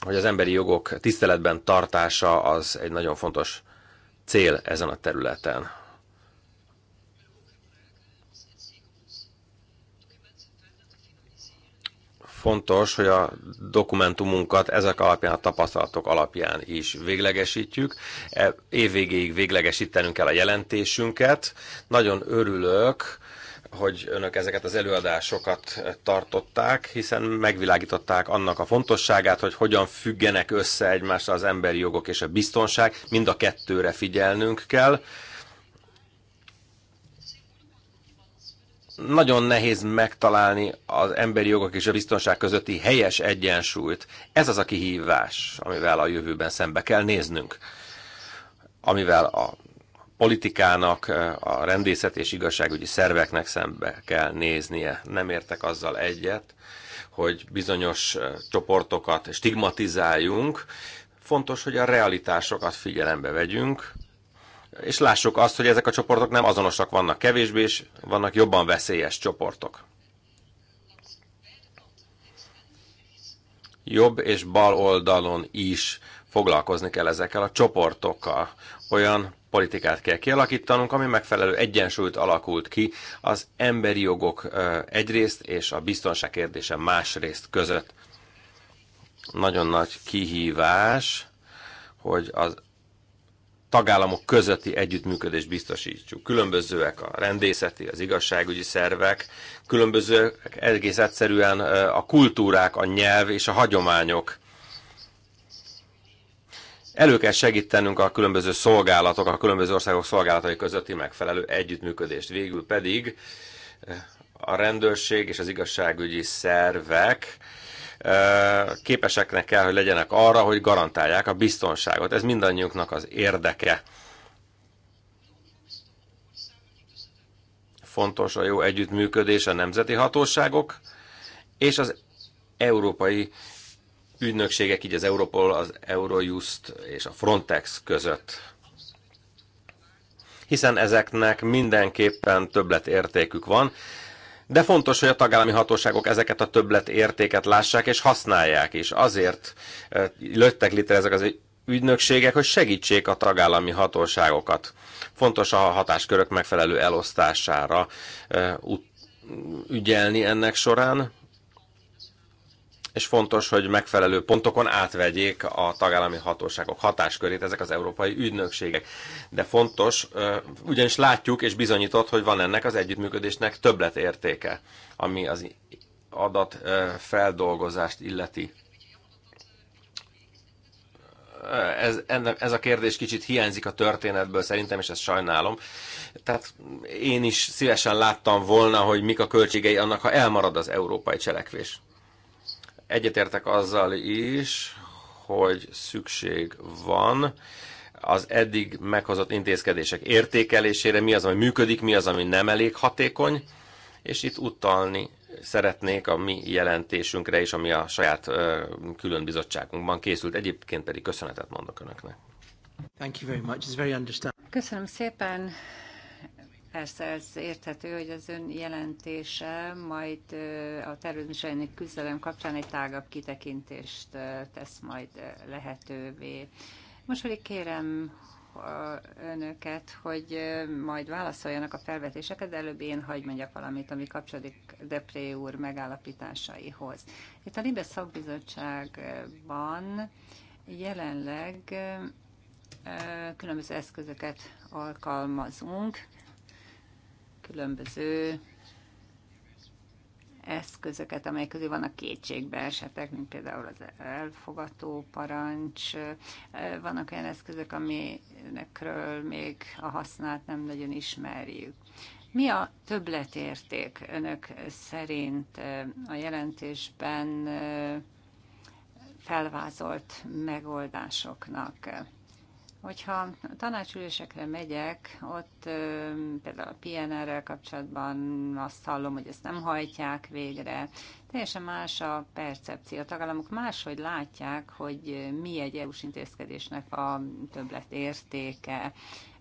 hogy az emberi jogok tiszteletben tartása az egy nagyon fontos cél ezen a területen. fontos, hogy a dokumentumunkat ezek alapján, a tapasztalatok alapján is véglegesítjük. E, Évvégéig véglegesítenünk kell a jelentésünket. Nagyon örülök, hogy önök ezeket az előadásokat tartották, hiszen megvilágították annak a fontosságát, hogy hogyan függenek össze egymással az emberi jogok és a biztonság. Mind a kettőre figyelnünk kell nagyon nehéz megtalálni az emberi jogok és a biztonság közötti helyes egyensúlyt. Ez az a kihívás, amivel a jövőben szembe kell néznünk, amivel a politikának, a rendészet és igazságügyi szerveknek szembe kell néznie. Nem értek azzal egyet, hogy bizonyos csoportokat stigmatizáljunk. Fontos, hogy a realitásokat figyelembe vegyünk, és lássuk azt, hogy ezek a csoportok nem azonosak, vannak kevésbé, és vannak jobban veszélyes csoportok. Jobb és bal oldalon is foglalkozni kell ezekkel a csoportokkal. Olyan politikát kell kialakítanunk, ami megfelelő egyensúlyt alakult ki az emberi jogok egyrészt és a biztonság kérdése másrészt között. Nagyon nagy kihívás, hogy az tagállamok közötti együttműködést biztosítsuk. Különbözőek a rendészeti, az igazságügyi szervek, különbözőek egész egyszerűen a kultúrák, a nyelv és a hagyományok. Elő kell segítenünk a különböző szolgálatok, a különböző országok szolgálatai közötti megfelelő együttműködést. Végül pedig a rendőrség és az igazságügyi szervek képeseknek kell, hogy legyenek arra, hogy garantálják a biztonságot. Ez mindannyiunknak az érdeke. Fontos a jó együttműködés a nemzeti hatóságok és az európai ügynökségek, így az Europol, az Eurojust és a Frontex között hiszen ezeknek mindenképpen többletértékük van, De fontos, hogy a tagállami hatóságok ezeket a többlet értéket lássák és használják is. Azért lőttek létre ezek az ügynökségek, hogy segítsék a tagállami hatóságokat. Fontos a hatáskörök megfelelő elosztására ügyelni ennek során, és fontos, hogy megfelelő pontokon átvegyék a tagállami hatóságok hatáskörét ezek az európai ügynökségek. De fontos, ugyanis látjuk és bizonyított, hogy van ennek az együttműködésnek többletértéke, ami az adatfeldolgozást illeti. Ez, ennek, ez a kérdés kicsit hiányzik a történetből szerintem, és ezt sajnálom. Tehát én is szívesen láttam volna, hogy mik a költségei annak, ha elmarad az európai cselekvés Egyetértek azzal is, hogy szükség van az eddig meghozott intézkedések értékelésére, mi az, ami működik, mi az, ami nem elég hatékony, és itt utalni szeretnék a mi jelentésünkre is ami a saját külön bizottságunkban készült. Egyébként pedig köszönetet mondok Önöknek. Thank you very much. It's very Köszönöm szépen, Persze ez érthető, hogy az ön jelentése majd a terrorizmus küzdelem kapcsán egy tágabb kitekintést tesz majd lehetővé. Most pedig kérem önöket, hogy majd válaszoljanak a felvetéseket, de előbb én hagy mondjak valamit, ami kapcsolódik Depré úr megállapításaihoz. Itt a Libe szakbizottságban jelenleg különböző eszközöket alkalmazunk, különböző eszközöket, amelyek közül vannak kétségbe esetek, mint például az elfogató parancs. Vannak olyan eszközök, aminekről még a hasznát nem nagyon ismerjük. Mi a többletérték önök szerint a jelentésben felvázolt megoldásoknak? Hogyha tanácsülésekre megyek, ott például a PNR-rel kapcsolatban azt hallom, hogy ezt nem hajtják végre. Teljesen más a percepció. A tagállamok máshogy látják, hogy mi egy EU-s intézkedésnek a többlet értéke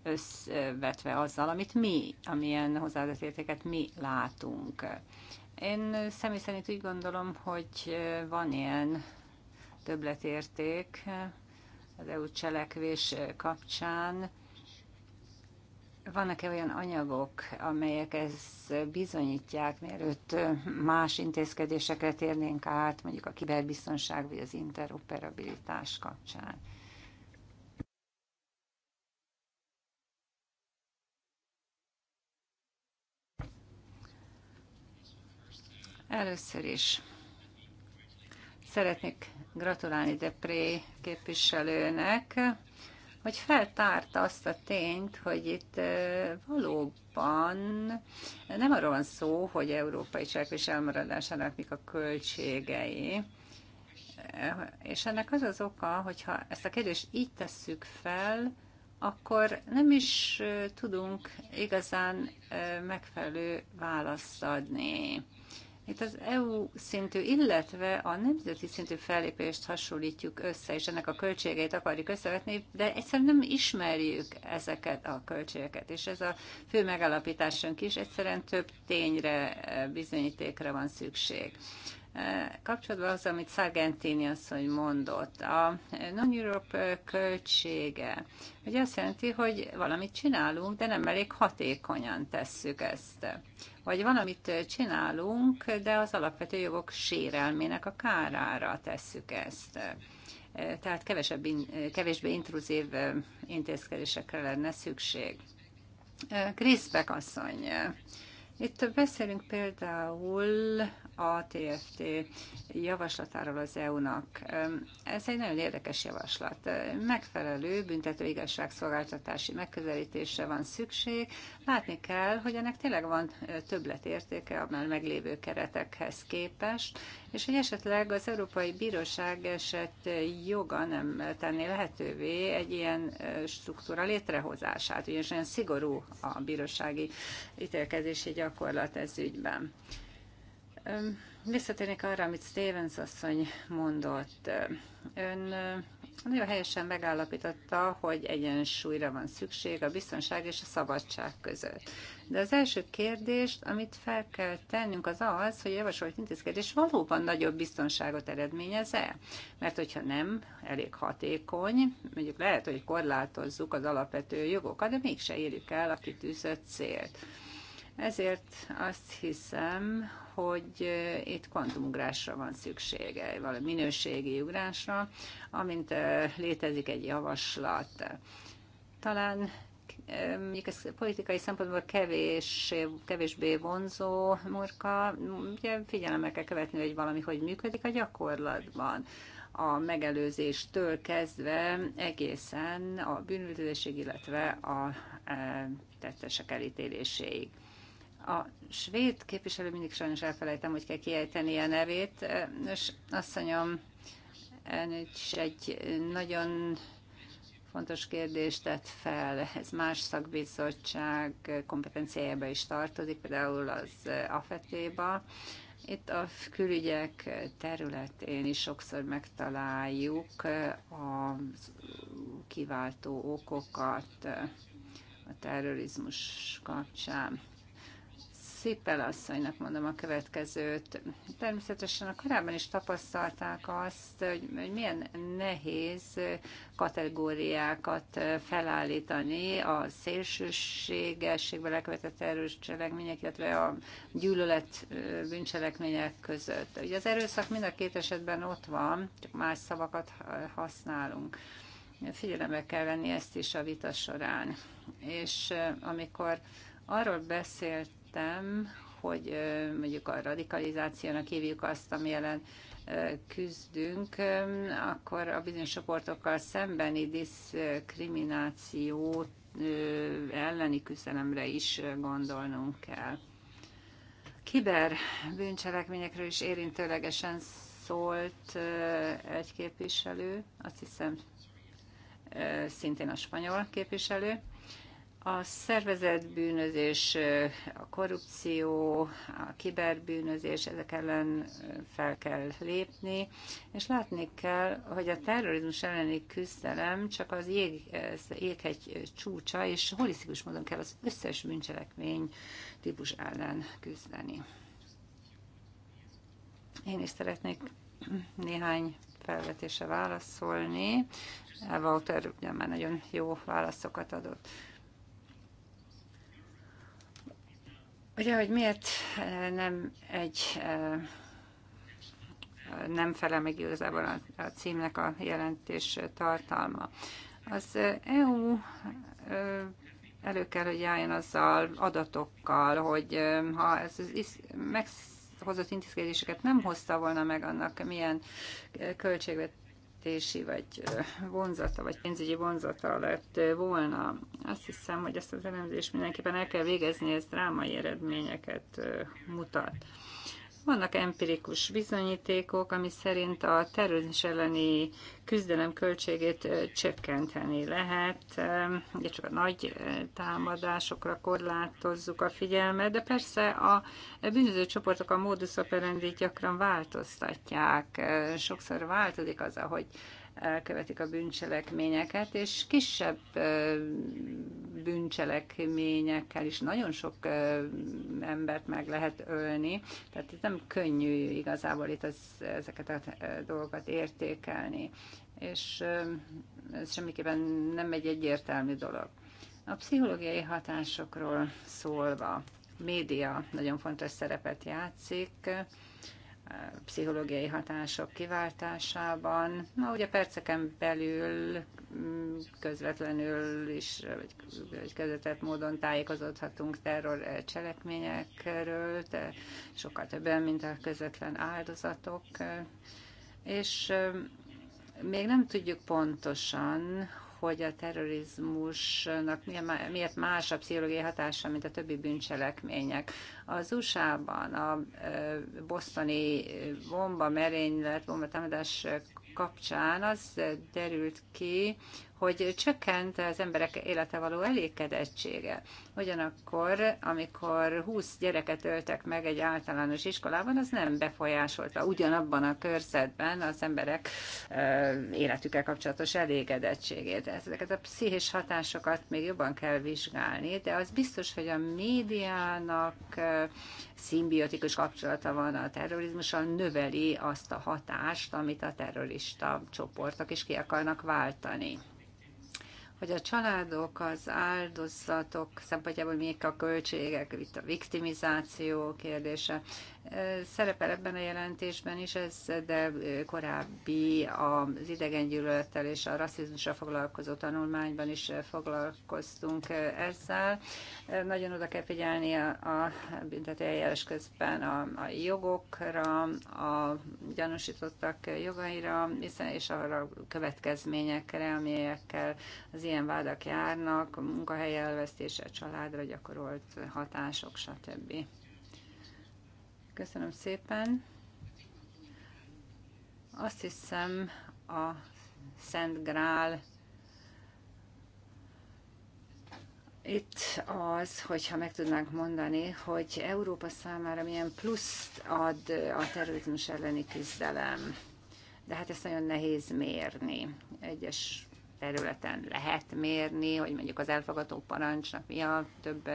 összvetve azzal, amit mi, amilyen hozzáadott értéket mi látunk. Én személy szerint úgy gondolom, hogy van ilyen többletérték, az EU cselekvés kapcsán. Vannak-e olyan anyagok, amelyek ezt bizonyítják, mielőtt más intézkedésekre térnénk át, mondjuk a kiberbiztonság vagy az interoperabilitás kapcsán? Először is Szeretnék gratulálni Depré képviselőnek, hogy feltárta azt a tényt, hogy itt valóban nem arról van szó, hogy európai cselekvés elmaradásának mik a költségei, és ennek az az oka, hogyha ezt a kérdést így tesszük fel, akkor nem is tudunk igazán megfelelő választ adni. Itt az EU szintű, illetve a nemzeti szintű fellépést hasonlítjuk össze, és ennek a költségeit akarjuk összevetni, de egyszerűen nem ismerjük ezeket a költségeket, és ez a fő megalapításunk is, egyszerűen több tényre, bizonyítékra van szükség kapcsolatban az, amit Sargentini asszony mondott, a non-Europe költsége, hogy azt jelenti, hogy valamit csinálunk, de nem elég hatékonyan tesszük ezt. Vagy valamit csinálunk, de az alapvető jogok sérelmének a kárára tesszük ezt. Tehát kevesebb, kevésbé intruzív intézkedésekre lenne szükség. Kriszbek asszony, Itt beszélünk például a TFT javaslatáról az EU-nak. Ez egy nagyon érdekes javaslat. Megfelelő büntető igazságszolgáltatási megközelítésre van szükség. Látni kell, hogy ennek tényleg van többletértéke a már meglévő keretekhez képest, és hogy esetleg az Európai Bíróság eset joga nem tenni lehetővé egy ilyen struktúra létrehozását, ugyanis olyan szigorú a bírósági ítélkezési gyakorlat ez ügyben. Visszatérnék arra, amit Stevens asszony mondott. Ön nagyon helyesen megállapította, hogy egyensúlyra van szükség a biztonság és a szabadság között. De az első kérdést, amit fel kell tennünk, az az, hogy a javasolt intézkedés valóban nagyobb biztonságot eredményez-e? Mert hogyha nem, elég hatékony, mondjuk lehet, hogy korlátozzuk az alapvető jogokat, de mégse érjük el a kitűzött célt. Ezért azt hiszem, hogy eh, itt kvantumugrásra van szüksége, valami minőségi ugrásra, amint eh, létezik egy javaslat. Talán eh, mondjuk ez politikai szempontból kevés, kevésbé vonzó murka, ugye figyelemmel kell követni, hogy valami hogy működik a gyakorlatban a megelőzéstől kezdve egészen a bűnüldözésig, illetve a tettesek elítéléséig. A svéd képviselő mindig sajnos elfelejtem, hogy kell kiejteni a nevét, és azt mondjam, egy nagyon fontos kérdést tett fel. Ez más szakbizottság kompetenciájába is tartozik, például az AFET-ba. Itt a külügyek területén is sokszor megtaláljuk a kiváltó okokat a terrorizmus kapcsán. Szépen asszonynak mondom a következőt. Természetesen a korábban is tapasztalták azt, hogy, hogy milyen nehéz kategóriákat felállítani a szélsőségességbe lekövetett erős cselekmények, illetve a gyűlölet bűncselekmények között. Ugye az erőszak mind a két esetben ott van, csak más szavakat használunk figyelembe kell venni ezt is a vita során. És amikor arról beszélt értem, hogy mondjuk a radikalizációnak hívjuk azt, ami jelen küzdünk, akkor a bizonyos csoportokkal szembeni diszkrimináció elleni küzdelemre is gondolnunk kell. Kiber bűncselekményekről is érintőlegesen szólt egy képviselő, azt hiszem szintén a spanyol képviselő. A szervezett bűnözés, a korrupció, a kiberbűnözés, ezek ellen fel kell lépni, és látni kell, hogy a terrorizmus elleni küzdelem csak az jég, jéghegy csúcsa, és holisztikus módon kell az összes bűncselekmény típus ellen küzdeni. Én is szeretnék néhány felvetése válaszolni. Walter ugye már nagyon jó válaszokat adott. Ugye, hogy miért eh, nem egy eh, nem fele meg igazából a, a címnek a jelentés tartalma. Az eh, EU elő kell, hogy álljon azzal adatokkal, hogy ha ez az meghozott intézkedéseket nem hozta volna meg annak, milyen költségvet költségvetési vagy vonzata, vagy pénzügyi vonzata lett volna. Azt hiszem, hogy ezt az elemzést mindenképpen el kell végezni, ez drámai eredményeket mutat. Vannak empirikus bizonyítékok, ami szerint a terrorizmus elleni küzdelem költségét csökkenteni lehet. Ugye csak a nagy támadásokra korlátozzuk a figyelmet, de persze a bűnöző csoportok a módus operandi gyakran változtatják. Sokszor változik az, ahogy elkövetik a bűncselekményeket, és kisebb bűncselekményekkel is nagyon sok embert meg lehet ölni. Tehát ez nem könnyű igazából itt az, ezeket a dolgokat értékelni. És ez semmiképpen nem egy egyértelmű dolog. A pszichológiai hatásokról szólva, média nagyon fontos szerepet játszik pszichológiai hatások kiváltásában. Na, ugye perceken belül mm, közvetlenül is, vagy közvetett módon tájékozódhatunk terror cselekményekről, de sokkal többen, mint a közvetlen áldozatok. És mm, még nem tudjuk pontosan, hogy a terrorizmusnak miért más a pszichológiai hatása, mint a többi bűncselekmények. Az USA-ban a bosztoni bomba merénylet, bomba támadás kapcsán az derült ki, hogy csökkent az emberek élete való elégedettsége. Ugyanakkor, amikor 20 gyereket öltek meg egy általános iskolában, az nem befolyásolta ugyanabban a körzetben az emberek életükkel kapcsolatos elégedettségét. Ezeket a pszichés hatásokat még jobban kell vizsgálni, de az biztos, hogy a médiának szimbiotikus kapcsolata van a terrorizmussal, növeli azt a hatást, amit a terrorista csoportok is ki akarnak váltani hogy a családok, az áldozatok szempontjából mik a költségek, itt a viktimizáció kérdése. Szerepel ebben a jelentésben is ez, de korábbi az idegengyűlölettel és a rasszizmusra foglalkozó tanulmányban is foglalkoztunk ezzel. Nagyon oda kell figyelni a, a büntetőeljárás közben a, a jogokra, a gyanúsítottak jogaira, hiszen és arra következményekre, amelyekkel az ilyen vádak járnak, munkahely elvesztése, családra gyakorolt hatások, stb. Köszönöm szépen. Azt hiszem, a Szent Grál itt az, hogyha meg tudnánk mondani, hogy Európa számára milyen pluszt ad a terrorizmus elleni küzdelem. De hát ezt nagyon nehéz mérni. Egyes területen lehet mérni, hogy mondjuk az elfogadó parancsnak mi a több,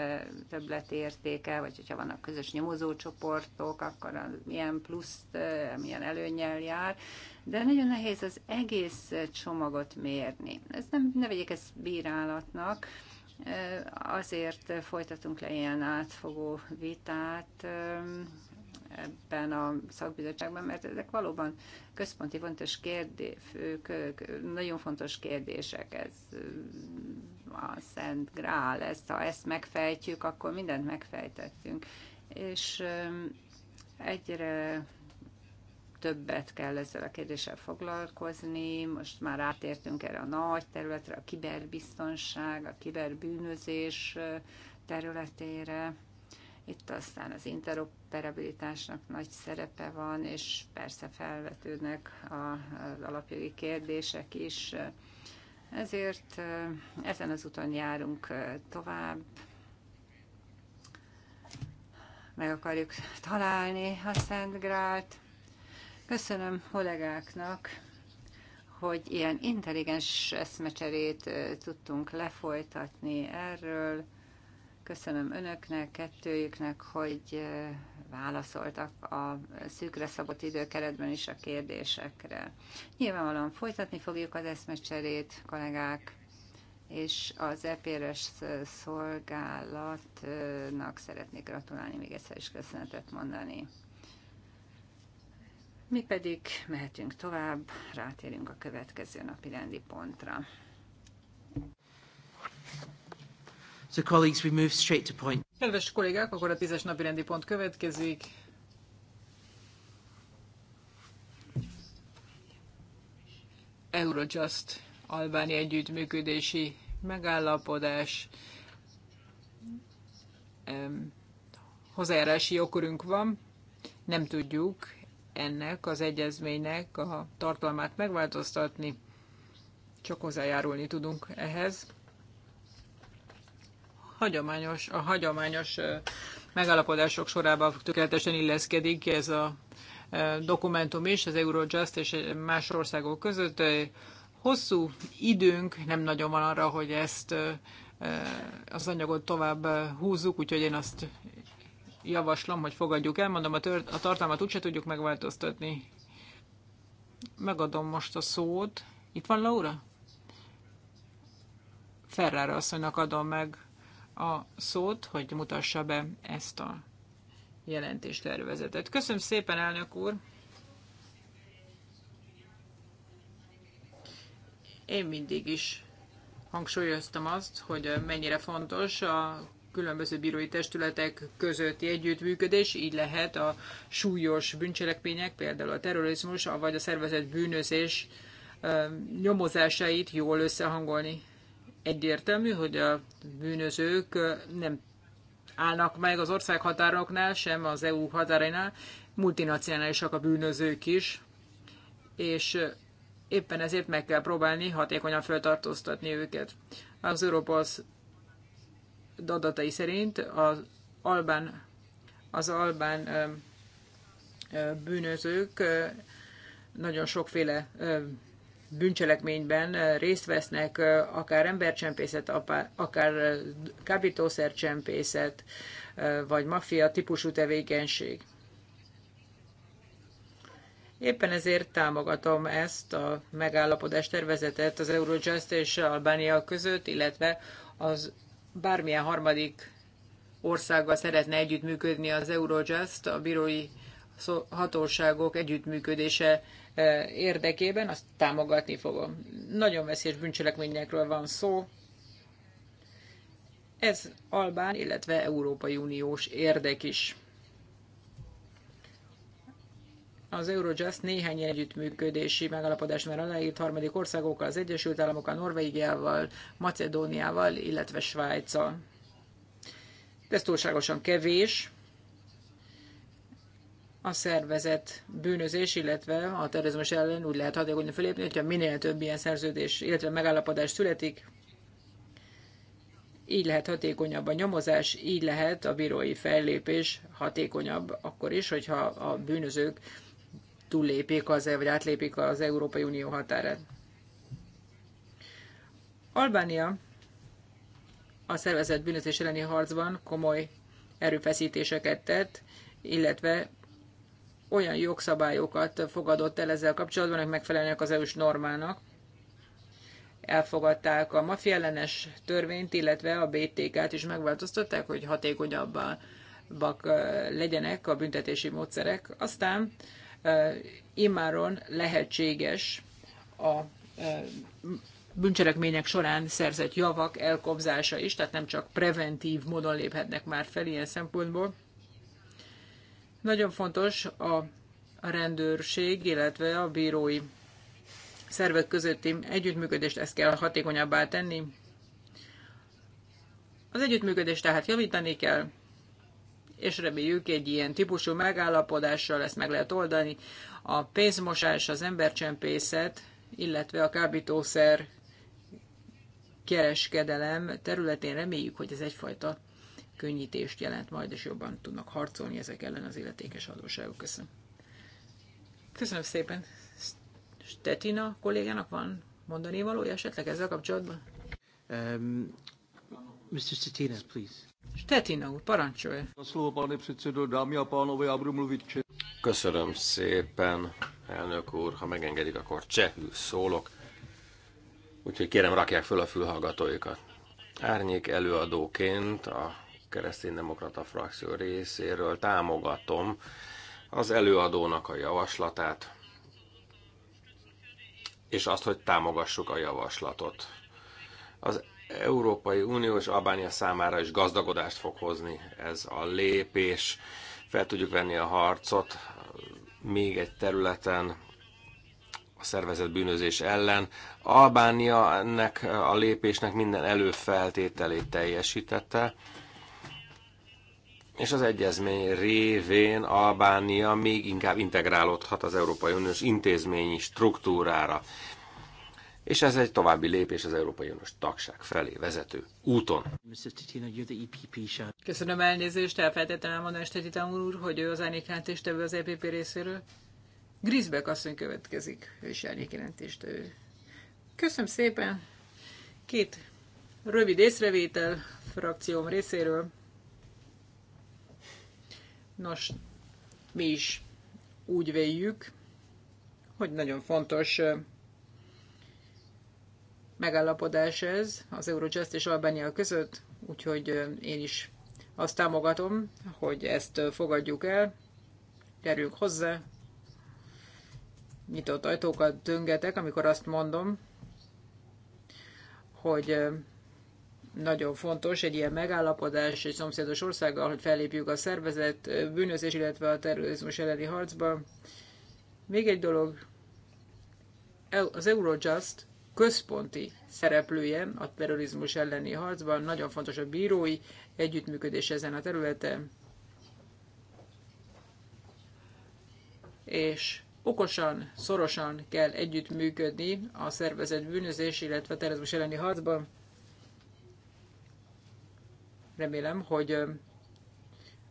többletértéke, vagy hogyha vannak közös nyomozócsoportok, akkor az milyen pluszt, eh, milyen előnyel jár, de nagyon nehéz az egész csomagot mérni. Ez nem, ne vegyék ezt bírálatnak, eh, azért folytatunk le ilyen átfogó vitát, eh, ebben a szakbizottságban, mert ezek valóban központi fontos kérdések, nagyon fontos kérdések, ez a Szent Grál, ezt, ha ezt megfejtjük, akkor mindent megfejtettünk. És egyre többet kell ezzel a kérdéssel foglalkozni, most már átértünk erre a nagy területre, a kiberbiztonság, a kiberbűnözés területére. Itt aztán az interoperabilitásnak nagy szerepe van, és persze felvetődnek az alapjogi kérdések is. Ezért ezen az úton járunk tovább, meg akarjuk találni a Szent Grált. Köszönöm kollégáknak, hogy ilyen intelligens eszmecserét tudtunk lefolytatni erről. Köszönöm önöknek, kettőjüknek, hogy eh, válaszoltak a szűkre szabott időkeretben is a kérdésekre. Nyilvánvalóan folytatni fogjuk az eszmecserét, kollégák, és az EPRS szolgálatnak szeretnék gratulálni, még egyszer is köszönetet mondani. Mi pedig mehetünk tovább, rátérünk a következő napi rendi pontra. So colleagues, we move straight to point. Kedves kollégák, akkor a tízes napi rendi pont következik. Eurojust Albáni együttműködési megállapodás. Um, hozzájárási jogkörünk van, nem tudjuk ennek az egyezménynek a tartalmát megváltoztatni, csak hozzájárulni tudunk ehhez hagyományos, a hagyományos megállapodások sorába tökéletesen illeszkedik ez a dokumentum is, az Eurojust és más országok között. Hosszú időnk nem nagyon van arra, hogy ezt az anyagot tovább húzzuk, úgyhogy én azt javaslom, hogy fogadjuk el. Mondom, a, tört, a tartalmat úgyse tudjuk megváltoztatni. Megadom most a szót. Itt van Laura? Ferrara asszonynak adom meg a szót, hogy mutassa be ezt a jelentéstervezetet. Köszönöm szépen, elnök úr! Én mindig is hangsúlyoztam azt, hogy mennyire fontos a különböző bírói testületek közötti együttműködés, így lehet a súlyos bűncselekmények, például a terrorizmus, vagy a szervezet bűnözés nyomozásait jól összehangolni. Egyértelmű, hogy a bűnözők nem állnak meg az országhatároknál, sem az EU határainál, multinacionálisak a bűnözők is, és éppen ezért meg kell próbálni hatékonyan feltartóztatni őket. Az Europasz adatai szerint az albán, az albán bűnözők nagyon sokféle bűncselekményben eh, részt vesznek, eh, akár embercsempészet, akár eh, kábítószercsempészet, vagy maffia típusú tevékenység. Éppen ezért támogatom ezt a megállapodás tervezetet az Eurojust és Albánia között, illetve az bármilyen harmadik országgal szeretne együttműködni az Eurojust, a bírói hatóságok együttműködése érdekében, azt támogatni fogom. Nagyon veszélyes bűncselekményekről van szó. Ez Albán, illetve Európai Uniós érdek is. Az Eurojust néhány együttműködési megalapodás már aláírt harmadik országokkal, az Egyesült Államokkal, Norvégiával, Macedóniával, illetve Svájccal. ez túlságosan kevés, a szervezet bűnözés, illetve a terrorizmus ellen úgy lehet hatékonyan felépni, hogyha minél több ilyen szerződés, illetve megállapodás születik, így lehet hatékonyabb a nyomozás, így lehet a bírói fellépés hatékonyabb akkor is, hogyha a bűnözők túllépik az, e- vagy átlépik az Európai Unió határát. Albánia a szervezett bűnözés elleni harcban komoly erőfeszítéseket tett, illetve olyan jogszabályokat fogadott el ezzel kapcsolatban, hogy megfelelnek az EU-s normának. Elfogadták a mafiellenes törvényt, illetve a BTK-t is megváltoztatták, hogy hatékonyabbak legyenek a büntetési módszerek. Aztán immáron lehetséges a bűncselekmények során szerzett javak elkobzása is, tehát nem csak preventív módon léphetnek már fel ilyen szempontból. Nagyon fontos a rendőrség, illetve a bírói szervek közötti együttműködést, ezt kell hatékonyabbá tenni. Az együttműködést tehát javítani kell, és reméljük egy ilyen típusú megállapodással ezt meg lehet oldani. A pénzmosás, az embercsempészet, illetve a kábítószer kereskedelem területén reméljük, hogy ez egyfajta könnyítést jelent majd, és jobban tudnak harcolni ezek ellen az illetékes adóságok. Köszönöm. Köszönöm szépen. Stetina kollégának van mondani valója esetleg ezzel kapcsolatban? Um, Mr. Stetina, please. Stetina úr, parancsolja. Köszönöm szépen, elnök úr. Ha megengedik, akkor csehül szólok. Úgyhogy kérem, rakják föl a fülhallgatóikat. Árnyék előadóként a kereszténydemokrata frakció részéről támogatom az előadónak a javaslatát, és azt, hogy támogassuk a javaslatot. Az Európai Unió és Albánia számára is gazdagodást fog hozni ez a lépés. Fel tudjuk venni a harcot még egy területen, a szervezett bűnözés ellen. Albánia ennek a lépésnek minden előfeltételét teljesítette, és az egyezmény révén Albánia még inkább integrálódhat az Európai Uniós intézményi struktúrára. És ez egy további lépés az Európai Uniós tagság felé vezető úton. E Köszönöm elnézést, elfelejtettem elmondani Titán úr, hogy ő az árnyékjelentéstevő az EPP részéről. Grisbeck asszony következik, ő is árnyékjelentéstevő. Köszönöm szépen! Két rövid észrevétel frakcióm részéről Nos, mi is úgy véljük, hogy nagyon fontos megállapodás ez az Eurojust és Albánia között, úgyhogy én is azt támogatom, hogy ezt fogadjuk el, kerüljünk hozzá. Nyitott ajtókat döngetek, amikor azt mondom, hogy nagyon fontos egy ilyen megállapodás egy szomszédos országgal, hogy fellépjük a szervezet bűnözés, illetve a terrorizmus elleni harcba. Még egy dolog, e- az Eurojust központi szereplője a terrorizmus elleni harcban, nagyon fontos a bírói együttműködés ezen a területen, és okosan, szorosan kell együttműködni a szervezet bűnözés, illetve a terrorizmus elleni harcban Remélem, hogy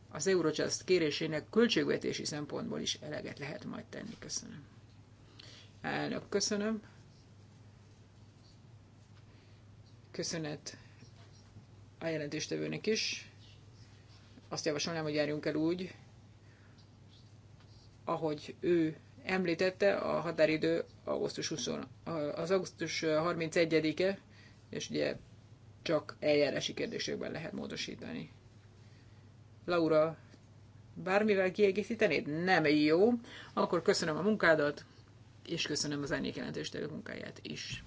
az Eurojust kérésének költségvetési szempontból is eleget lehet majd tenni. Köszönöm. Elnök, köszönöm. Köszönet a jelentéstevőnek is. Azt javasolnám, hogy járjunk el úgy, ahogy ő említette, a határidő augusztus 20, az augusztus 31-e, és ugye csak eljárási kérdésekben lehet módosítani. Laura, bármivel kiegészítenéd? Nem jó. Akkor köszönöm a munkádat, és köszönöm az árnyék jelentéstevő munkáját is.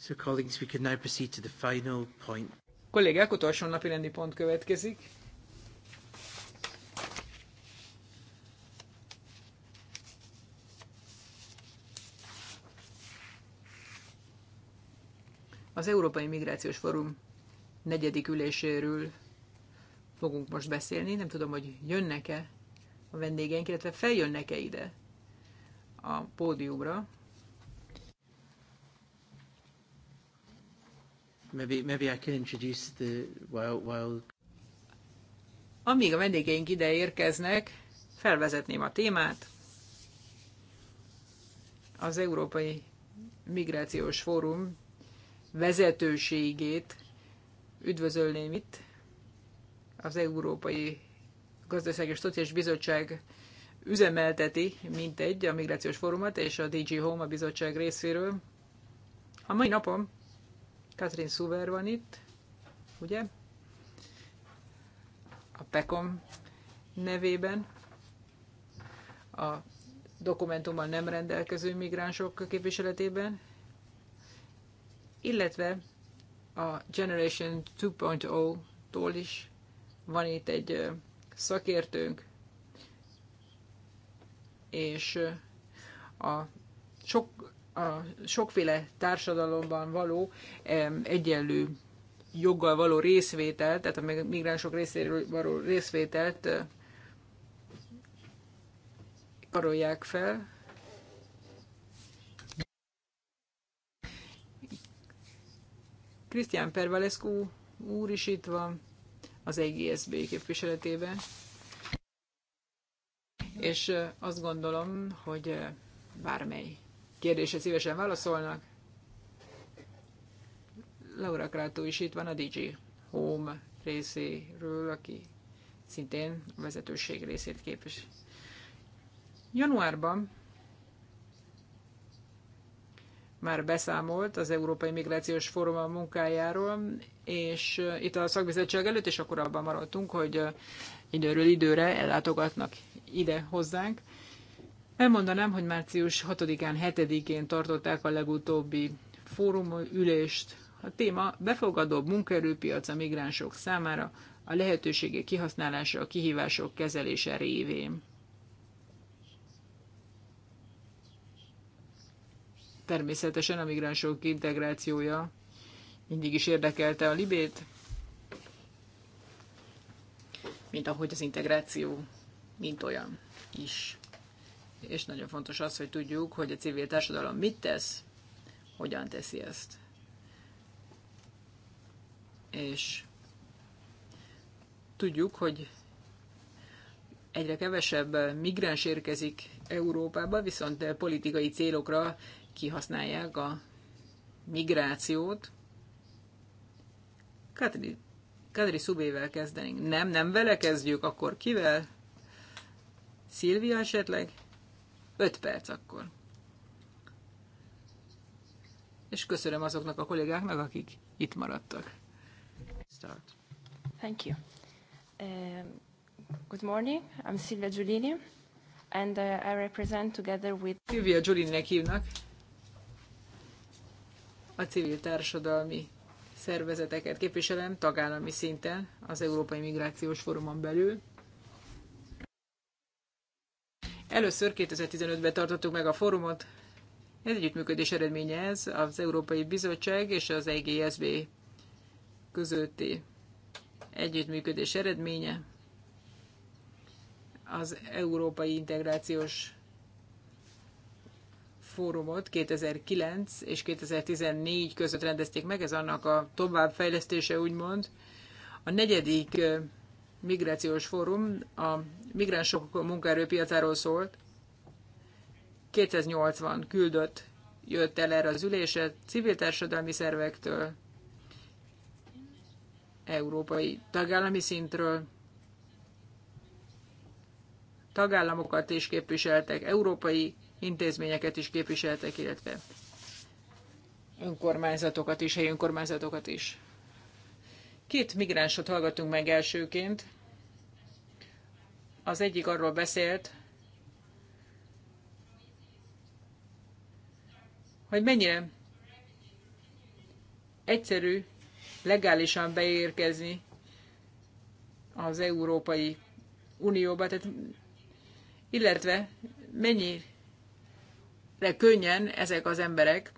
So colleagues, we can now proceed to the final point. Kollégák, utolsó napi rendi pont következik. Az Európai Migrációs Fórum negyedik üléséről fogunk most beszélni. Nem tudom, hogy jönnek-e a vendégeink, illetve feljönnek-e ide a pódiumra. Maybe, maybe I can introduce the while, while... Amíg a vendégeink ide érkeznek, felvezetném a témát. Az Európai Migrációs Fórum vezetőségét üdvözölném itt az Európai Gazdaság és Szociális Bizottság üzemelteti, mint egy, a Migrációs Fórumot és a DG Home a bizottság részéről. A mai napon Katrin Szuver van itt, ugye? A PECOM nevében a dokumentummal nem rendelkező migránsok képviseletében, illetve a Generation 2.0-tól is van itt egy szakértőnk, és a sok, a sokféle társadalomban való egyenlő joggal való részvételt, tehát a migránsok részéről való részvételt karolják fel, Krisztián Pervalescu úr is itt van az EGSB képviseletében. És azt gondolom, hogy bármely kérdésre szívesen válaszolnak. Laura Krátó is itt van a DJ Home részéről, aki szintén a vezetőség részét képes. Januárban már beszámolt az Európai Migrációs Fórum a munkájáról, és eh, itt a szakbizottság előtt, és akkor abban maradtunk, hogy eh, időről időre ellátogatnak ide hozzánk. Elmondanám, hogy március 6-án, 7-én tartották a legutóbbi fórum ülést. A téma befogadó munkaerőpiac a migránsok számára, a lehetőségek kihasználása, a kihívások kezelése révén. Természetesen a migránsok integrációja mindig is érdekelte a Libét, mint ahogy az integráció, mint olyan is. És nagyon fontos az, hogy tudjuk, hogy a civil társadalom mit tesz, hogyan teszi ezt. És tudjuk, hogy egyre kevesebb migráns érkezik Európába, viszont politikai célokra kihasználják a migrációt. Kadri, Kadri Szubével kezdenénk. Nem, nem vele kezdjük, akkor kivel? Szilvia esetleg? 5 perc akkor. És köszönöm azoknak a kollégáknak, akik itt maradtak. Start. Thank you. Uh, good morning, I'm Silvia Giulini, and uh, I represent together with... Silvia Giulini hívnak, a civil társadalmi szervezeteket képviselem tagállami szinten az Európai Migrációs Fórumon belül. Először 2015-ben tartottuk meg a fórumot. Ez együttműködés eredménye ez az Európai Bizottság és az EGSB közötti együttműködés eredménye. Az európai integrációs fórumot 2009 és 2014 között rendezték meg, ez annak a továbbfejlesztése úgymond. A negyedik migrációs fórum a migránsok munkaerőpiacáról szólt. 280 küldött jött el erre az ülése civil társadalmi szervektől, európai tagállami szintről, tagállamokat is képviseltek, európai intézményeket is képviseltek, illetve önkormányzatokat is, helyi önkormányzatokat is. Két migránsot hallgatunk meg elsőként. Az egyik arról beszélt, hogy mennyire egyszerű legálisan beérkezni az Európai Unióba, tehát, illetve mennyi de könnyen ezek az emberek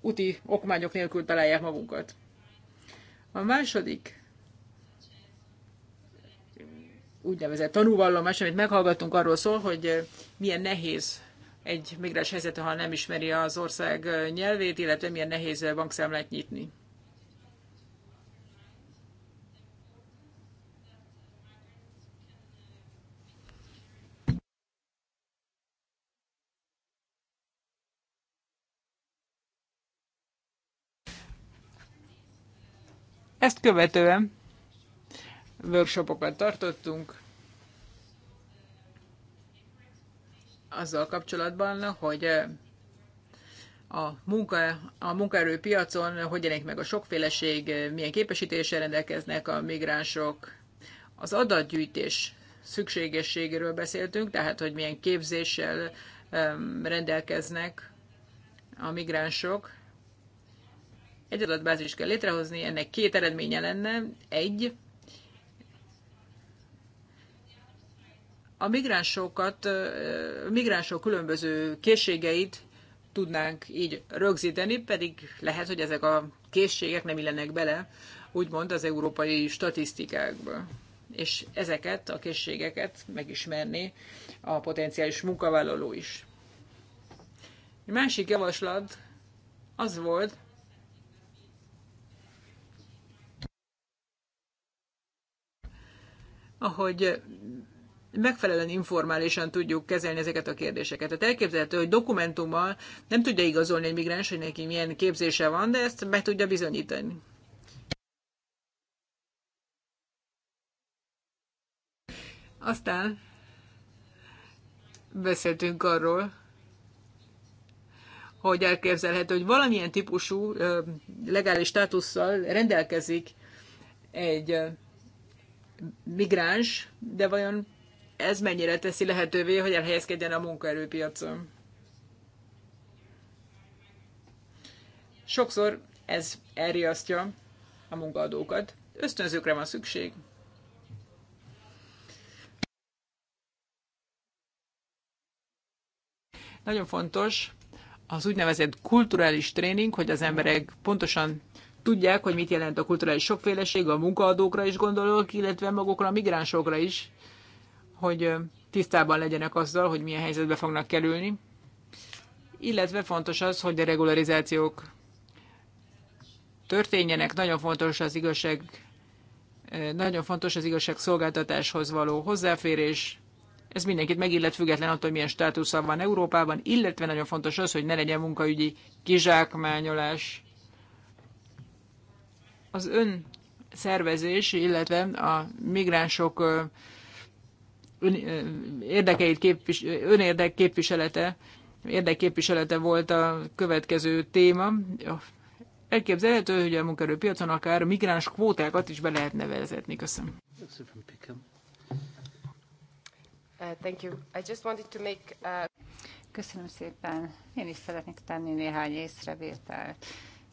úti okmányok nélkül találják magunkat. A második úgynevezett tanúvallomás, amit meghallgattunk, arról szól, hogy milyen nehéz egy migráns helyzet, ha nem ismeri az ország nyelvét, illetve milyen nehéz bankszámlát nyitni. Ezt követően workshopokat tartottunk azzal kapcsolatban, hogy a, munka, a munkaerőpiacon hogy jelenik meg a sokféleség, milyen képesítéssel rendelkeznek a migránsok. Az adatgyűjtés szükségességéről beszéltünk, tehát hogy milyen képzéssel rendelkeznek a migránsok. Egy adatbázis kell létrehozni, ennek két eredménye lenne. Egy, a migránsokat, a migránsok különböző készségeit tudnánk így rögzíteni, pedig lehet, hogy ezek a készségek nem illenek bele, úgymond az európai statisztikákba. És ezeket a készségeket megismerni a potenciális munkavállaló is. Egy másik javaslat az volt, ahogy megfelelően informálisan tudjuk kezelni ezeket a kérdéseket. Tehát elképzelhető, hogy dokumentummal nem tudja igazolni egy migráns, hogy neki milyen képzése van, de ezt meg tudja bizonyítani. Aztán beszéltünk arról, hogy elképzelhető, hogy valamilyen típusú legális státusszal rendelkezik egy migráns, de vajon ez mennyire teszi lehetővé, hogy elhelyezkedjen a munkaerőpiacon? Sokszor ez elriasztja a munkaadókat. Ösztönzőkre van szükség. Nagyon fontos az úgynevezett kulturális tréning, hogy az emberek pontosan tudják, hogy mit jelent a kulturális sokféleség, a munkaadókra is gondolok, illetve magukra a migránsokra is, hogy tisztában legyenek azzal, hogy milyen helyzetbe fognak kerülni. Illetve fontos az, hogy a regularizációk történjenek, nagyon fontos az igazság nagyon fontos az igazságszolgáltatáshoz való hozzáférés. Ez mindenkit megillet független attól, hogy milyen státusza van Európában, illetve nagyon fontos az, hogy ne legyen munkaügyi kizsákmányolás az ön szervezés, illetve a migránsok ön, érdekeit képvis, érdek képviselete, érdekképviselete volt a következő téma. Elképzelhető, hogy a munkaerőpiacon akár migráns kvótákat is be lehet nevezetni. Köszönöm. Uh, uh, Köszönöm szépen. Én is szeretnék tenni néhány észrevételt,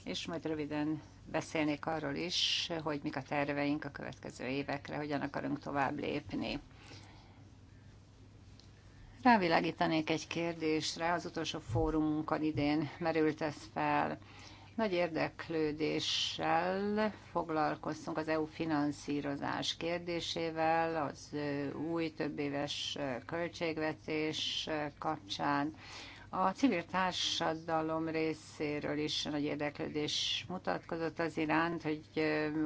és majd röviden beszélnék arról is, hogy mik a terveink a következő évekre, hogyan akarunk tovább lépni. Rávilágítanék egy kérdésre, az utolsó fórumunkon idén merült ez fel. Nagy érdeklődéssel foglalkoztunk az EU finanszírozás kérdésével, az új többéves költségvetés kapcsán. A civil társadalom részéről is nagy érdeklődés mutatkozott az iránt, hogy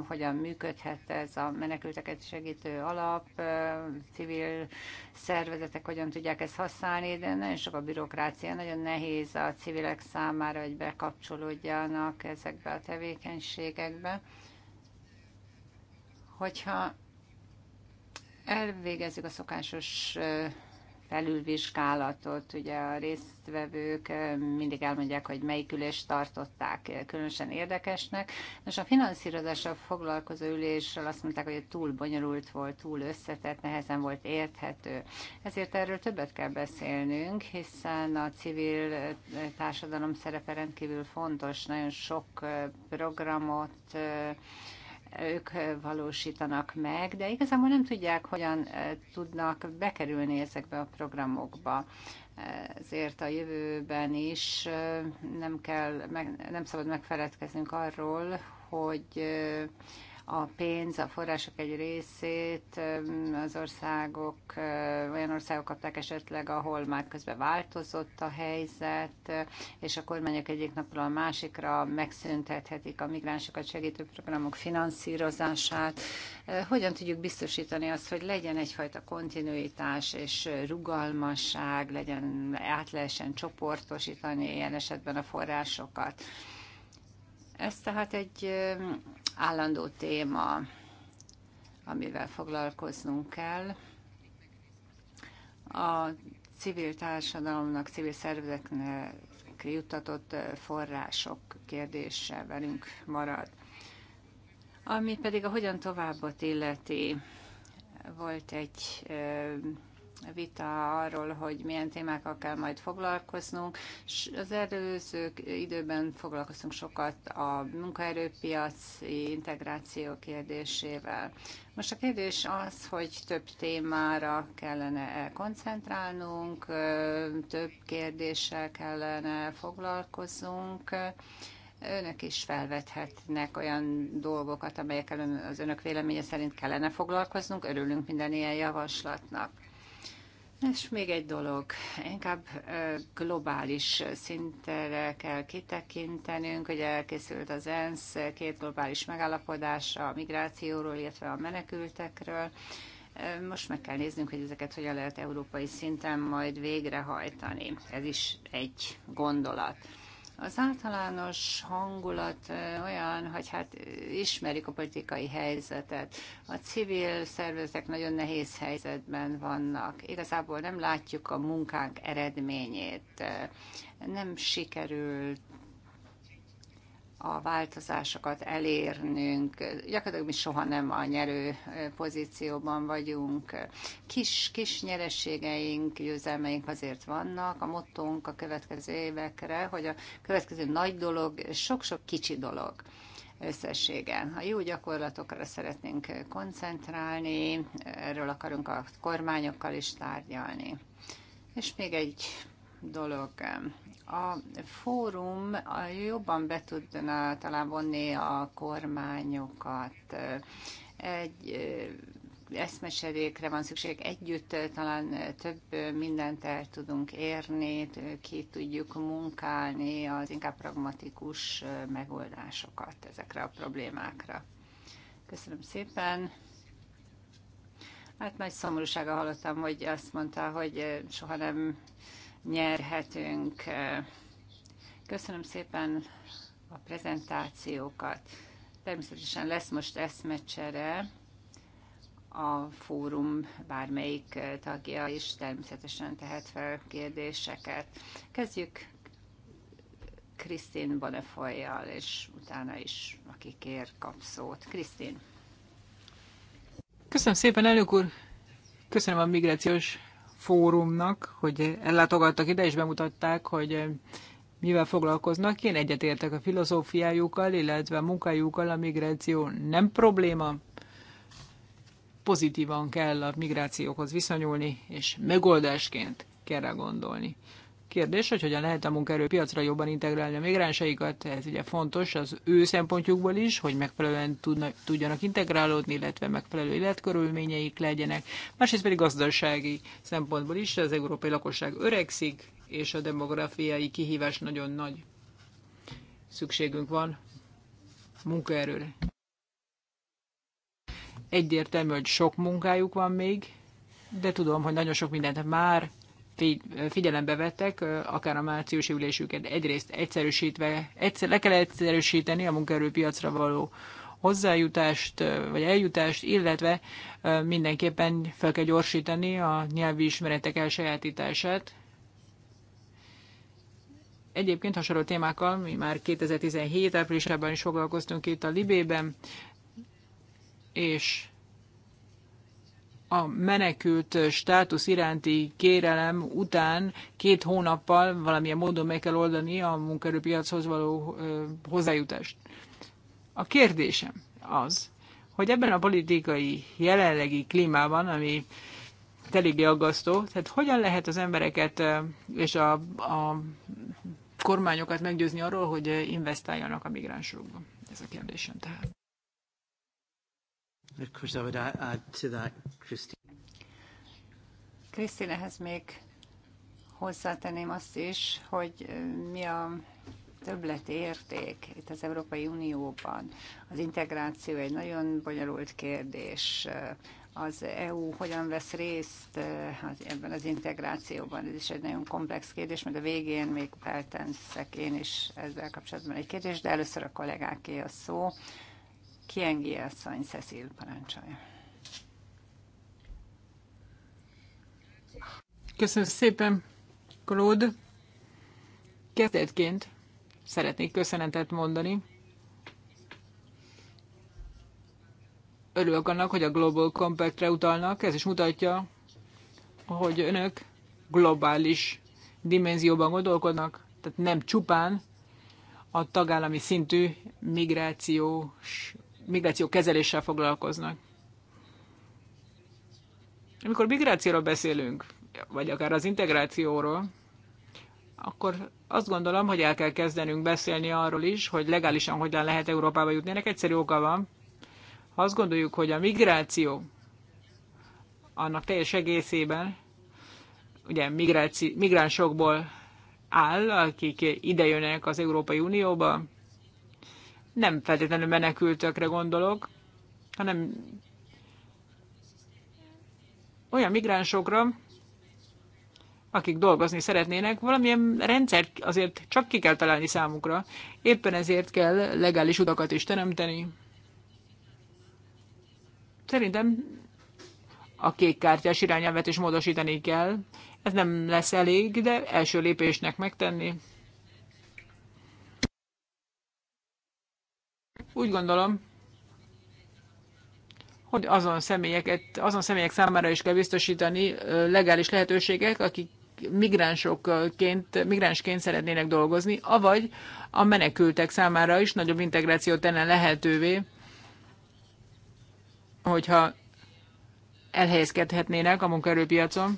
hogyan működhet ez a menekülteket segítő alap, civil szervezetek hogyan tudják ezt használni, de nagyon sok a bürokrácia, nagyon nehéz a civilek számára, hogy bekapcsolódjanak ezekbe a tevékenységekbe. Hogyha elvégezzük a szokásos felülvizsgálatot. Ugye a résztvevők mindig elmondják, hogy melyik ülést tartották különösen érdekesnek. Most a finanszírozással foglalkozó ülésről azt mondták, hogy túl bonyolult volt, túl összetett, nehezen volt érthető. Ezért erről többet kell beszélnünk, hiszen a civil társadalom szerepe rendkívül fontos, nagyon sok programot ők valósítanak meg, de igazából nem tudják, hogyan tudnak bekerülni ezekbe a programokba. Ezért a jövőben is nem, kell, meg, nem szabad megfeledkeznünk arról, hogy a pénz, a források egy részét az országok, olyan országok kapták esetleg, ahol már közben változott a helyzet, és a kormányok egyik napról a másikra megszüntethetik a migránsokat segítő programok finanszírozását. Hogyan tudjuk biztosítani azt, hogy legyen egyfajta kontinuitás és rugalmasság, legyen, át lehessen csoportosítani ilyen esetben a forrásokat? Ez tehát egy állandó téma, amivel foglalkoznunk kell. A civil társadalomnak, civil szervezetnek juttatott források kérdése velünk marad. Ami pedig a hogyan továbbot illeti, volt egy vita arról, hogy milyen témákkal kell majd foglalkoznunk. Az előző időben foglalkoztunk sokat a munkaerőpiaci integráció kérdésével. Most a kérdés az, hogy több témára kellene koncentrálnunk, több kérdéssel kellene foglalkoznunk önök is felvethetnek olyan dolgokat, amelyekkel az önök véleménye szerint kellene foglalkoznunk. Örülünk minden ilyen javaslatnak. És még egy dolog, inkább globális szintre kell kitekintenünk, hogy elkészült az ENSZ két globális megállapodás a migrációról, illetve a menekültekről. Most meg kell néznünk, hogy ezeket hogyan lehet európai szinten majd végrehajtani. Ez is egy gondolat. Az általános hangulat olyan, hogy hát ismerik a politikai helyzetet. A civil szervezetek nagyon nehéz helyzetben vannak. Igazából nem látjuk a munkánk eredményét. Nem sikerült a változásokat elérnünk. Gyakorlatilag mi soha nem a nyerő pozícióban vagyunk. Kis, kis nyerességeink, győzelmeink azért vannak. A mottónk a következő évekre, hogy a következő nagy dolog sok-sok kicsi dolog összessége. A jó gyakorlatokra szeretnénk koncentrálni, erről akarunk a kormányokkal is tárgyalni. És még egy dolog, a fórum jobban be tudna talán vonni a kormányokat. Egy eszmeserékre van szükség. Együtt talán több mindent el tudunk érni, ki tudjuk munkálni az inkább pragmatikus megoldásokat ezekre a problémákra. Köszönöm szépen! Hát nagy szomorúsága hallottam, hogy azt mondta, hogy soha nem nyerhetünk. Köszönöm szépen a prezentációkat. Természetesen lesz most eszmecsere, a fórum bármelyik tagja is természetesen tehet fel kérdéseket. Kezdjük Krisztin Bonefolyjal, és utána is, aki kér, kap szót. Krisztin. Köszönöm szépen, elnök úr! Köszönöm a migrációs fórumnak, hogy ellátogattak ide, és bemutatták, hogy eh, mivel foglalkoznak. Én egyetértek a filozófiájukkal, illetve a munkájukkal, a migráció nem probléma, pozitívan kell a migrációhoz viszonyulni, és megoldásként kell rá gondolni kérdés, hogy hogyan lehet a munkaerőpiacra jobban integrálni a migránsaikat. Ez ugye fontos az ő szempontjukból is, hogy megfelelően tudnak, tudjanak integrálódni, illetve megfelelő életkörülményeik legyenek. Másrészt pedig gazdasági szempontból is az európai lakosság öregszik, és a demográfiai kihívás nagyon nagy. Szükségünk van munkaerőre. Egyértelmű, hogy sok munkájuk van még, de tudom, hogy nagyon sok mindent már figyelembe vettek, akár a márciusi ülésüket egyrészt egyszerűsítve, egyszer, le kell egyszerűsíteni a munkaerőpiacra való hozzájutást, vagy eljutást, illetve mindenképpen fel kell gyorsítani a nyelvi ismeretek elsajátítását. Egyébként hasonló témákkal mi már 2017 áprilisában is foglalkoztunk itt a Libében, és a menekült státusz iránti kérelem után két hónappal valamilyen módon meg kell oldani a munkerőpiachoz való hozzájutást. A kérdésem az, hogy ebben a politikai jelenlegi klímában, ami eléggé aggasztó, tehát hogyan lehet az embereket és a, a kormányokat meggyőzni arról, hogy investáljanak a migránsokba? Ez a kérdésem tehát. Of course, I would add to that, Christine. Krisztinehez még hozzátenném azt is, hogy mi a többlet érték itt az Európai Unióban. Az integráció egy nagyon bonyolult kérdés. Az EU hogyan vesz részt az, ebben az integrációban? Ez is egy nagyon komplex kérdés, mert a végén még feltenszek én is ezzel kapcsolatban egy kérdés, de először a kollégáké a szó. Kiengi asszony, Cecil parancsolja. Köszönöm szépen, Claude. Kezdetként szeretnék köszönetet mondani. Örülök annak, hogy a Global Compactre utalnak. Ez is mutatja, hogy önök globális dimenzióban gondolkodnak, tehát nem csupán a tagállami szintű migrációs migráció kezeléssel foglalkoznak. Amikor migrációról beszélünk, vagy akár az integrációról, akkor azt gondolom, hogy el kell kezdenünk beszélni arról is, hogy legálisan hogyan lehet Európába jutni. Ennek egyszerű oka van. Ha azt gondoljuk, hogy a migráció annak teljes egészében, ugye migráci, migránsokból áll, akik idejönnek az Európai Unióba, Nem feltétlenül menekültökre gondolok, hanem olyan migránsokra, akik dolgozni szeretnének, valamilyen rendszert azért csak ki kell találni számukra. Éppen ezért kell legális utakat is teremteni. Szerintem a kékkártyás irányelvet is módosítani kell. Ez nem lesz elég, de első lépésnek megtenni. Úgy gondolom, hogy azon, személyeket, azon személyek számára is kell biztosítani legális lehetőségek, akik migránsokként, migránsként szeretnének dolgozni, avagy a menekültek számára is nagyobb integrációt tenne lehetővé, hogyha elhelyezkedhetnének a munkaerőpiacon.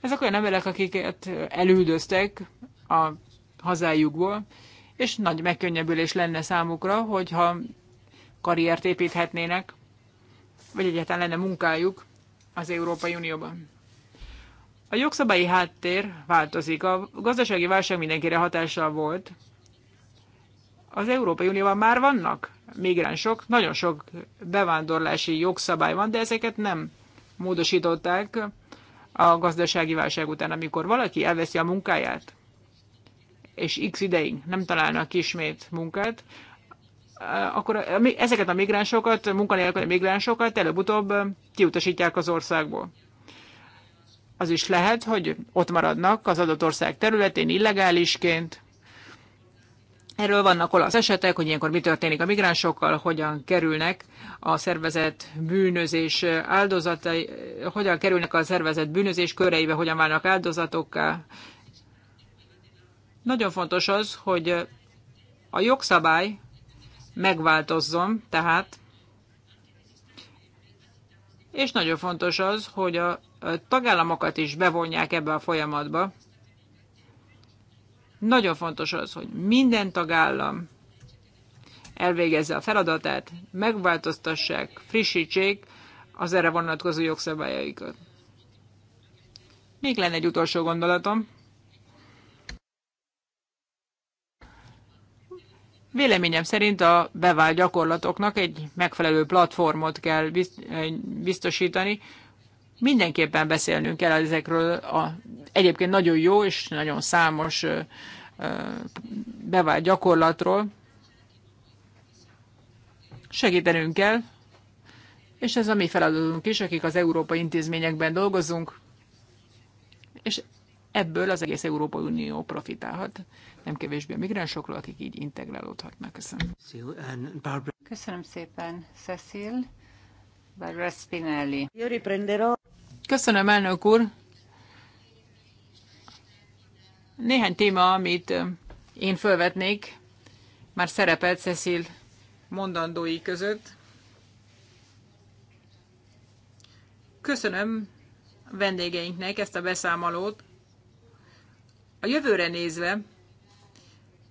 Ezek olyan emberek, akiket elüldöztek a hazájukból, és nagy megkönnyebbülés lenne számukra, hogyha karriert építhetnének, vagy egyáltalán lenne munkájuk az Európai Unióban. A jogszabályi háttér változik. A gazdasági válság mindenkire hatással volt. Az Európai Unióban már vannak migránsok, nagyon sok bevándorlási jogszabály van, de ezeket nem módosították a gazdasági válság után, amikor valaki elveszi a munkáját, és x ideig nem találnak ismét munkát, eh, akkor ezeket a migránsokat, munkanélküli migránsokat előbb-utóbb eh, kiutasítják az országból. Az is lehet, hogy ott maradnak az adott ország területén illegálisként. Erről vannak olasz esetek, hogy ilyenkor mi történik a migránsokkal, hogyan kerülnek a szervezet bűnözés áldozatai, hogyan kerülnek a szervezet bűnözés köreibe, hogyan válnak áldozatokká, Nagyon fontos az, hogy a jogszabály megváltozzon, tehát, és nagyon fontos az, hogy a tagállamokat is bevonják ebbe a folyamatba. Nagyon fontos az, hogy minden tagállam elvégezze a feladatát, megváltoztassák, frissítsék az erre vonatkozó jogszabályaikat. Még lenne egy utolsó gondolatom. Véleményem szerint a bevált gyakorlatoknak egy megfelelő platformot kell biztosítani. Mindenképpen beszélnünk kell ezekről a egyébként nagyon jó és nagyon számos bevált gyakorlatról. Segítenünk kell, és ez a mi feladatunk is, akik az európai intézményekben dolgozunk, és ebből az egész Európai Unió profitálhat nem kevésbé a migránsokról, akik így integrálódhatnak. Köszönöm. Köszönöm szépen, Cecil. Barbara Spinelli. Köszönöm, elnök úr. Néhány téma, amit én felvetnék, már szerepelt Cecil mondandói között. Köszönöm vendégeinknek ezt a beszámolót. A jövőre nézve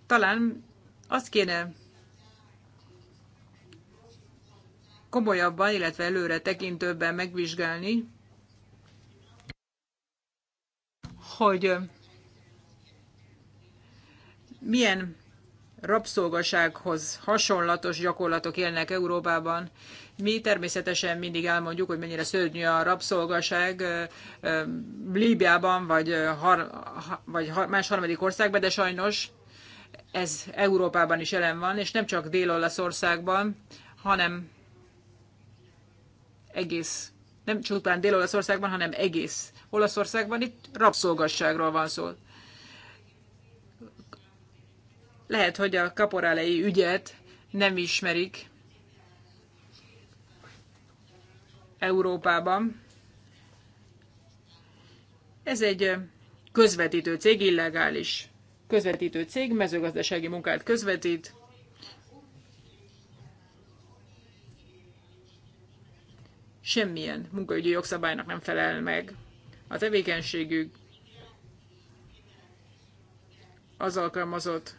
Talán azt kéne komolyabban, illetve előre tekintőbben megvizsgálni, hogy milyen rabszolgasághoz hasonlatos gyakorlatok élnek Európában. Mi természetesen mindig elmondjuk, hogy mennyire szörnyű a rabszolgaság Líbiában vagy, har- vagy más harmadik országban, de sajnos ez Európában is jelen van, és nem csak Dél-Olaszországban, hanem egész, nem csupán Dél-Olaszországban, hanem egész Olaszországban itt rabszolgasságról van szó. Lehet, hogy a kaporálei ügyet nem ismerik Európában. Ez egy közvetítő cég, illegális közvetítő cég mezőgazdasági munkát közvetít. Semmilyen munkaügyi jogszabálynak nem felel meg. A tevékenységük az alkalmazott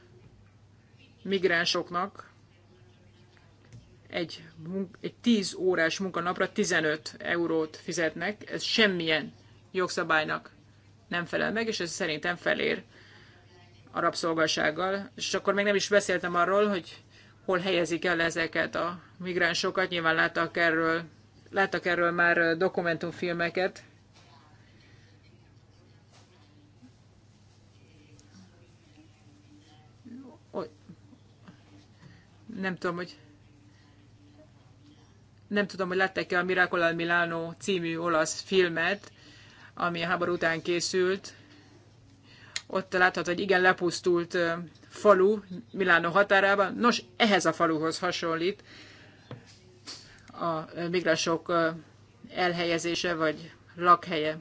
migránsoknak egy, egy 10 órás munkanapra 15 eurót fizetnek, ez semmilyen jogszabálynak nem felel meg, és ez szerintem felér a rabszolgasággal, és akkor még nem is beszéltem arról, hogy hol helyezik el ezeket a migránsokat. Nyilván láttak erről, láttak erről már dokumentumfilmeket. Nem tudom, hogy nem tudom, hogy láttak e a Miracle Milano című olasz filmet, ami a háború után készült, Ott látható, hogy igen, lepusztult falu Milánó határában. Nos, ehhez a faluhoz hasonlít a migránsok elhelyezése vagy lakhelye.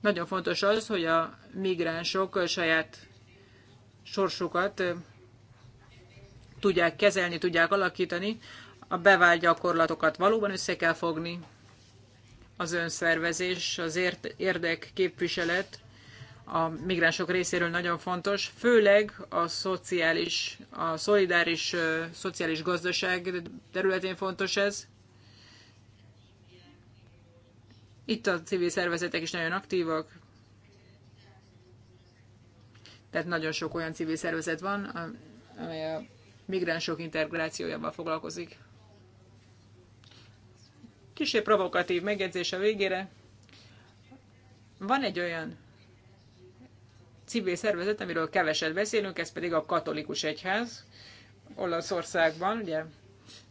Nagyon fontos az, hogy a migránsok saját sorsukat tudják kezelni, tudják alakítani. A bevált gyakorlatokat valóban össze kell fogni. Az önszervezés, az érdek képviselet a migránsok részéről nagyon fontos, főleg a szociális, a szolidáris szociális gazdaság területén fontos ez. Itt a civil szervezetek is nagyon aktívak, tehát nagyon sok olyan civil szervezet van, amely a migránsok integrációjával foglalkozik. Kisebb provokatív megjegyzés a végére. Van egy olyan civil szervezet, amiről keveset beszélünk, ez pedig a katolikus egyház Olaszországban, ugye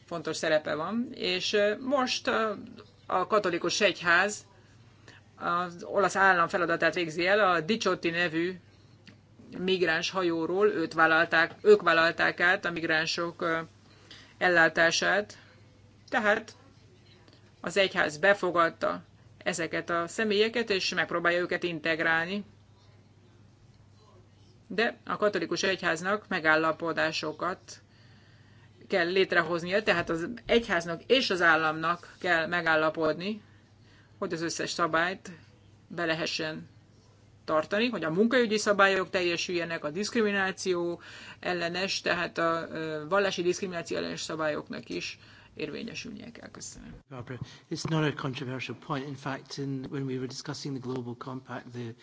fontos szerepe van, és most a katolikus egyház az olasz állam feladatát végzi el a Dicsotti nevű migráns hajóról, őt vállalták, ők vállalták át a migránsok ellátását, tehát az egyház befogadta ezeket a személyeket, és megpróbálja őket integrálni de a katolikus egyháznak megállapodásokat kell létrehoznia, tehát az egyháznak és az államnak kell megállapodni, hogy az összes szabályt be lehessen tartani, hogy a munkaügyi szabályok teljesüljenek, a diszkrimináció ellenes, tehát a vallási diszkrimináció ellenes szabályoknak is érvényesülnie kell. Köszönöm. Barbara, it's not a controversial point. In fact, in, when we were discussing the Global Compact, the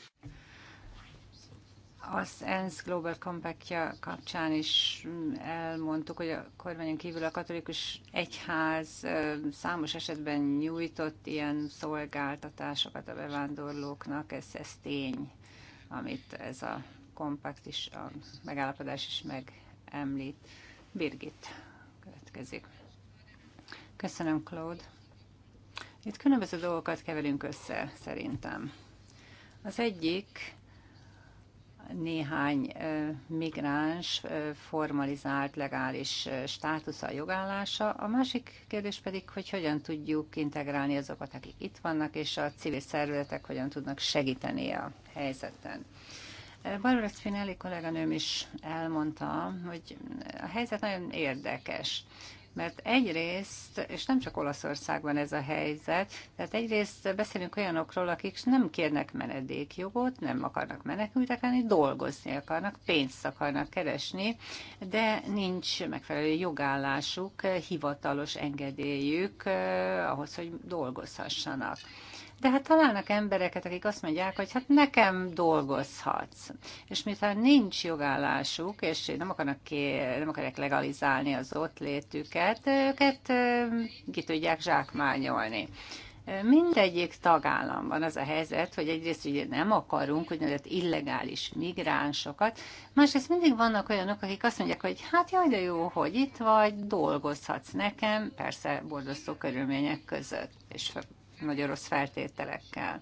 Az ENSZ Global Compactja kapcsán is mm, elmondtuk, hogy a kormányon kívül a katolikus egyház számos esetben nyújtott ilyen szolgáltatásokat a bevándorlóknak, ez, ez tény, amit ez a kompakt is, a megállapodás is megemlít. Birgit következik. Köszönöm, Claude. Itt különböző dolgokat keverünk össze, szerintem. Az egyik néhány migráns formalizált legális státusza, jogállása. A másik kérdés pedig, hogy hogyan tudjuk integrálni azokat, akik itt vannak, és a civil szervezetek hogyan tudnak segíteni a helyzeten. Barbara Spinelli kolléganőm is elmondta, hogy a helyzet nagyon érdekes mert egyrészt, és nem csak Olaszországban ez a helyzet, tehát egyrészt beszélünk olyanokról, akik nem kérnek menedékjogot, nem akarnak menekültek lenni, dolgozni akarnak, pénzt akarnak keresni, de nincs megfelelő jogállásuk, hivatalos engedélyük eh, ahhoz, hogy dolgozhassanak. De hát találnak embereket, akik azt mondják, hogy hát nekem dolgozhatsz. És miután nincs jogállásuk, és nem akarnak, ki, nem akarják legalizálni az ott létüket, őket ki tudják zsákmányolni. Mindegyik tagállamban az a helyzet, hogy egyrészt ugye nem akarunk úgynevezett illegális migránsokat, másrészt mindig vannak olyanok, akik azt mondják, hogy hát jaj, de jó, hogy itt vagy, dolgozhatsz nekem, persze borzasztó körülmények között és nagyon rossz feltételekkel.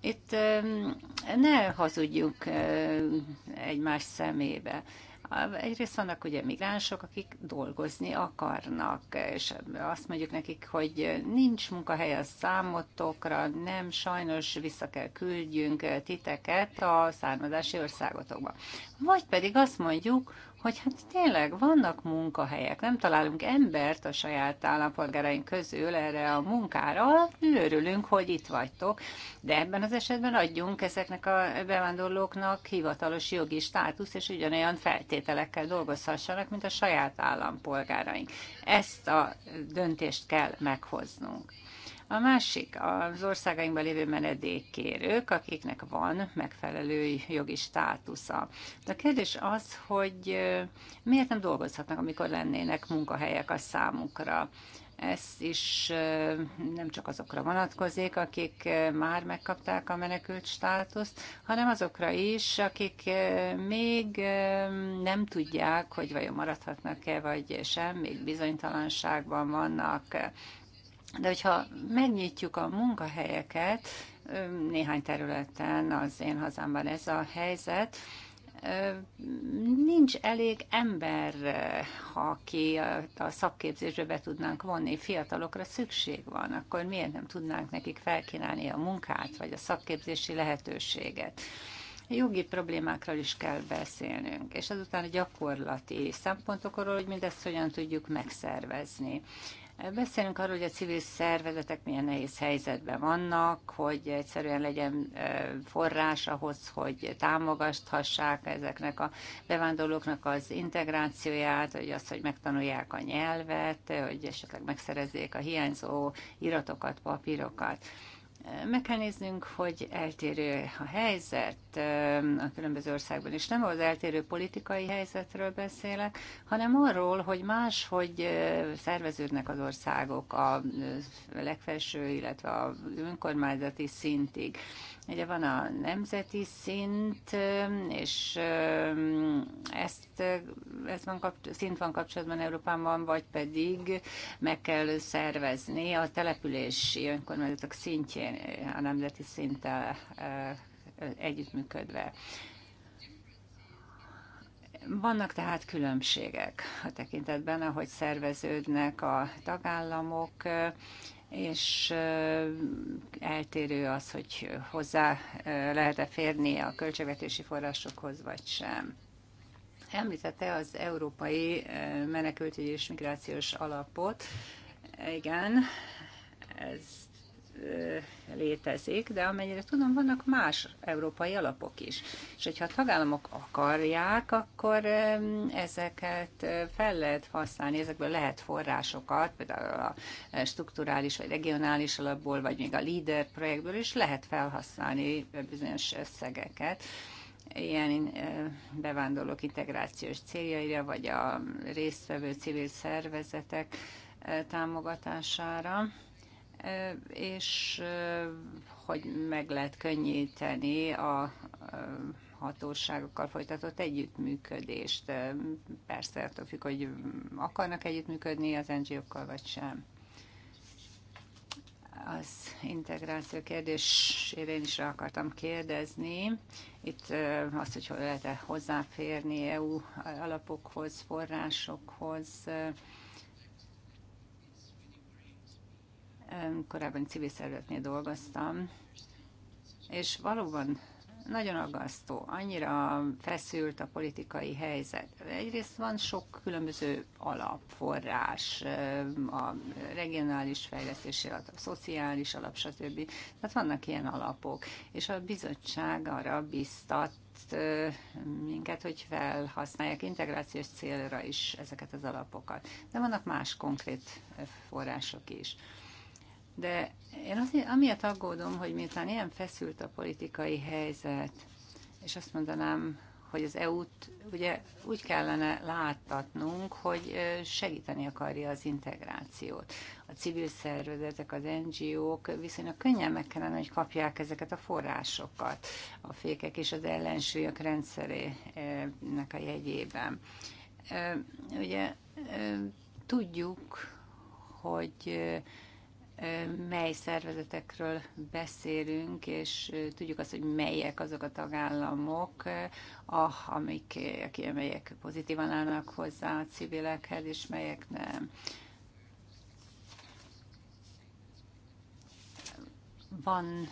Itt ne hazudjunk egymás szemébe. Egyrészt vannak ugye migránsok, akik dolgozni akarnak, és azt mondjuk nekik, hogy nincs munkahely a számotokra, nem, sajnos vissza kell küldjünk titeket a származási országotokba. Vagy pedig azt mondjuk, hogy hát tényleg vannak munkahelyek, nem találunk embert a saját állampolgáraink közül erre a munkára, örülünk, hogy itt vagytok, de ebben az esetben adjunk ezeknek a bevándorlóknak hivatalos jogi státusz, és ugyanolyan feltételekkel dolgozhassanak, mint a saját állampolgáraink. Ezt a döntést kell meghoznunk. A másik az országainkban lévő menedékkérők, akiknek van megfelelő jogi státusza. De a kérdés az, hogy miért nem dolgozhatnak, amikor lennének munkahelyek a számukra. Ez is nem csak azokra vonatkozik, akik már megkapták a menekült státuszt, hanem azokra is, akik még nem tudják, hogy vajon maradhatnak-e, vagy sem, még bizonytalanságban vannak. De hogyha megnyitjuk a munkahelyeket, néhány területen, az én hazámban ez a helyzet, nincs elég ember, aki a szakképzésbe be tudnánk vonni, fiatalokra szükség van, akkor miért nem tudnánk nekik felkínálni a munkát, vagy a szakképzési lehetőséget? jogi problémákról is kell beszélnünk, és azután a gyakorlati szempontokról, hogy mindezt hogyan tudjuk megszervezni. Beszélünk arról, hogy a civil szervezetek milyen nehéz helyzetben vannak, hogy egyszerűen legyen forrás ahhoz, hogy támogathassák ezeknek a bevándorlóknak az integrációját, hogy azt, hogy megtanulják a nyelvet, hogy esetleg megszerezzék a hiányzó iratokat, papírokat. Meg kell néznünk, hogy eltérő a helyzet a különböző országban, és nem az eltérő politikai helyzetről beszélek, hanem arról, hogy más, hogy szerveződnek az országok a legfelső, illetve a önkormányzati szintig. Ugye van a nemzeti szint, és ezt, ezt van kap, szint van kapcsolatban Európában, vagy pedig meg kell szervezni a települési önkormányzatok szintjén, a nemzeti szinttel együttműködve. Vannak tehát különbségek a tekintetben, ahogy szerveződnek a tagállamok, és eltérő az, hogy hozzá lehet-e férni a költségvetési forrásokhoz, vagy sem. Említette az Európai Menekültügyi és Migrációs Alapot. Igen, ez létezik, de amennyire tudom, vannak más európai alapok is. És hogyha a tagállamok akarják, akkor ezeket fel lehet használni, ezekből lehet forrásokat, például a strukturális vagy regionális alapból, vagy még a LEADER projektből is lehet felhasználni bizonyos összegeket ilyen bevándorlók integrációs céljaira, vagy a résztvevő civil szervezetek támogatására és hogy meg lehet könnyíteni a hatóságokkal folytatott együttműködést. Persze attól függ, hogy akarnak együttműködni az NGO-kkal, vagy sem. Az integráció kérdésére én is rá akartam kérdezni. Itt azt, hogy hol lehet -e hozzáférni EU alapokhoz, forrásokhoz, korábban civil szervezetnél dolgoztam, és valóban nagyon aggasztó, annyira feszült a politikai helyzet. Egyrészt van sok különböző alapforrás, a regionális fejlesztési alap, a szociális alap, stb. Tehát vannak ilyen alapok, és a bizottság arra biztat minket, hogy felhasználják integrációs célra is ezeket az alapokat. De vannak más konkrét források is. De én azért, amiatt aggódom, hogy miután ilyen feszült a politikai helyzet, és azt mondanám, hogy az EU-t ugye úgy kellene láttatnunk, hogy segíteni akarja az integrációt. A civil szervezetek, az NGO-k viszonylag könnyen meg kellene, hogy kapják ezeket a forrásokat a fékek és az ellensúlyok rendszerének a jegyében. Ugye tudjuk, hogy mely szervezetekről beszélünk, és tudjuk azt, hogy melyek azok a tagállamok, ah, amik, amelyek pozitívan állnak hozzá a civilekhez, és melyek nem. Van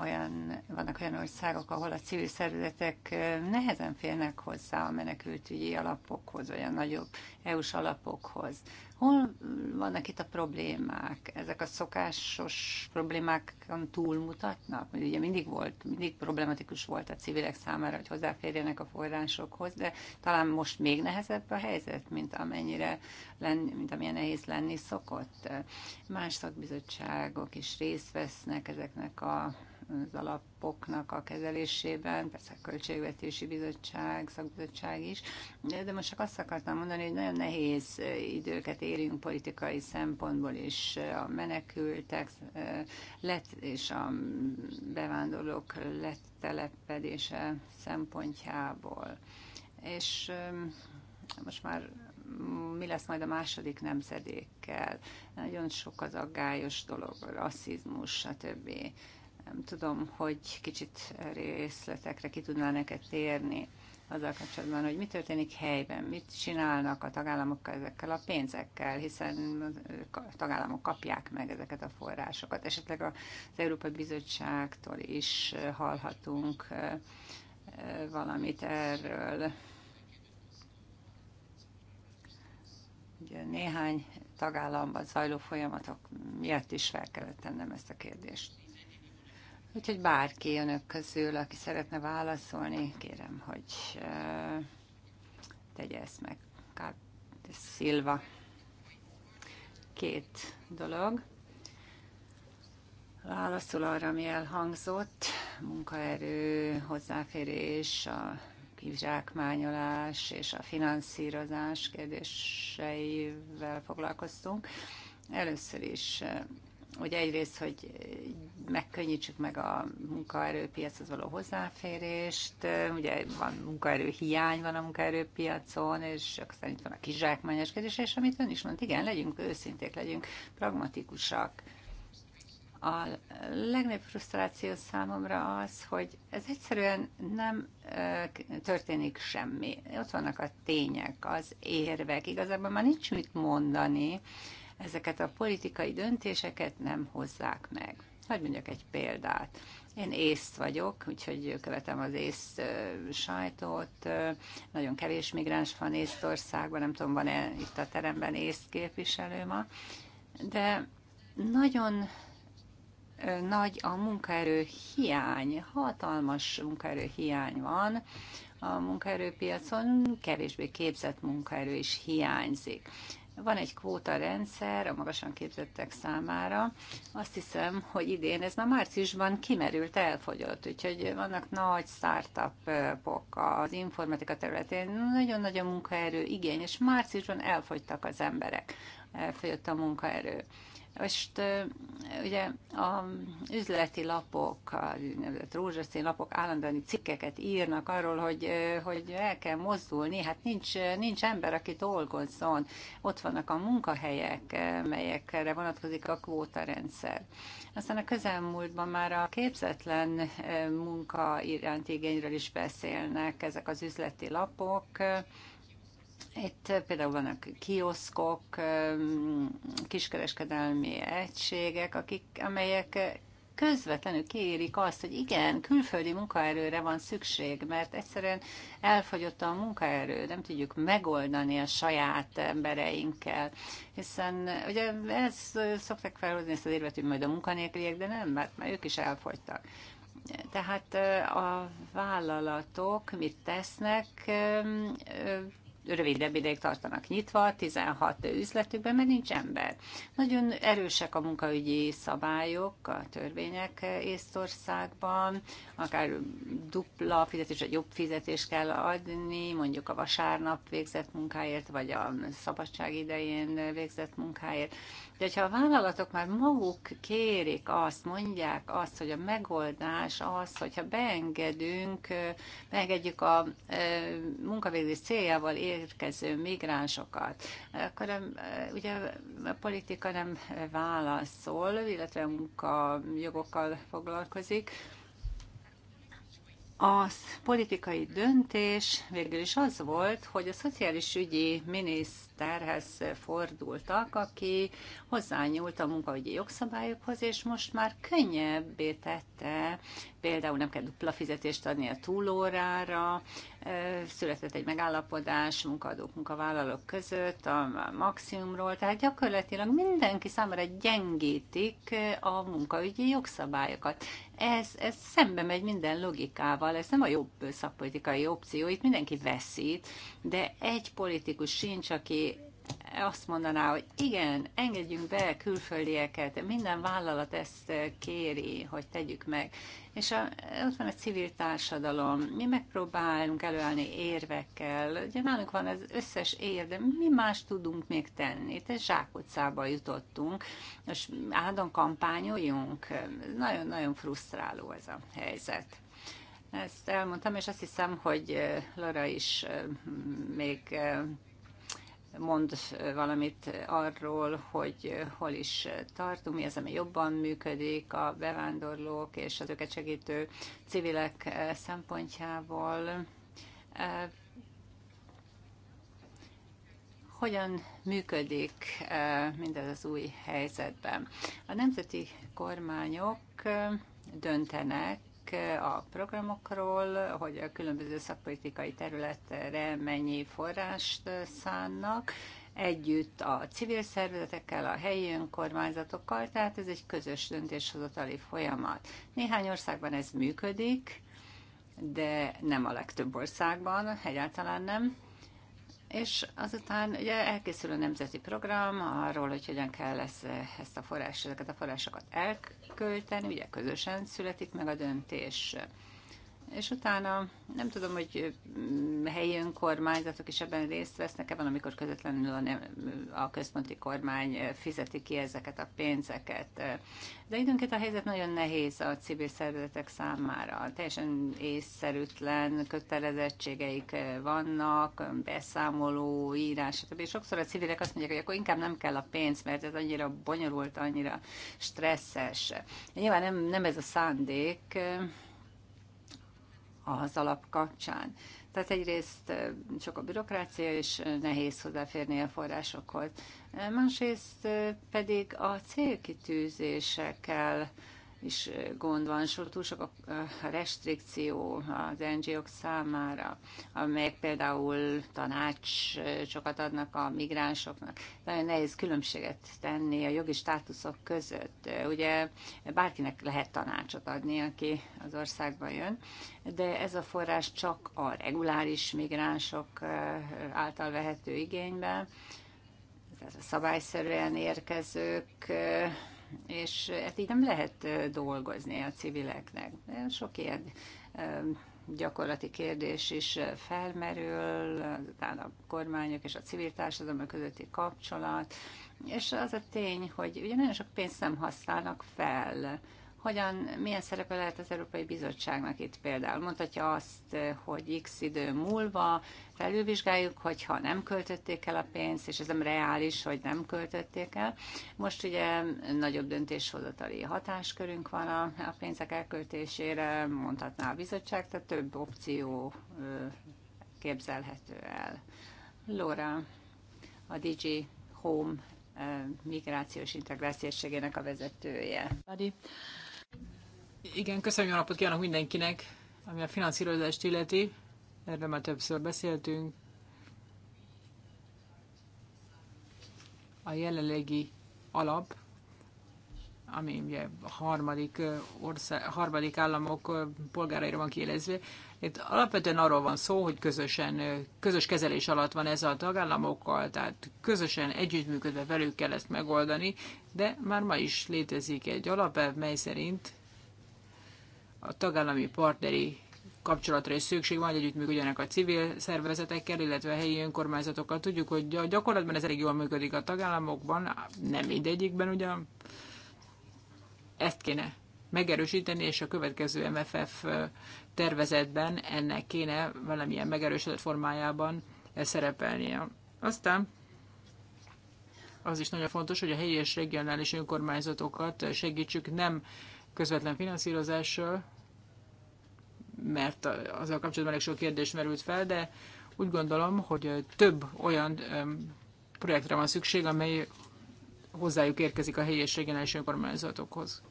olyan, vannak olyan országok, ahol a civil szervezetek nehezen férnek hozzá a menekültügyi alapokhoz, olyan nagyobb EU-s alapokhoz. Hol vannak itt a problémák? Ezek a szokásos problémákon túlmutatnak? Ugye mindig volt, mindig problematikus volt a civilek számára, hogy hozzáférjenek a forrásokhoz, de talán most még nehezebb a helyzet, mint amennyire lenni, mint amilyen nehéz lenni szokott. Más szakbizottságok is részt vesznek ezeknek a, az alap alapoknak a kezelésében, persze a Költségvetési Bizottság, Szakbizottság is, de most csak azt akartam mondani, hogy nagyon nehéz eh, időket érünk politikai szempontból is eh, a menekültek eh, lett és a bevándorlók letelepedése szempontjából. És most már mi lesz majd a második nemzedékkel. Nagyon sok az aggályos dolog, rasszizmus, stb. Nem tudom, hogy kicsit részletekre ki tudnál neked térni azzal kapcsolatban, hogy mi történik helyben, mit csinálnak a tagállamok ezekkel a pénzekkel, hiszen a tagállamok kapják meg ezeket a forrásokat. Esetleg az Európai Bizottságtól is hallhatunk valamit erről. Ugye néhány tagállamban zajló folyamatok miatt is fel kellett tennem ezt a kérdést. Úgyhogy bárki önök közül, aki szeretne válaszolni, kérem, hogy tegye ezt meg. Szilva. Két dolog. Válaszol arra, ami elhangzott, munkaerő, hozzáférés, a kizsákmányolás és a finanszírozás kérdéseivel foglalkoztunk. Először is hogy egyrészt, hogy megkönnyítsük meg a munkaerőpiachoz való hozzáférést, ugye van munkaerő hiány van a munkaerőpiacon, és aztán itt van a kizsákmányoskedés, és amit ön is mond, igen, legyünk őszinték, legyünk pragmatikusak. A legnagyobb frusztráció számomra az, hogy ez egyszerűen nem történik semmi. Ott vannak a tények, az érvek, igazából már nincs mit mondani, ezeket a politikai döntéseket nem hozzák meg. Hogy mondjak egy példát. Én észt vagyok, úgyhogy követem az észt sajtót, Nagyon kevés migráns van Észtországban, nem tudom, van-e itt a teremben észt képviselő ma. De nagyon nagy a munkaerő hiány, hatalmas munkaerő hiány van a munkaerőpiacon, kevésbé képzett munkaerő is hiányzik. Van egy kvóta rendszer a magasan képzettek számára. Azt hiszem, hogy idén ez már márciusban kimerült, elfogyott, úgyhogy vannak nagy startupok az informatika területén, nagyon-nagyon munkaerő igény, és márciusban elfogytak az emberek, elfogyott a munkaerő. Most ugye a üzleti lapok, a rózsaszín lapok állandóan cikkeket írnak arról, hogy, hogy el kell mozdulni, hát nincs, nincs ember, aki dolgozzon. Ott vannak a munkahelyek, melyekre vonatkozik a kvótarendszer. Aztán a közelmúltban már a képzetlen munka iránti igényről is beszélnek ezek az üzleti lapok, Itt például vannak kioszkok, kiskereskedelmi egységek, akik, amelyek közvetlenül kiérik azt, hogy igen, külföldi munkaerőre van szükség, mert egyszerűen elfogyott a munkaerő, nem tudjuk megoldani a saját embereinkkel. Hiszen ugye ez szokták felhozni ezt az érvet, hogy majd a munkanélküliek, de nem, mert már ők is elfogytak. Tehát a vállalatok mit tesznek, rövidebb ideig tartanak nyitva, 16 üzletükben, mert nincs ember. Nagyon erősek a munkaügyi szabályok, a törvények Észtországban, akár dupla fizetés, vagy jobb fizetést kell adni, mondjuk a vasárnap végzett munkáért, vagy a szabadság idején végzett munkáért. De hogyha a vállalatok már maguk kérik azt, mondják azt, hogy a megoldás az, hogyha beengedünk, megegyük a munkavégzés céljával érkező migránsokat, akkor ugye a politika nem válaszol, illetve a munkajogokkal foglalkozik, a politikai döntés végül is az volt, hogy a szociális ügyi miniszt miniszterhez fordultak, aki hozzányúlt a munkahogyi jogszabályokhoz, és most már könnyebbé tette, például nem kell dupla fizetést adni a túlórára, született egy megállapodás munkadók, munkavállalók között a maximumról, tehát gyakorlatilag mindenki számára gyengítik a munkaügyi jogszabályokat. Ez, ez szembe megy minden logikával, ez nem a jobb szakpolitikai opció, itt mindenki veszít, de egy politikus sincs, aki azt mondaná, hogy igen, engedjünk be külföldieket, minden vállalat ezt eh, kéri, hogy tegyük meg. És a, ott van a civil társadalom, mi megpróbálunk előállni érvekkel, ugye nálunk van az összes ér, de mi más tudunk még tenni? Te zsákutcába jutottunk, és áldon kampányoljunk. Nagyon-nagyon frusztráló ez a helyzet. Ezt elmondtam, és azt hiszem, hogy eh, Lara is eh, még mond valamit arról, hogy hol is tartunk, mi az, ami jobban működik a bevándorlók és az őket segítő civilek szempontjából. Hogyan működik mindez az új helyzetben? A nemzeti kormányok döntenek a programokról, hogy a különböző szakpolitikai területre mennyi forrást szánnak, együtt a civil szervezetekkel, a helyi önkormányzatokkal, tehát ez egy közös döntéshozatali folyamat. Néhány országban ez működik, de nem a legtöbb országban, egyáltalán nem és azután ugye elkészül a nemzeti program arról, hogy hogyan kell lesz eh, ezt a forrás, ezeket a forrásokat elkölteni, ugye közösen születik meg a döntés. És utána nem tudom, hogy mm, helyi önkormányzatok is ebben részt vesznek, ebben, amikor közvetlenül a, a központi kormány eh, fizeti ki ezeket a pénzeket. De időnként a helyzet nagyon nehéz a civil szervezetek számára. Teljesen észszerűtlen kötelezettségeik eh, vannak, beszámoló, írás, stb. És sokszor a civilek azt mondják, hogy akkor inkább nem kell a pénz, mert ez annyira bonyolult, annyira stresszes. Nyilván nem, nem ez a szándék, eh, az alap kapcsán. Tehát egyrészt csak a bürokrácia, és nehéz hozzáférni a forrásokhoz. Másrészt pedig a célkitűzésekkel is gond van, sor túl sok a restrikció az NGO-k számára, amelyek például tanácsokat adnak a migránsoknak. Nagyon nehéz különbséget tenni a jogi státuszok között. Ugye bárkinek lehet tanácsot adni, aki az országba jön, de ez a forrás csak a reguláris migránsok által vehető igénybe, tehát a szabályszerűen érkezők és eh, hát így nem lehet eh, dolgozni a civileknek. Sok ilyen eh, gyakorlati kérdés is felmerül, azután a kormányok és a civil társadalom közötti kapcsolat, és az a tény, hogy ugye nagyon sok pénzt nem használnak fel, hogyan, milyen szerepe lehet az Európai Bizottságnak itt például? Mondhatja azt, hogy x idő múlva felülvizsgáljuk, hogyha nem költötték el a pénzt, és ez nem reális, hogy nem költötték el. Most ugye nagyobb döntéshozatali hatáskörünk van a, a pénzek elköltésére, mondhatná a bizottság, tehát több opció képzelhető el. Laura, a DG Home migrációs integrációs a vezetője. Igen, köszönöm, jó napot kívánok mindenkinek, ami a finanszírozást illeti. Erről már többször beszéltünk. A jelenlegi alap, ami ugye a harmadik, ország, harmadik államok polgáraira van kielezve, Itt alapvetően arról van szó, hogy közösen, közös kezelés alatt van ez a tagállamokkal, tehát közösen együttműködve velük kell ezt megoldani, de már ma is létezik egy alapelv, mely szerint a tagállami partneri kapcsolatra is szükség van, hogy együttműködjenek a civil szervezetekkel, illetve a helyi önkormányzatokkal. Tudjuk, hogy a gyakorlatban ez elég jól működik a tagállamokban, nem mindegyikben ugyan. Ezt kéne megerősíteni, és a következő MFF tervezetben ennek kéne valamilyen megerősített formájában szerepelnie. Aztán az is nagyon fontos, hogy a helyi és regionális önkormányzatokat segítsük, nem közvetlen finanszírozással, mert azzal kapcsolatban elég sok kérdés merült fel, de úgy gondolom, hogy több olyan projektre van szükség, amely hozzájuk érkezik a helyi és regionális önkormányzatokhoz.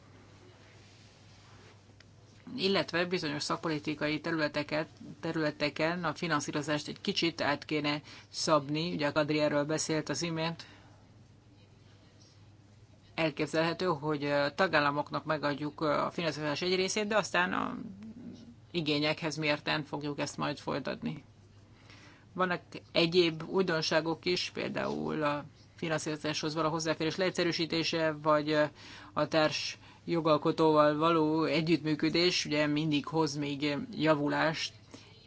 Illetve bizonyos szakpolitikai területeket, területeken a finanszírozást egy kicsit át kéne szabni, ugye a Kadri erről beszélt az imént, elképzelhető, hogy tagállamoknak megadjuk a finanszírozás egy részét, de aztán a igényekhez mérten fogjuk ezt majd folytatni. Vannak egyéb újdonságok is, például a finanszírozáshoz való hozzáférés leegyszerűsítése, vagy a társ jogalkotóval való együttműködés ugye mindig hoz még javulást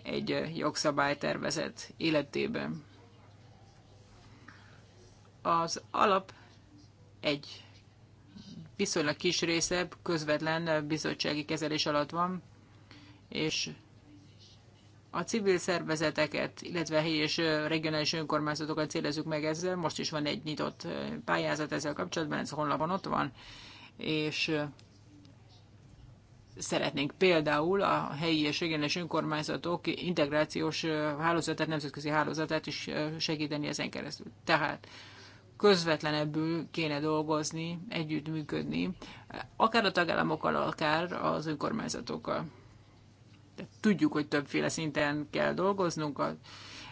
egy jogszabálytervezet életében. Az alap egy viszonylag kis része közvetlen bizottsági kezelés alatt van, és a civil szervezeteket, illetve helyi és regionális önkormányzatokat célezzük meg ezzel. Most is van egy nyitott pályázat ezzel kapcsolatban, ez honlapon ott van, és szeretnénk például a helyi és regionális önkormányzatok integrációs hálózatát, nemzetközi hálózatát is segíteni ezen keresztül. Tehát közvetlenebbül kéne dolgozni, együttműködni, akár a tagállamokkal, akár az önkormányzatokkal. Tehát tudjuk, hogy többféle szinten kell dolgoznunk,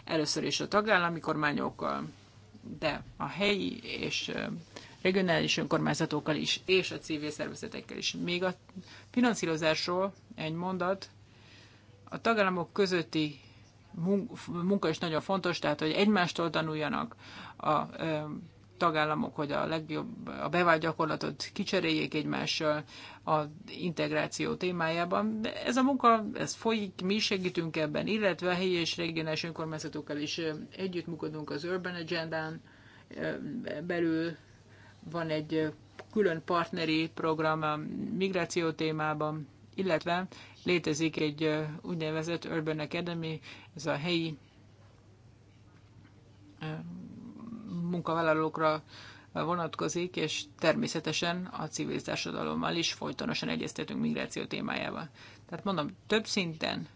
először is a tagállami kormányokkal, de a helyi és regionális önkormányzatokkal is, és a civil szervezetekkel is. Még a finanszírozásról egy mondat, a tagállamok közötti munka is nagyon fontos, tehát hogy egymástól tanuljanak a tagállamok, hogy a legjobb, a bevált gyakorlatot kicseréljék egymással az integráció témájában. De ez a munka, ez folyik, mi segítünk ebben, illetve a helyi és regionális önkormányzatokkal is együttműködünk az Urban Agendán belül. Van egy külön partneri program a migráció témában, illetve létezik egy úgynevezett Urban Academy, ez a helyi munkavállalókra vonatkozik, és természetesen a civil társadalommal is folytonosan egyeztetünk migráció témájával. Tehát mondom, több szinten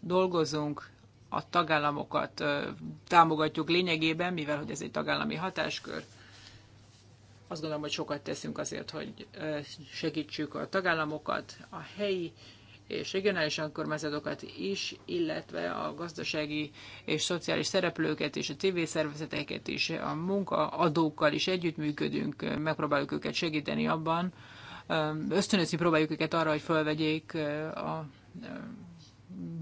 dolgozunk, a tagállamokat támogatjuk lényegében, mivel hogy ez egy tagállami hatáskör. Azt gondolom, hogy sokat teszünk azért, hogy segítsük a tagállamokat, a helyi és regionális önkormányzatokat is, illetve a gazdasági és szociális szereplőket és a civil szervezeteket is, a munkaadókkal is együttműködünk, megpróbáljuk őket segíteni abban, ösztönözni próbáljuk őket arra, hogy felvegyék, a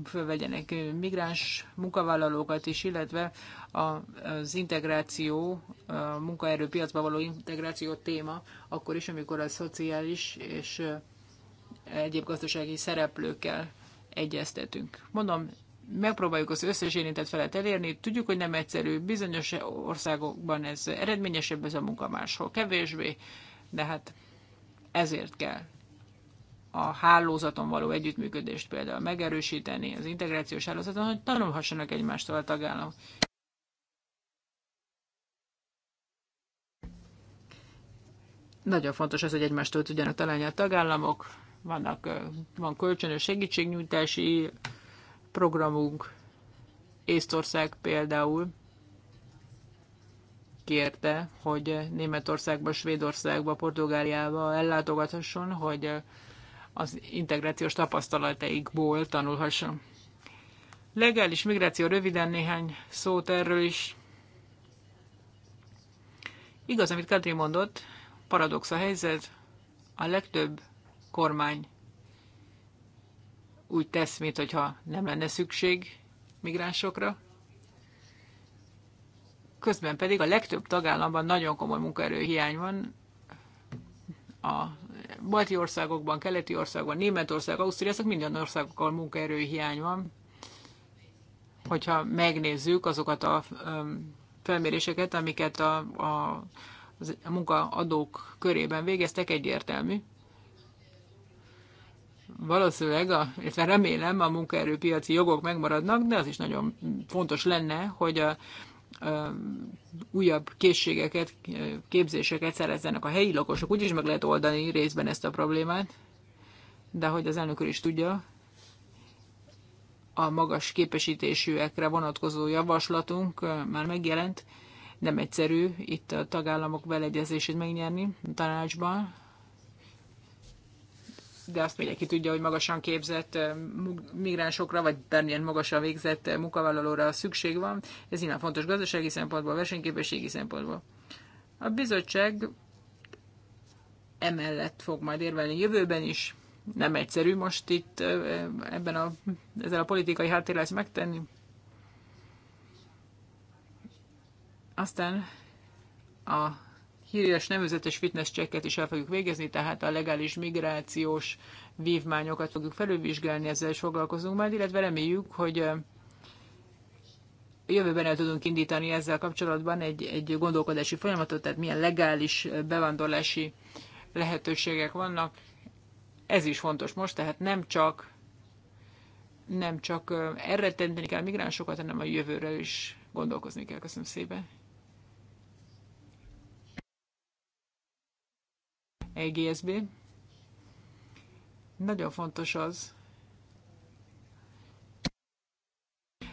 fölvegyenek migráns munkavállalókat is, illetve az integráció, a munkaerőpiacba való integráció téma, akkor is, amikor a szociális és egyéb gazdasági szereplőkkel egyeztetünk. Mondom, megpróbáljuk az összes érintett felet elérni, tudjuk, hogy nem egyszerű, bizonyos országokban ez eredményesebb, ez a munka máshol kevésbé, de hát ezért kell a hálózaton való együttműködést például megerősíteni, az integrációs hálózaton, hogy tanulhassanak egymástól a tagállamok. Nagyon fontos az, hogy egymástól tudjanak találni a tagállamok, Vannak, van kölcsönös segítségnyújtási programunk. Észtország például kérte, hogy Németországba, Svédországba, Portugáliába ellátogathasson, hogy az integrációs tapasztalataikból tanulhasson. Legális migráció röviden néhány szót erről is. Igaz, amit Katrin mondott, paradox a helyzet, a legtöbb kormány úgy tesz, mintha nem lenne szükség migránsokra. Közben pedig a legtöbb tagállamban nagyon komoly munkaerőhiány van. A balti országokban, keleti országokban, Németország, Ausztria, ezek minden országokkal munkaerőhiány van. Hogyha megnézzük azokat a felméréseket, amiket a, a, a munkaadók körében végeztek, egyértelmű valószínűleg, a, illetve remélem a munkaerőpiaci jogok megmaradnak, de az is nagyon fontos lenne, hogy a, a újabb készségeket, képzéseket szerezzenek a helyi lakosok. Úgyis meg lehet oldani részben ezt a problémát, de hogy az elnök is tudja, a magas képesítésűekre vonatkozó javaslatunk már megjelent. Nem egyszerű itt a tagállamok beleegyezését megnyerni a tanácsban, de azt mindenki tudja, hogy magasan képzett eh, migránsokra, vagy bármilyen magasan végzett eh, munkavállalóra szükség van. Ez innen fontos gazdasági szempontból, versenyképességi szempontból. A bizottság emellett fog majd érvelni jövőben is. Nem egyszerű most itt eh, ebben a, ezzel a politikai háttérrel ezt megtenni. Aztán a híres nemzetes fitness checket is el fogjuk végezni, tehát a legális migrációs vívmányokat fogjuk felülvizsgálni, ezzel is foglalkozunk majd, illetve reméljük, hogy jövőben el tudunk indítani ezzel kapcsolatban egy, egy gondolkodási folyamatot, tehát milyen legális bevándorlási lehetőségek vannak. Ez is fontos most, tehát nem csak nem csak erre tenni kell migránsokat, hanem a jövőre is gondolkozni kell. Köszönöm szépen! EGSB. Nagyon fontos az,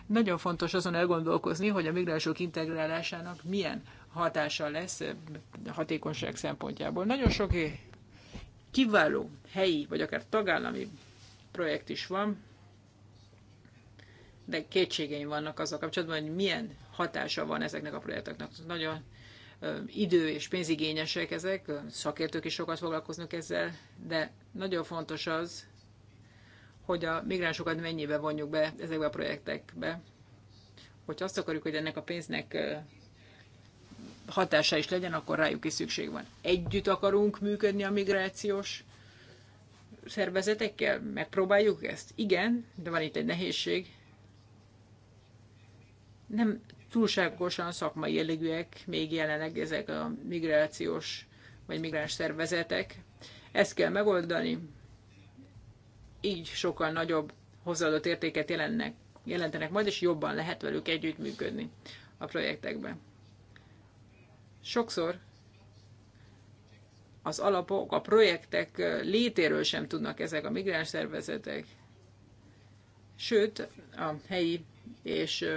nagyon fontos azon elgondolkozni, hogy a migránsok integrálásának milyen hatása lesz eh, hatékonyság szempontjából. Nagyon sok eh, kiváló helyi, vagy akár tagállami projekt is van, de kétségeim vannak azzal kapcsolatban, hogy milyen hatása van ezeknek a projekteknek. Nagyon idő és pénzigényesek ezek, szakértők is sokat foglalkoznak ezzel, de nagyon fontos az, hogy a migránsokat mennyibe vonjuk be ezekbe a projektekbe. Hogyha azt akarjuk, hogy ennek a pénznek hatása is legyen, akkor rájuk is szükség van. Együtt akarunk működni a migrációs szervezetekkel? Megpróbáljuk ezt? Igen, de van itt egy nehézség. Nem túlságosan szakmai jellegűek még jelenleg ezek a migrációs vagy migráns szervezetek. Ezt kell megoldani, így sokkal nagyobb hozzáadott értéket jelennek, jelentenek majd, és jobban lehet velük együttműködni a projektekben. Sokszor az alapok, a projektek létéről sem tudnak ezek a migráns szervezetek. Sőt, a helyi és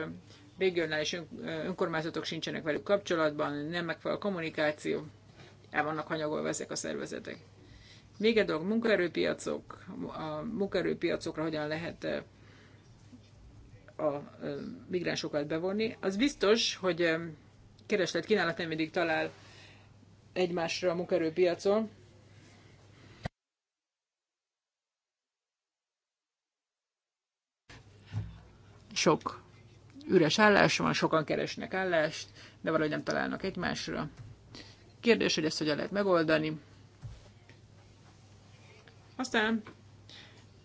regionális önkormányzatok sincsenek velük kapcsolatban, nem megfelelő a kommunikáció, el vannak hanyagolva ezek a szervezetek. Még egy dolog, munkaerőpiacok, a munkaerőpiacokra hogyan lehet a migránsokat bevonni. Az biztos, hogy kereslet kínálat nem mindig talál egymásra a munkaerőpiacon, sok üres állás van, sokan keresnek állást, de valahogy nem találnak egymásra. Kérdés, hogy ezt hogyan lehet megoldani. Aztán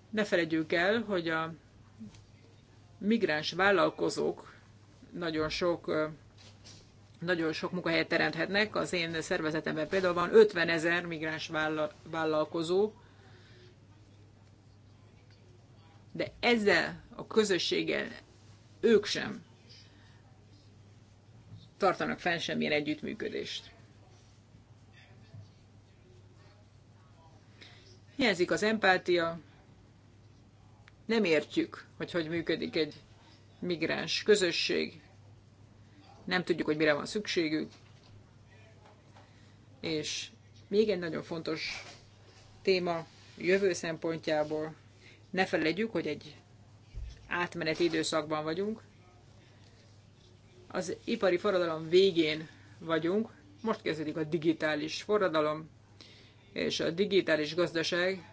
ne felejtjük el, hogy a migráns vállalkozók nagyon sok nagyon sok munkahelyet teremthetnek. Az én szervezetemben például van 50 ezer migráns vállalkozó, de ezzel a közösséggel ők sem tartanak fenn semmilyen együttműködést. Hiányzik az empátia, nem értjük, hogy hogy működik egy migráns közösség, nem tudjuk, hogy mire van szükségük, és még egy nagyon fontos téma jövő szempontjából, ne felejtjük, hogy egy átmeneti időszakban vagyunk. Az ipari forradalom végén vagyunk, most kezdődik a digitális forradalom, és a digitális gazdaság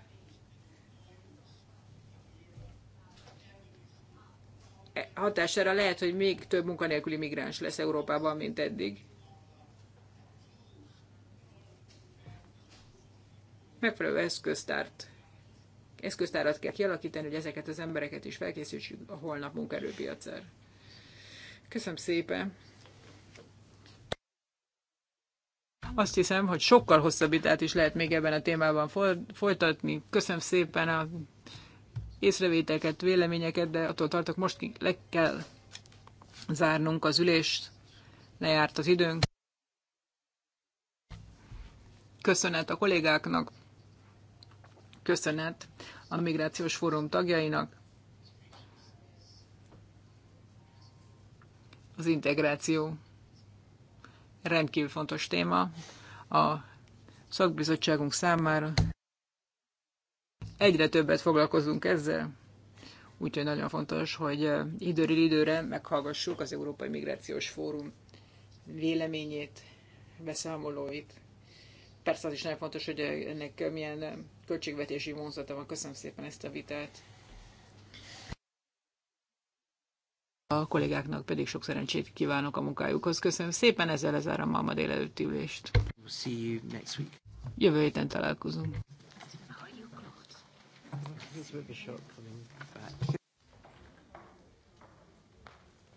hatására lehet, hogy még több munkanélküli migráns lesz Európában, mint eddig. Megfelelő eszköztárt eszköztárat kell kialakítani, hogy ezeket az embereket is felkészítsük a holnap munkerőpiacer. Köszönöm szépen! Azt hiszem, hogy sokkal hosszabb vitát is lehet még ebben a témában folytatni. Köszönöm szépen a észrevételeket, véleményeket, de attól tartok, most le kell zárnunk az ülést. Lejárt az időnk. Köszönet a kollégáknak, köszönet a Migrációs Fórum tagjainak. Az integráció rendkívül fontos téma a szakbizottságunk számára. Egyre többet foglalkozunk ezzel, úgyhogy nagyon fontos, hogy időről időre meghallgassuk az Európai Migrációs Fórum véleményét, beszámolóit. Persze az is nagyon fontos, hogy ennek milyen költségvetési vonzata van. Köszönöm szépen ezt a vitát. A kollégáknak pedig sok szerencsét kívánok a munkájukhoz. Köszönöm szépen, ezzel lezárom ma a délelőtti ülést. Jövő héten találkozunk.